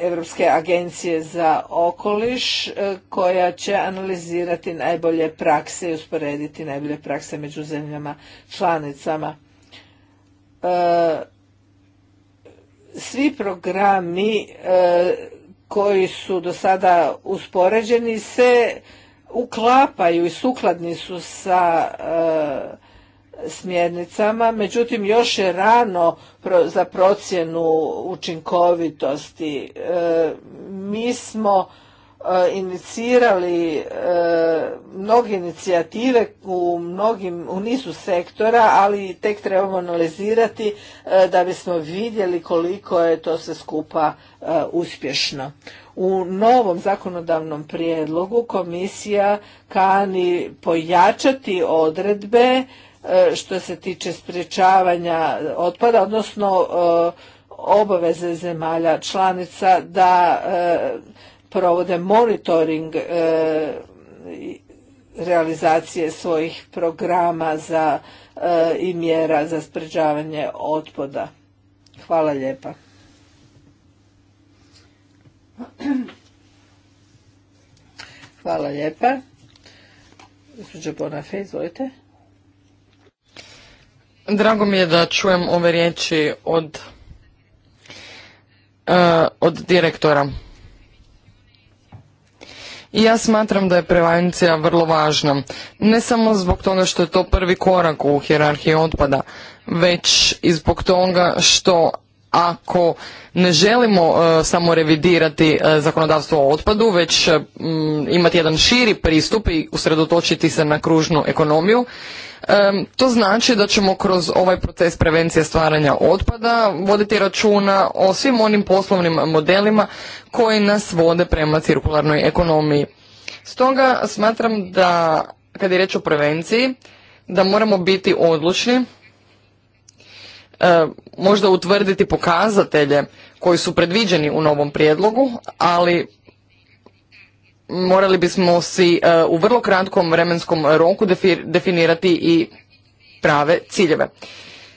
Europske agencije za okoliš e, koja će analizirati najbolje prakse i usporediti najbolje prakse među zemljama članicama. Svi programi koji su do sada uspoređeni se uklapaju i sukladni su sa e, smjernicama, međutim još je rano za procjenu učinkovitosti. E, mi smo e, inicirali mnoge inicijative u mnogim u nizu sektora, ali tek trebamo analizirati da bismo vidjeli koliko je to sve skupa uspješno. U novom zakonodavnom prijedlogu komisija kani pojačati odredbe e, što se tiče sprječavanja otpada, odnosno e, obaveze zemalja članica da e, provode monitoring realizacije svojih programa i mjera za sprječavanje otpada. Hvala lijepa. Hvala lijepa. Gospođo Bonafe, izvolite.
Drago mi je da čujem ove riječi od, uh, od direktora. I ja smatram da je prevencija vrlo važna. Ne samo zbog toga što je to prvi korak u hjerarhiji otpada, već i zbog toga što ako ne želimo e, samo revidirati e, zakonodavstvo o otpadu, već e, imati jedan širi pristup i usredotočiti se na kružnu ekonomiju, to znači da ćemo kroz ovaj proces prevencije stvaranja otpada voditi računa o svim onim poslovnim modelima koji nas vode prema cirkularnoj ekonomiji. Stoga smatram da, kad je reč o prevenciji, da moramo biti odlučni E, možda utvrditi pokazatelje koji su predviđeni u novom prijedlogu, ali morali bismo si e, u vrlo kratkom vremenskom roku definirati i prave ciljeve.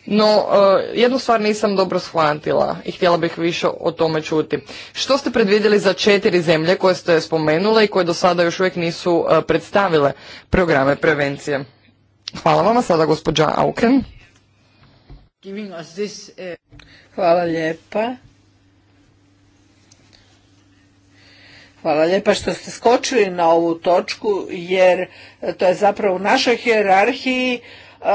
No, e, jednu stvar nisam dobro shvatila i htjela bih više o tome čuti. Što ste predvidjeli za četiri zemlje koje ste spomenule i koje do sada još uvijek nisu predstavile programe prevencije? Hvala vam, sada gospođa Auken
giving us uh, Hvala lijepa. Hvala lijepa što ste skočili na ovu točku jer to je zapravo u našoj hijerarhiji uh,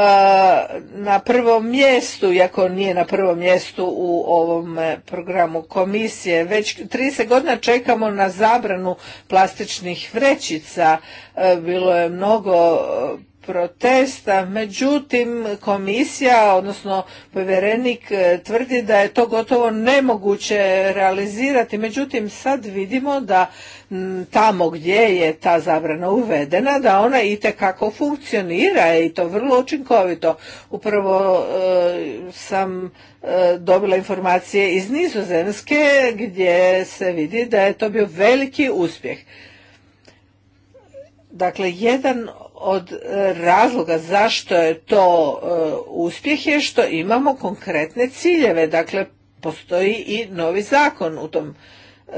na prvom mjestu, iako nije na prvom mjestu u ovom eh, programu komisije. Već 30 godina čekamo na zabranu plastičnih vrećica. Eh, bilo je mnogo eh, protesta, međutim komisija, odnosno povjerenik e, tvrdi da je to gotovo nemoguće realizirati, međutim sad vidimo da tamo gdje je ta zabrana uvedena, da ona itekako funkcionira i to vrlo učinkovito. Upravo e, sam e, dobila informacije iz Nizozemske gdje se vidi da je to bio veliki uspjeh. Dakle, jedan od e, razloga zašto je to e, uspjeh je što imamo konkretne ciljeve, dakle postoji i novi zakon u tom e,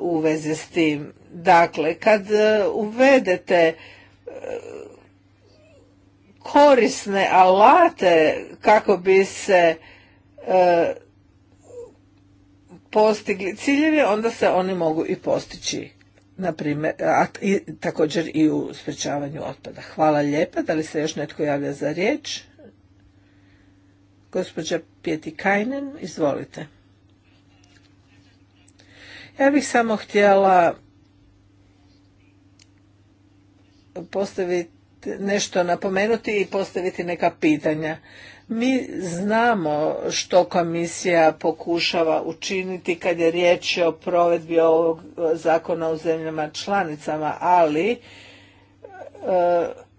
u vezi s tim. Dakle, kad uvedete korisne alate kako bi se postigli ciljevi, onda se oni mogu i postići na a i, također i u sprečavanju otpada. Hvala lijepa. Da li se još netko javlja za riječ? Gospođa Pjeti Kajnen, izvolite. Ja bih samo htjela postaviti nešto napomenuti i postaviti neka pitanja. Mi znamo što komisija pokušava učiniti kad je riječ o provedbi ovog zakona u zemljama članicama, ali e,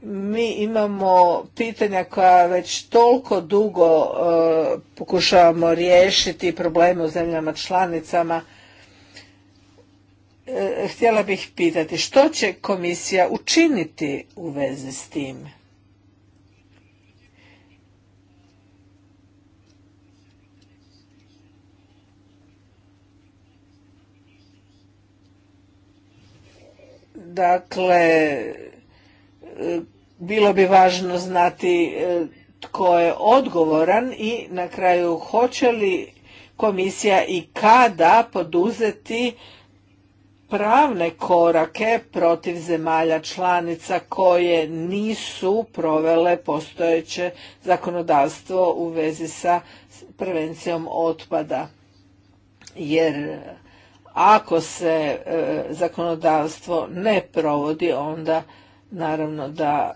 mi imamo pitanja koja već toliko dugo e, pokušavamo riješiti probleme u zemljama članicama. E, htjela bih pitati što će komisija učiniti u vezi s tim? Dakle, bilo bi važno znati e, tko je odgovoran i na kraju hoće li komisija i kada poduzeti pravne korake protiv zemalja članica koje nisu provele postojeće zakonodavstvo u vezi sa prevencijom otpada jer ako se e, zakonodavstvo ne provodi onda naravno da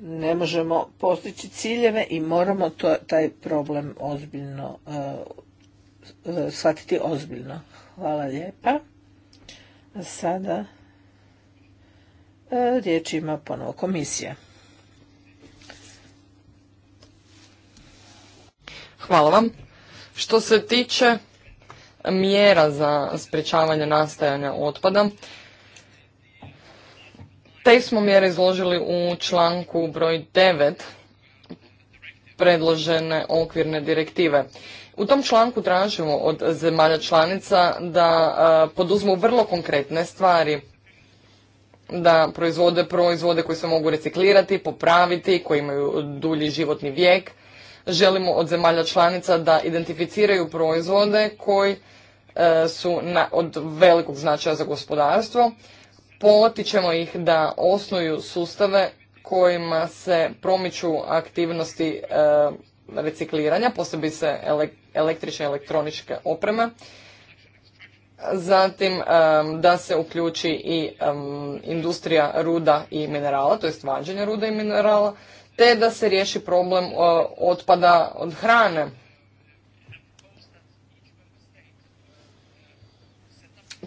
ne možemo postići ciljeve i moramo to, taj problem ozbiljno e, e, shvatiti ozbiljno hvala lijepa sada riječ ima ponovo
komisija hvala vam što se tiče mjera za sprječavanje nastajanja otpada. Te smo mjere izložili u članku broj 9 predložene okvirne direktive. U tom članku tražimo od zemalja članica da poduzmu vrlo konkretne stvari, da proizvode proizvode koji se mogu reciklirati, popraviti, koji imaju dulji životni vijek. Želimo od zemalja članica da identificiraju proizvode koji E, su na, od velikog značaja za gospodarstvo. Potičemo ih da osnuju sustave kojima se promiču aktivnosti e, recikliranja, posebice električne i elektroničke opreme. Zatim e, da se uključi i e, industrija ruda i minerala, to je vađenje ruda i minerala, te da se riješi problem otpada od hrane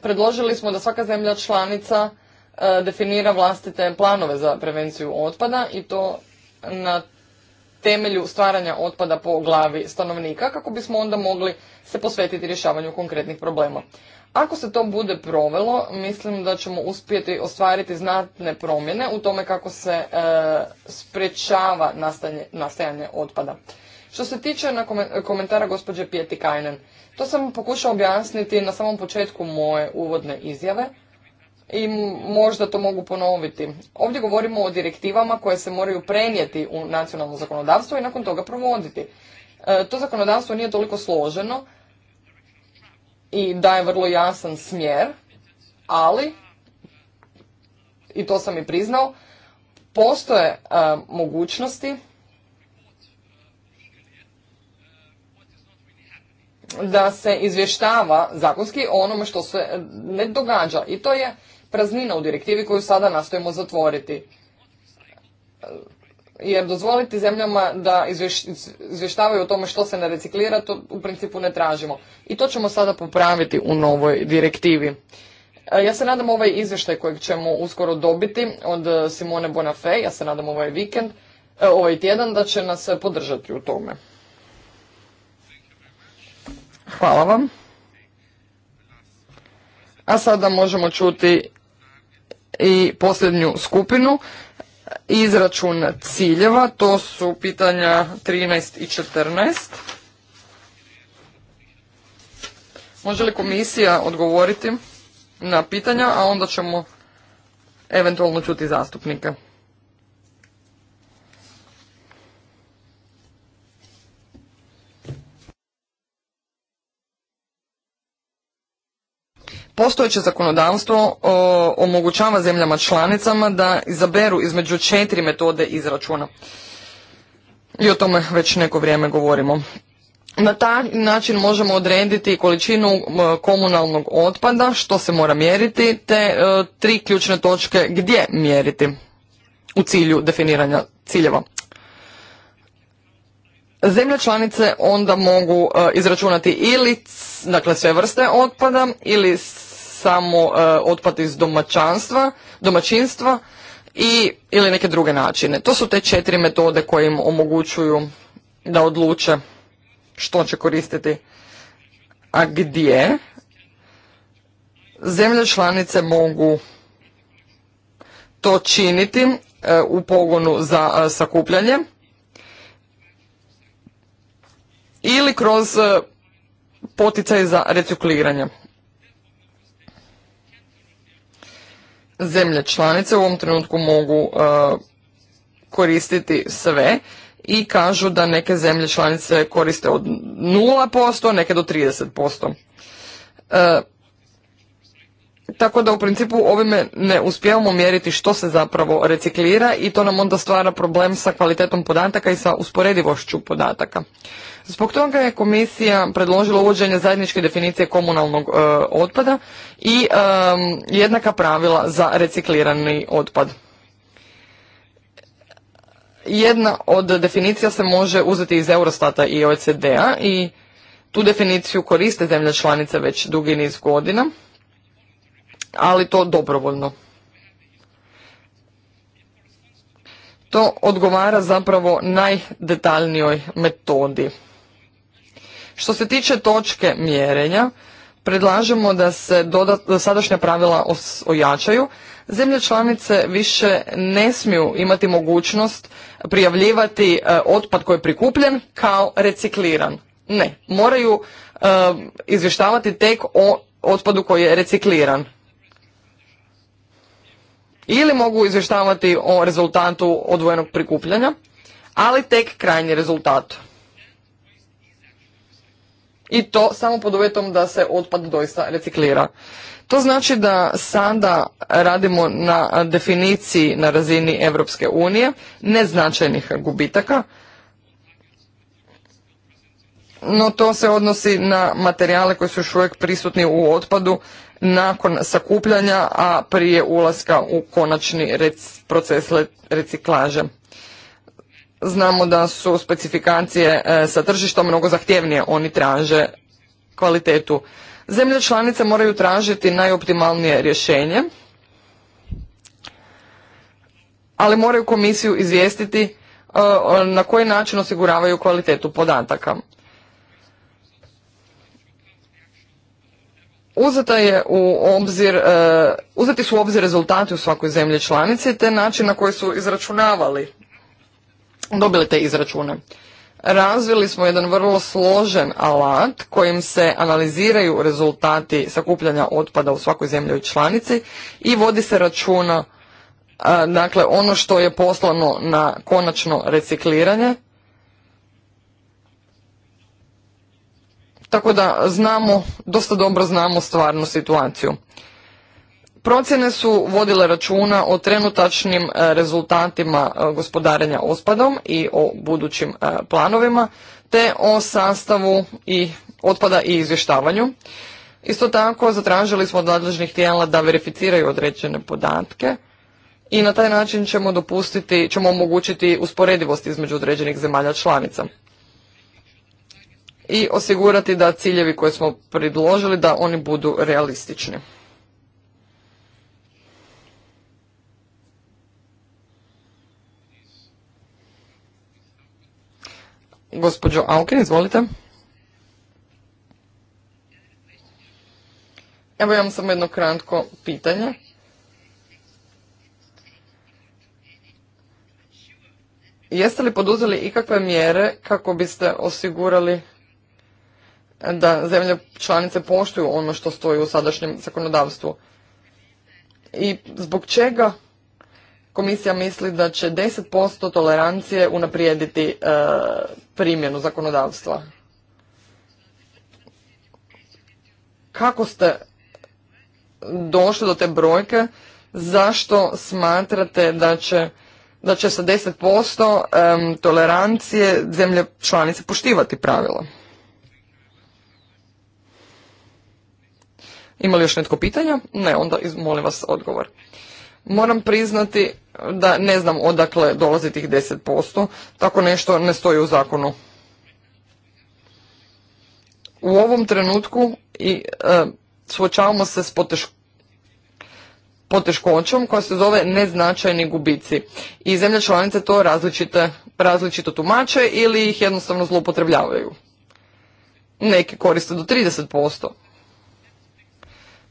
predložili smo da svaka zemlja članica e, definira vlastite planove za prevenciju otpada i to na temelju stvaranja otpada po glavi stanovnika kako bismo onda mogli se posvetiti rješavanju konkretnih problema. Ako se to bude provelo, mislim da ćemo uspjeti ostvariti znatne promjene u tome kako se e, sprečava nastajanje otpada. Što se tiče na komentara gospođe Pjeti Kajnen, to sam pokušao objasniti na samom početku moje uvodne izjave i možda to mogu ponoviti. Ovdje govorimo o direktivama koje se moraju prenijeti u nacionalno zakonodavstvo i nakon toga provoditi. E, to zakonodavstvo nije toliko složeno i daje vrlo jasan smjer, ali, i to sam i priznao, postoje e, mogućnosti da se izvještava zakonski o onome što se e, ne događa. I to je praznina u direktivi koju sada nastojimo zatvoriti. E, jer dozvoliti zemljama da izvještavaju o tome što se ne reciklira, to u principu ne tražimo. I to ćemo sada popraviti u novoj direktivi. E, ja se nadam ovaj izvještaj kojeg ćemo uskoro dobiti od Simone Bonafé, ja se nadam ovaj vikend, ovaj tjedan, da će nas podržati u tome. Hvala vam. A sada možemo čuti i posljednju skupinu. Izračun ciljeva, to su pitanja 13 i 14. Može li komisija odgovoriti na pitanja, a onda ćemo eventualno čuti zastupnike. Postojeće zakonodavstvo omogućava zemljama članicama da izaberu između četiri metode izračuna. I o tome već neko vrijeme govorimo. Na taj način možemo odrediti količinu e, komunalnog otpada, što se mora mjeriti, te e, tri ključne točke gdje mjeriti u cilju definiranja ciljeva zemlje članice onda mogu e, izračunati ili dakle sve vrste otpada ili samo e, otpad iz domaćanstva, domaćinstva i ili neke druge načine. To su te četiri metode koje im omogućuju da odluče što će koristiti. A gdje zemlje članice mogu to činiti e, u pogonu za sakupljanje ili kroz e, poticaj za recikliranje. Zemlje članice u ovom trenutku mogu e, koristiti sve i kažu da neke zemlje članice koriste od 0%, neke do 30%. E, tako da u principu ovime ne uspijevamo mjeriti što se zapravo reciklira i to nam onda stvara problem sa kvalitetom podataka i sa usporedivošću podataka. Zbog toga je komisija predložila uvođenje zajedničke definicije komunalnog e, otpada i jednaka pravila za reciklirani otpad. Jedna od definicija se može uzeti iz Eurostata i OECD-a i tu definiciju koriste zemlje članice već dugi niz godina, ali to dobrovoljno. To odgovara zapravo najdetaljnijoj metodi što se tiče točke mjerenja, predlažemo da se sadašnja pravila ojačaju. Zemlje članice više ne smiju imati mogućnost prijavljivati e, otpad koji je prikupljen kao recikliran. Ne, moraju e, izvještavati tek o otpadu koji je recikliran. Ili mogu izvještavati o rezultatu odvojenog prikupljanja, ali tek krajnji rezultat i to samo pod uvjetom da se otpad doista reciklira. To znači da sada radimo na definiciji na razini Europske unije neznačajnih gubitaka, no to se odnosi na materijale koji su još uvijek prisutni u otpadu nakon sakupljanja, a prije ulaska u konačni proces reciklaže. Znamo da su specifikacije e, sa tržištom mnogo zahtjevnije, oni traže kvalitetu. Zemlje članice moraju tražiti najoptimalnije rješenje, ali moraju komisiju izvijestiti e, na koji način osiguravaju kvalitetu podataka. Uzeta je u obzir, e, uzeti su u obzir rezultati u svakoj zemlji članici te način na koji su izračunavali dobili te izračune. Razvili smo jedan vrlo složen alat kojim se analiziraju rezultati sakupljanja otpada u svakoj zemlji članici i vodi se računa dakle ono što je poslano na konačno recikliranje tako da znamo, dosta dobro znamo stvarnu situaciju. Procjene su vodile računa o trenutačnim e, rezultatima e, gospodarenja otpadom i o budućim e, planovima, te o sastavu i otpada i izvještavanju. Isto tako zatražili smo od nadležnih tijela da verificiraju određene podatke i na taj način ćemo dopustiti, ćemo omogućiti usporedivost između određenih zemalja članica i osigurati da ciljevi koje smo predložili da oni budu realistični. Gospođo Aukin, izvolite. Evo imam samo jedno kratko pitanje. Jeste li poduzeli ikakve mjere kako biste osigurali da zemlje članice poštuju ono što stoji u sadašnjem zakonodavstvu? I zbog čega komisija misli da će 10% tolerancije unaprijediti e, primjenu zakonodavstva. Kako ste došli do te brojke? Zašto smatrate da će, da će sa 10% tolerancije zemlje članice poštivati pravila? Ima li još netko pitanja? Ne, onda molim vas odgovor. Moram priznati da ne znam odakle dolazi tih 10%, tako nešto ne stoji u zakonu. U ovom trenutku i e, suočavamo se s poteškoćom koja se zove neznačajni gubici. I zemlje članice to različito tumače ili ih jednostavno zloupotrebljavaju. Neki koriste do 30%.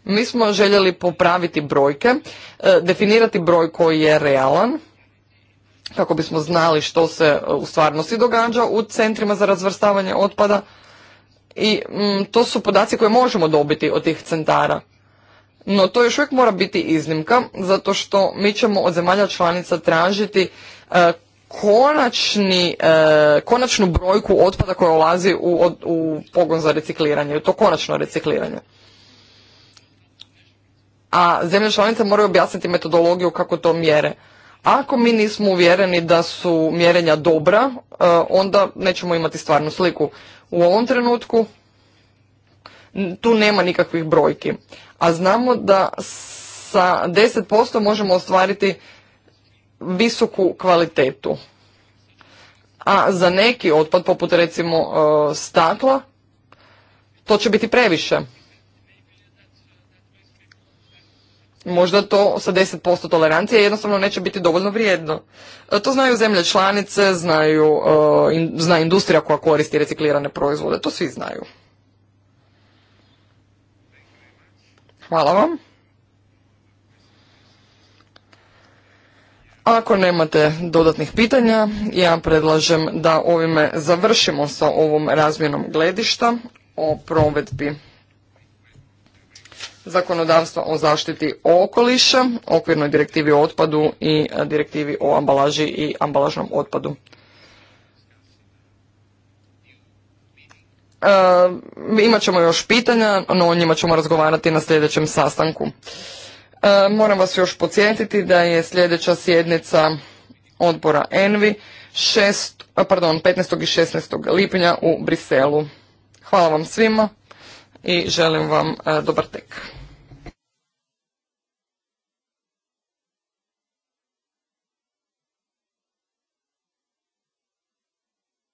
Mi smo željeli popraviti brojke, e, definirati broj koji je realan, kako bismo znali što se e, u stvarnosti događa u centrima za razvrstavanje otpada i mm, to su podaci koje možemo dobiti od tih centara. No to još uvijek mora biti iznimka zato što mi ćemo od zemalja članica tražiti e, konačni, konačnu brojku otpada koja ulazi u, u pogon za recikliranje, u to konačno recikliranje a zemlje članice moraju objasniti metodologiju kako to mjere. Ako mi nismo uvjereni da su mjerenja dobra, e, onda nećemo imati stvarnu sliku. U ovom trenutku tu nema nikakvih brojki. A znamo da sa 10% možemo ostvariti visoku kvalitetu. A za neki otpad, poput recimo e, stakla, to će biti previše. možda to sa 10% tolerancije jednostavno neće biti dovoljno vrijedno. E, to znaju zemlje članice, znaju, e, zna industrija koja koristi reciklirane proizvode, to svi znaju. Hvala vam. Ako nemate dodatnih pitanja, ja predlažem da ovime završimo sa ovom razmjenom gledišta o provedbi zakonodavstva o zaštiti okoliša, okvirnoj direktivi o otpadu i e, direktivi o ambalaži i ambalažnom otpadu. E, imat ćemo još pitanja, no o njima ćemo razgovarati na sljedećem sastanku. E, moram vas još podsjetiti da je sljedeća sjednica odbora ENVI pardon, 15. i 16. lipnja u Briselu. Hvala vam svima i želim vam e, dobar tek.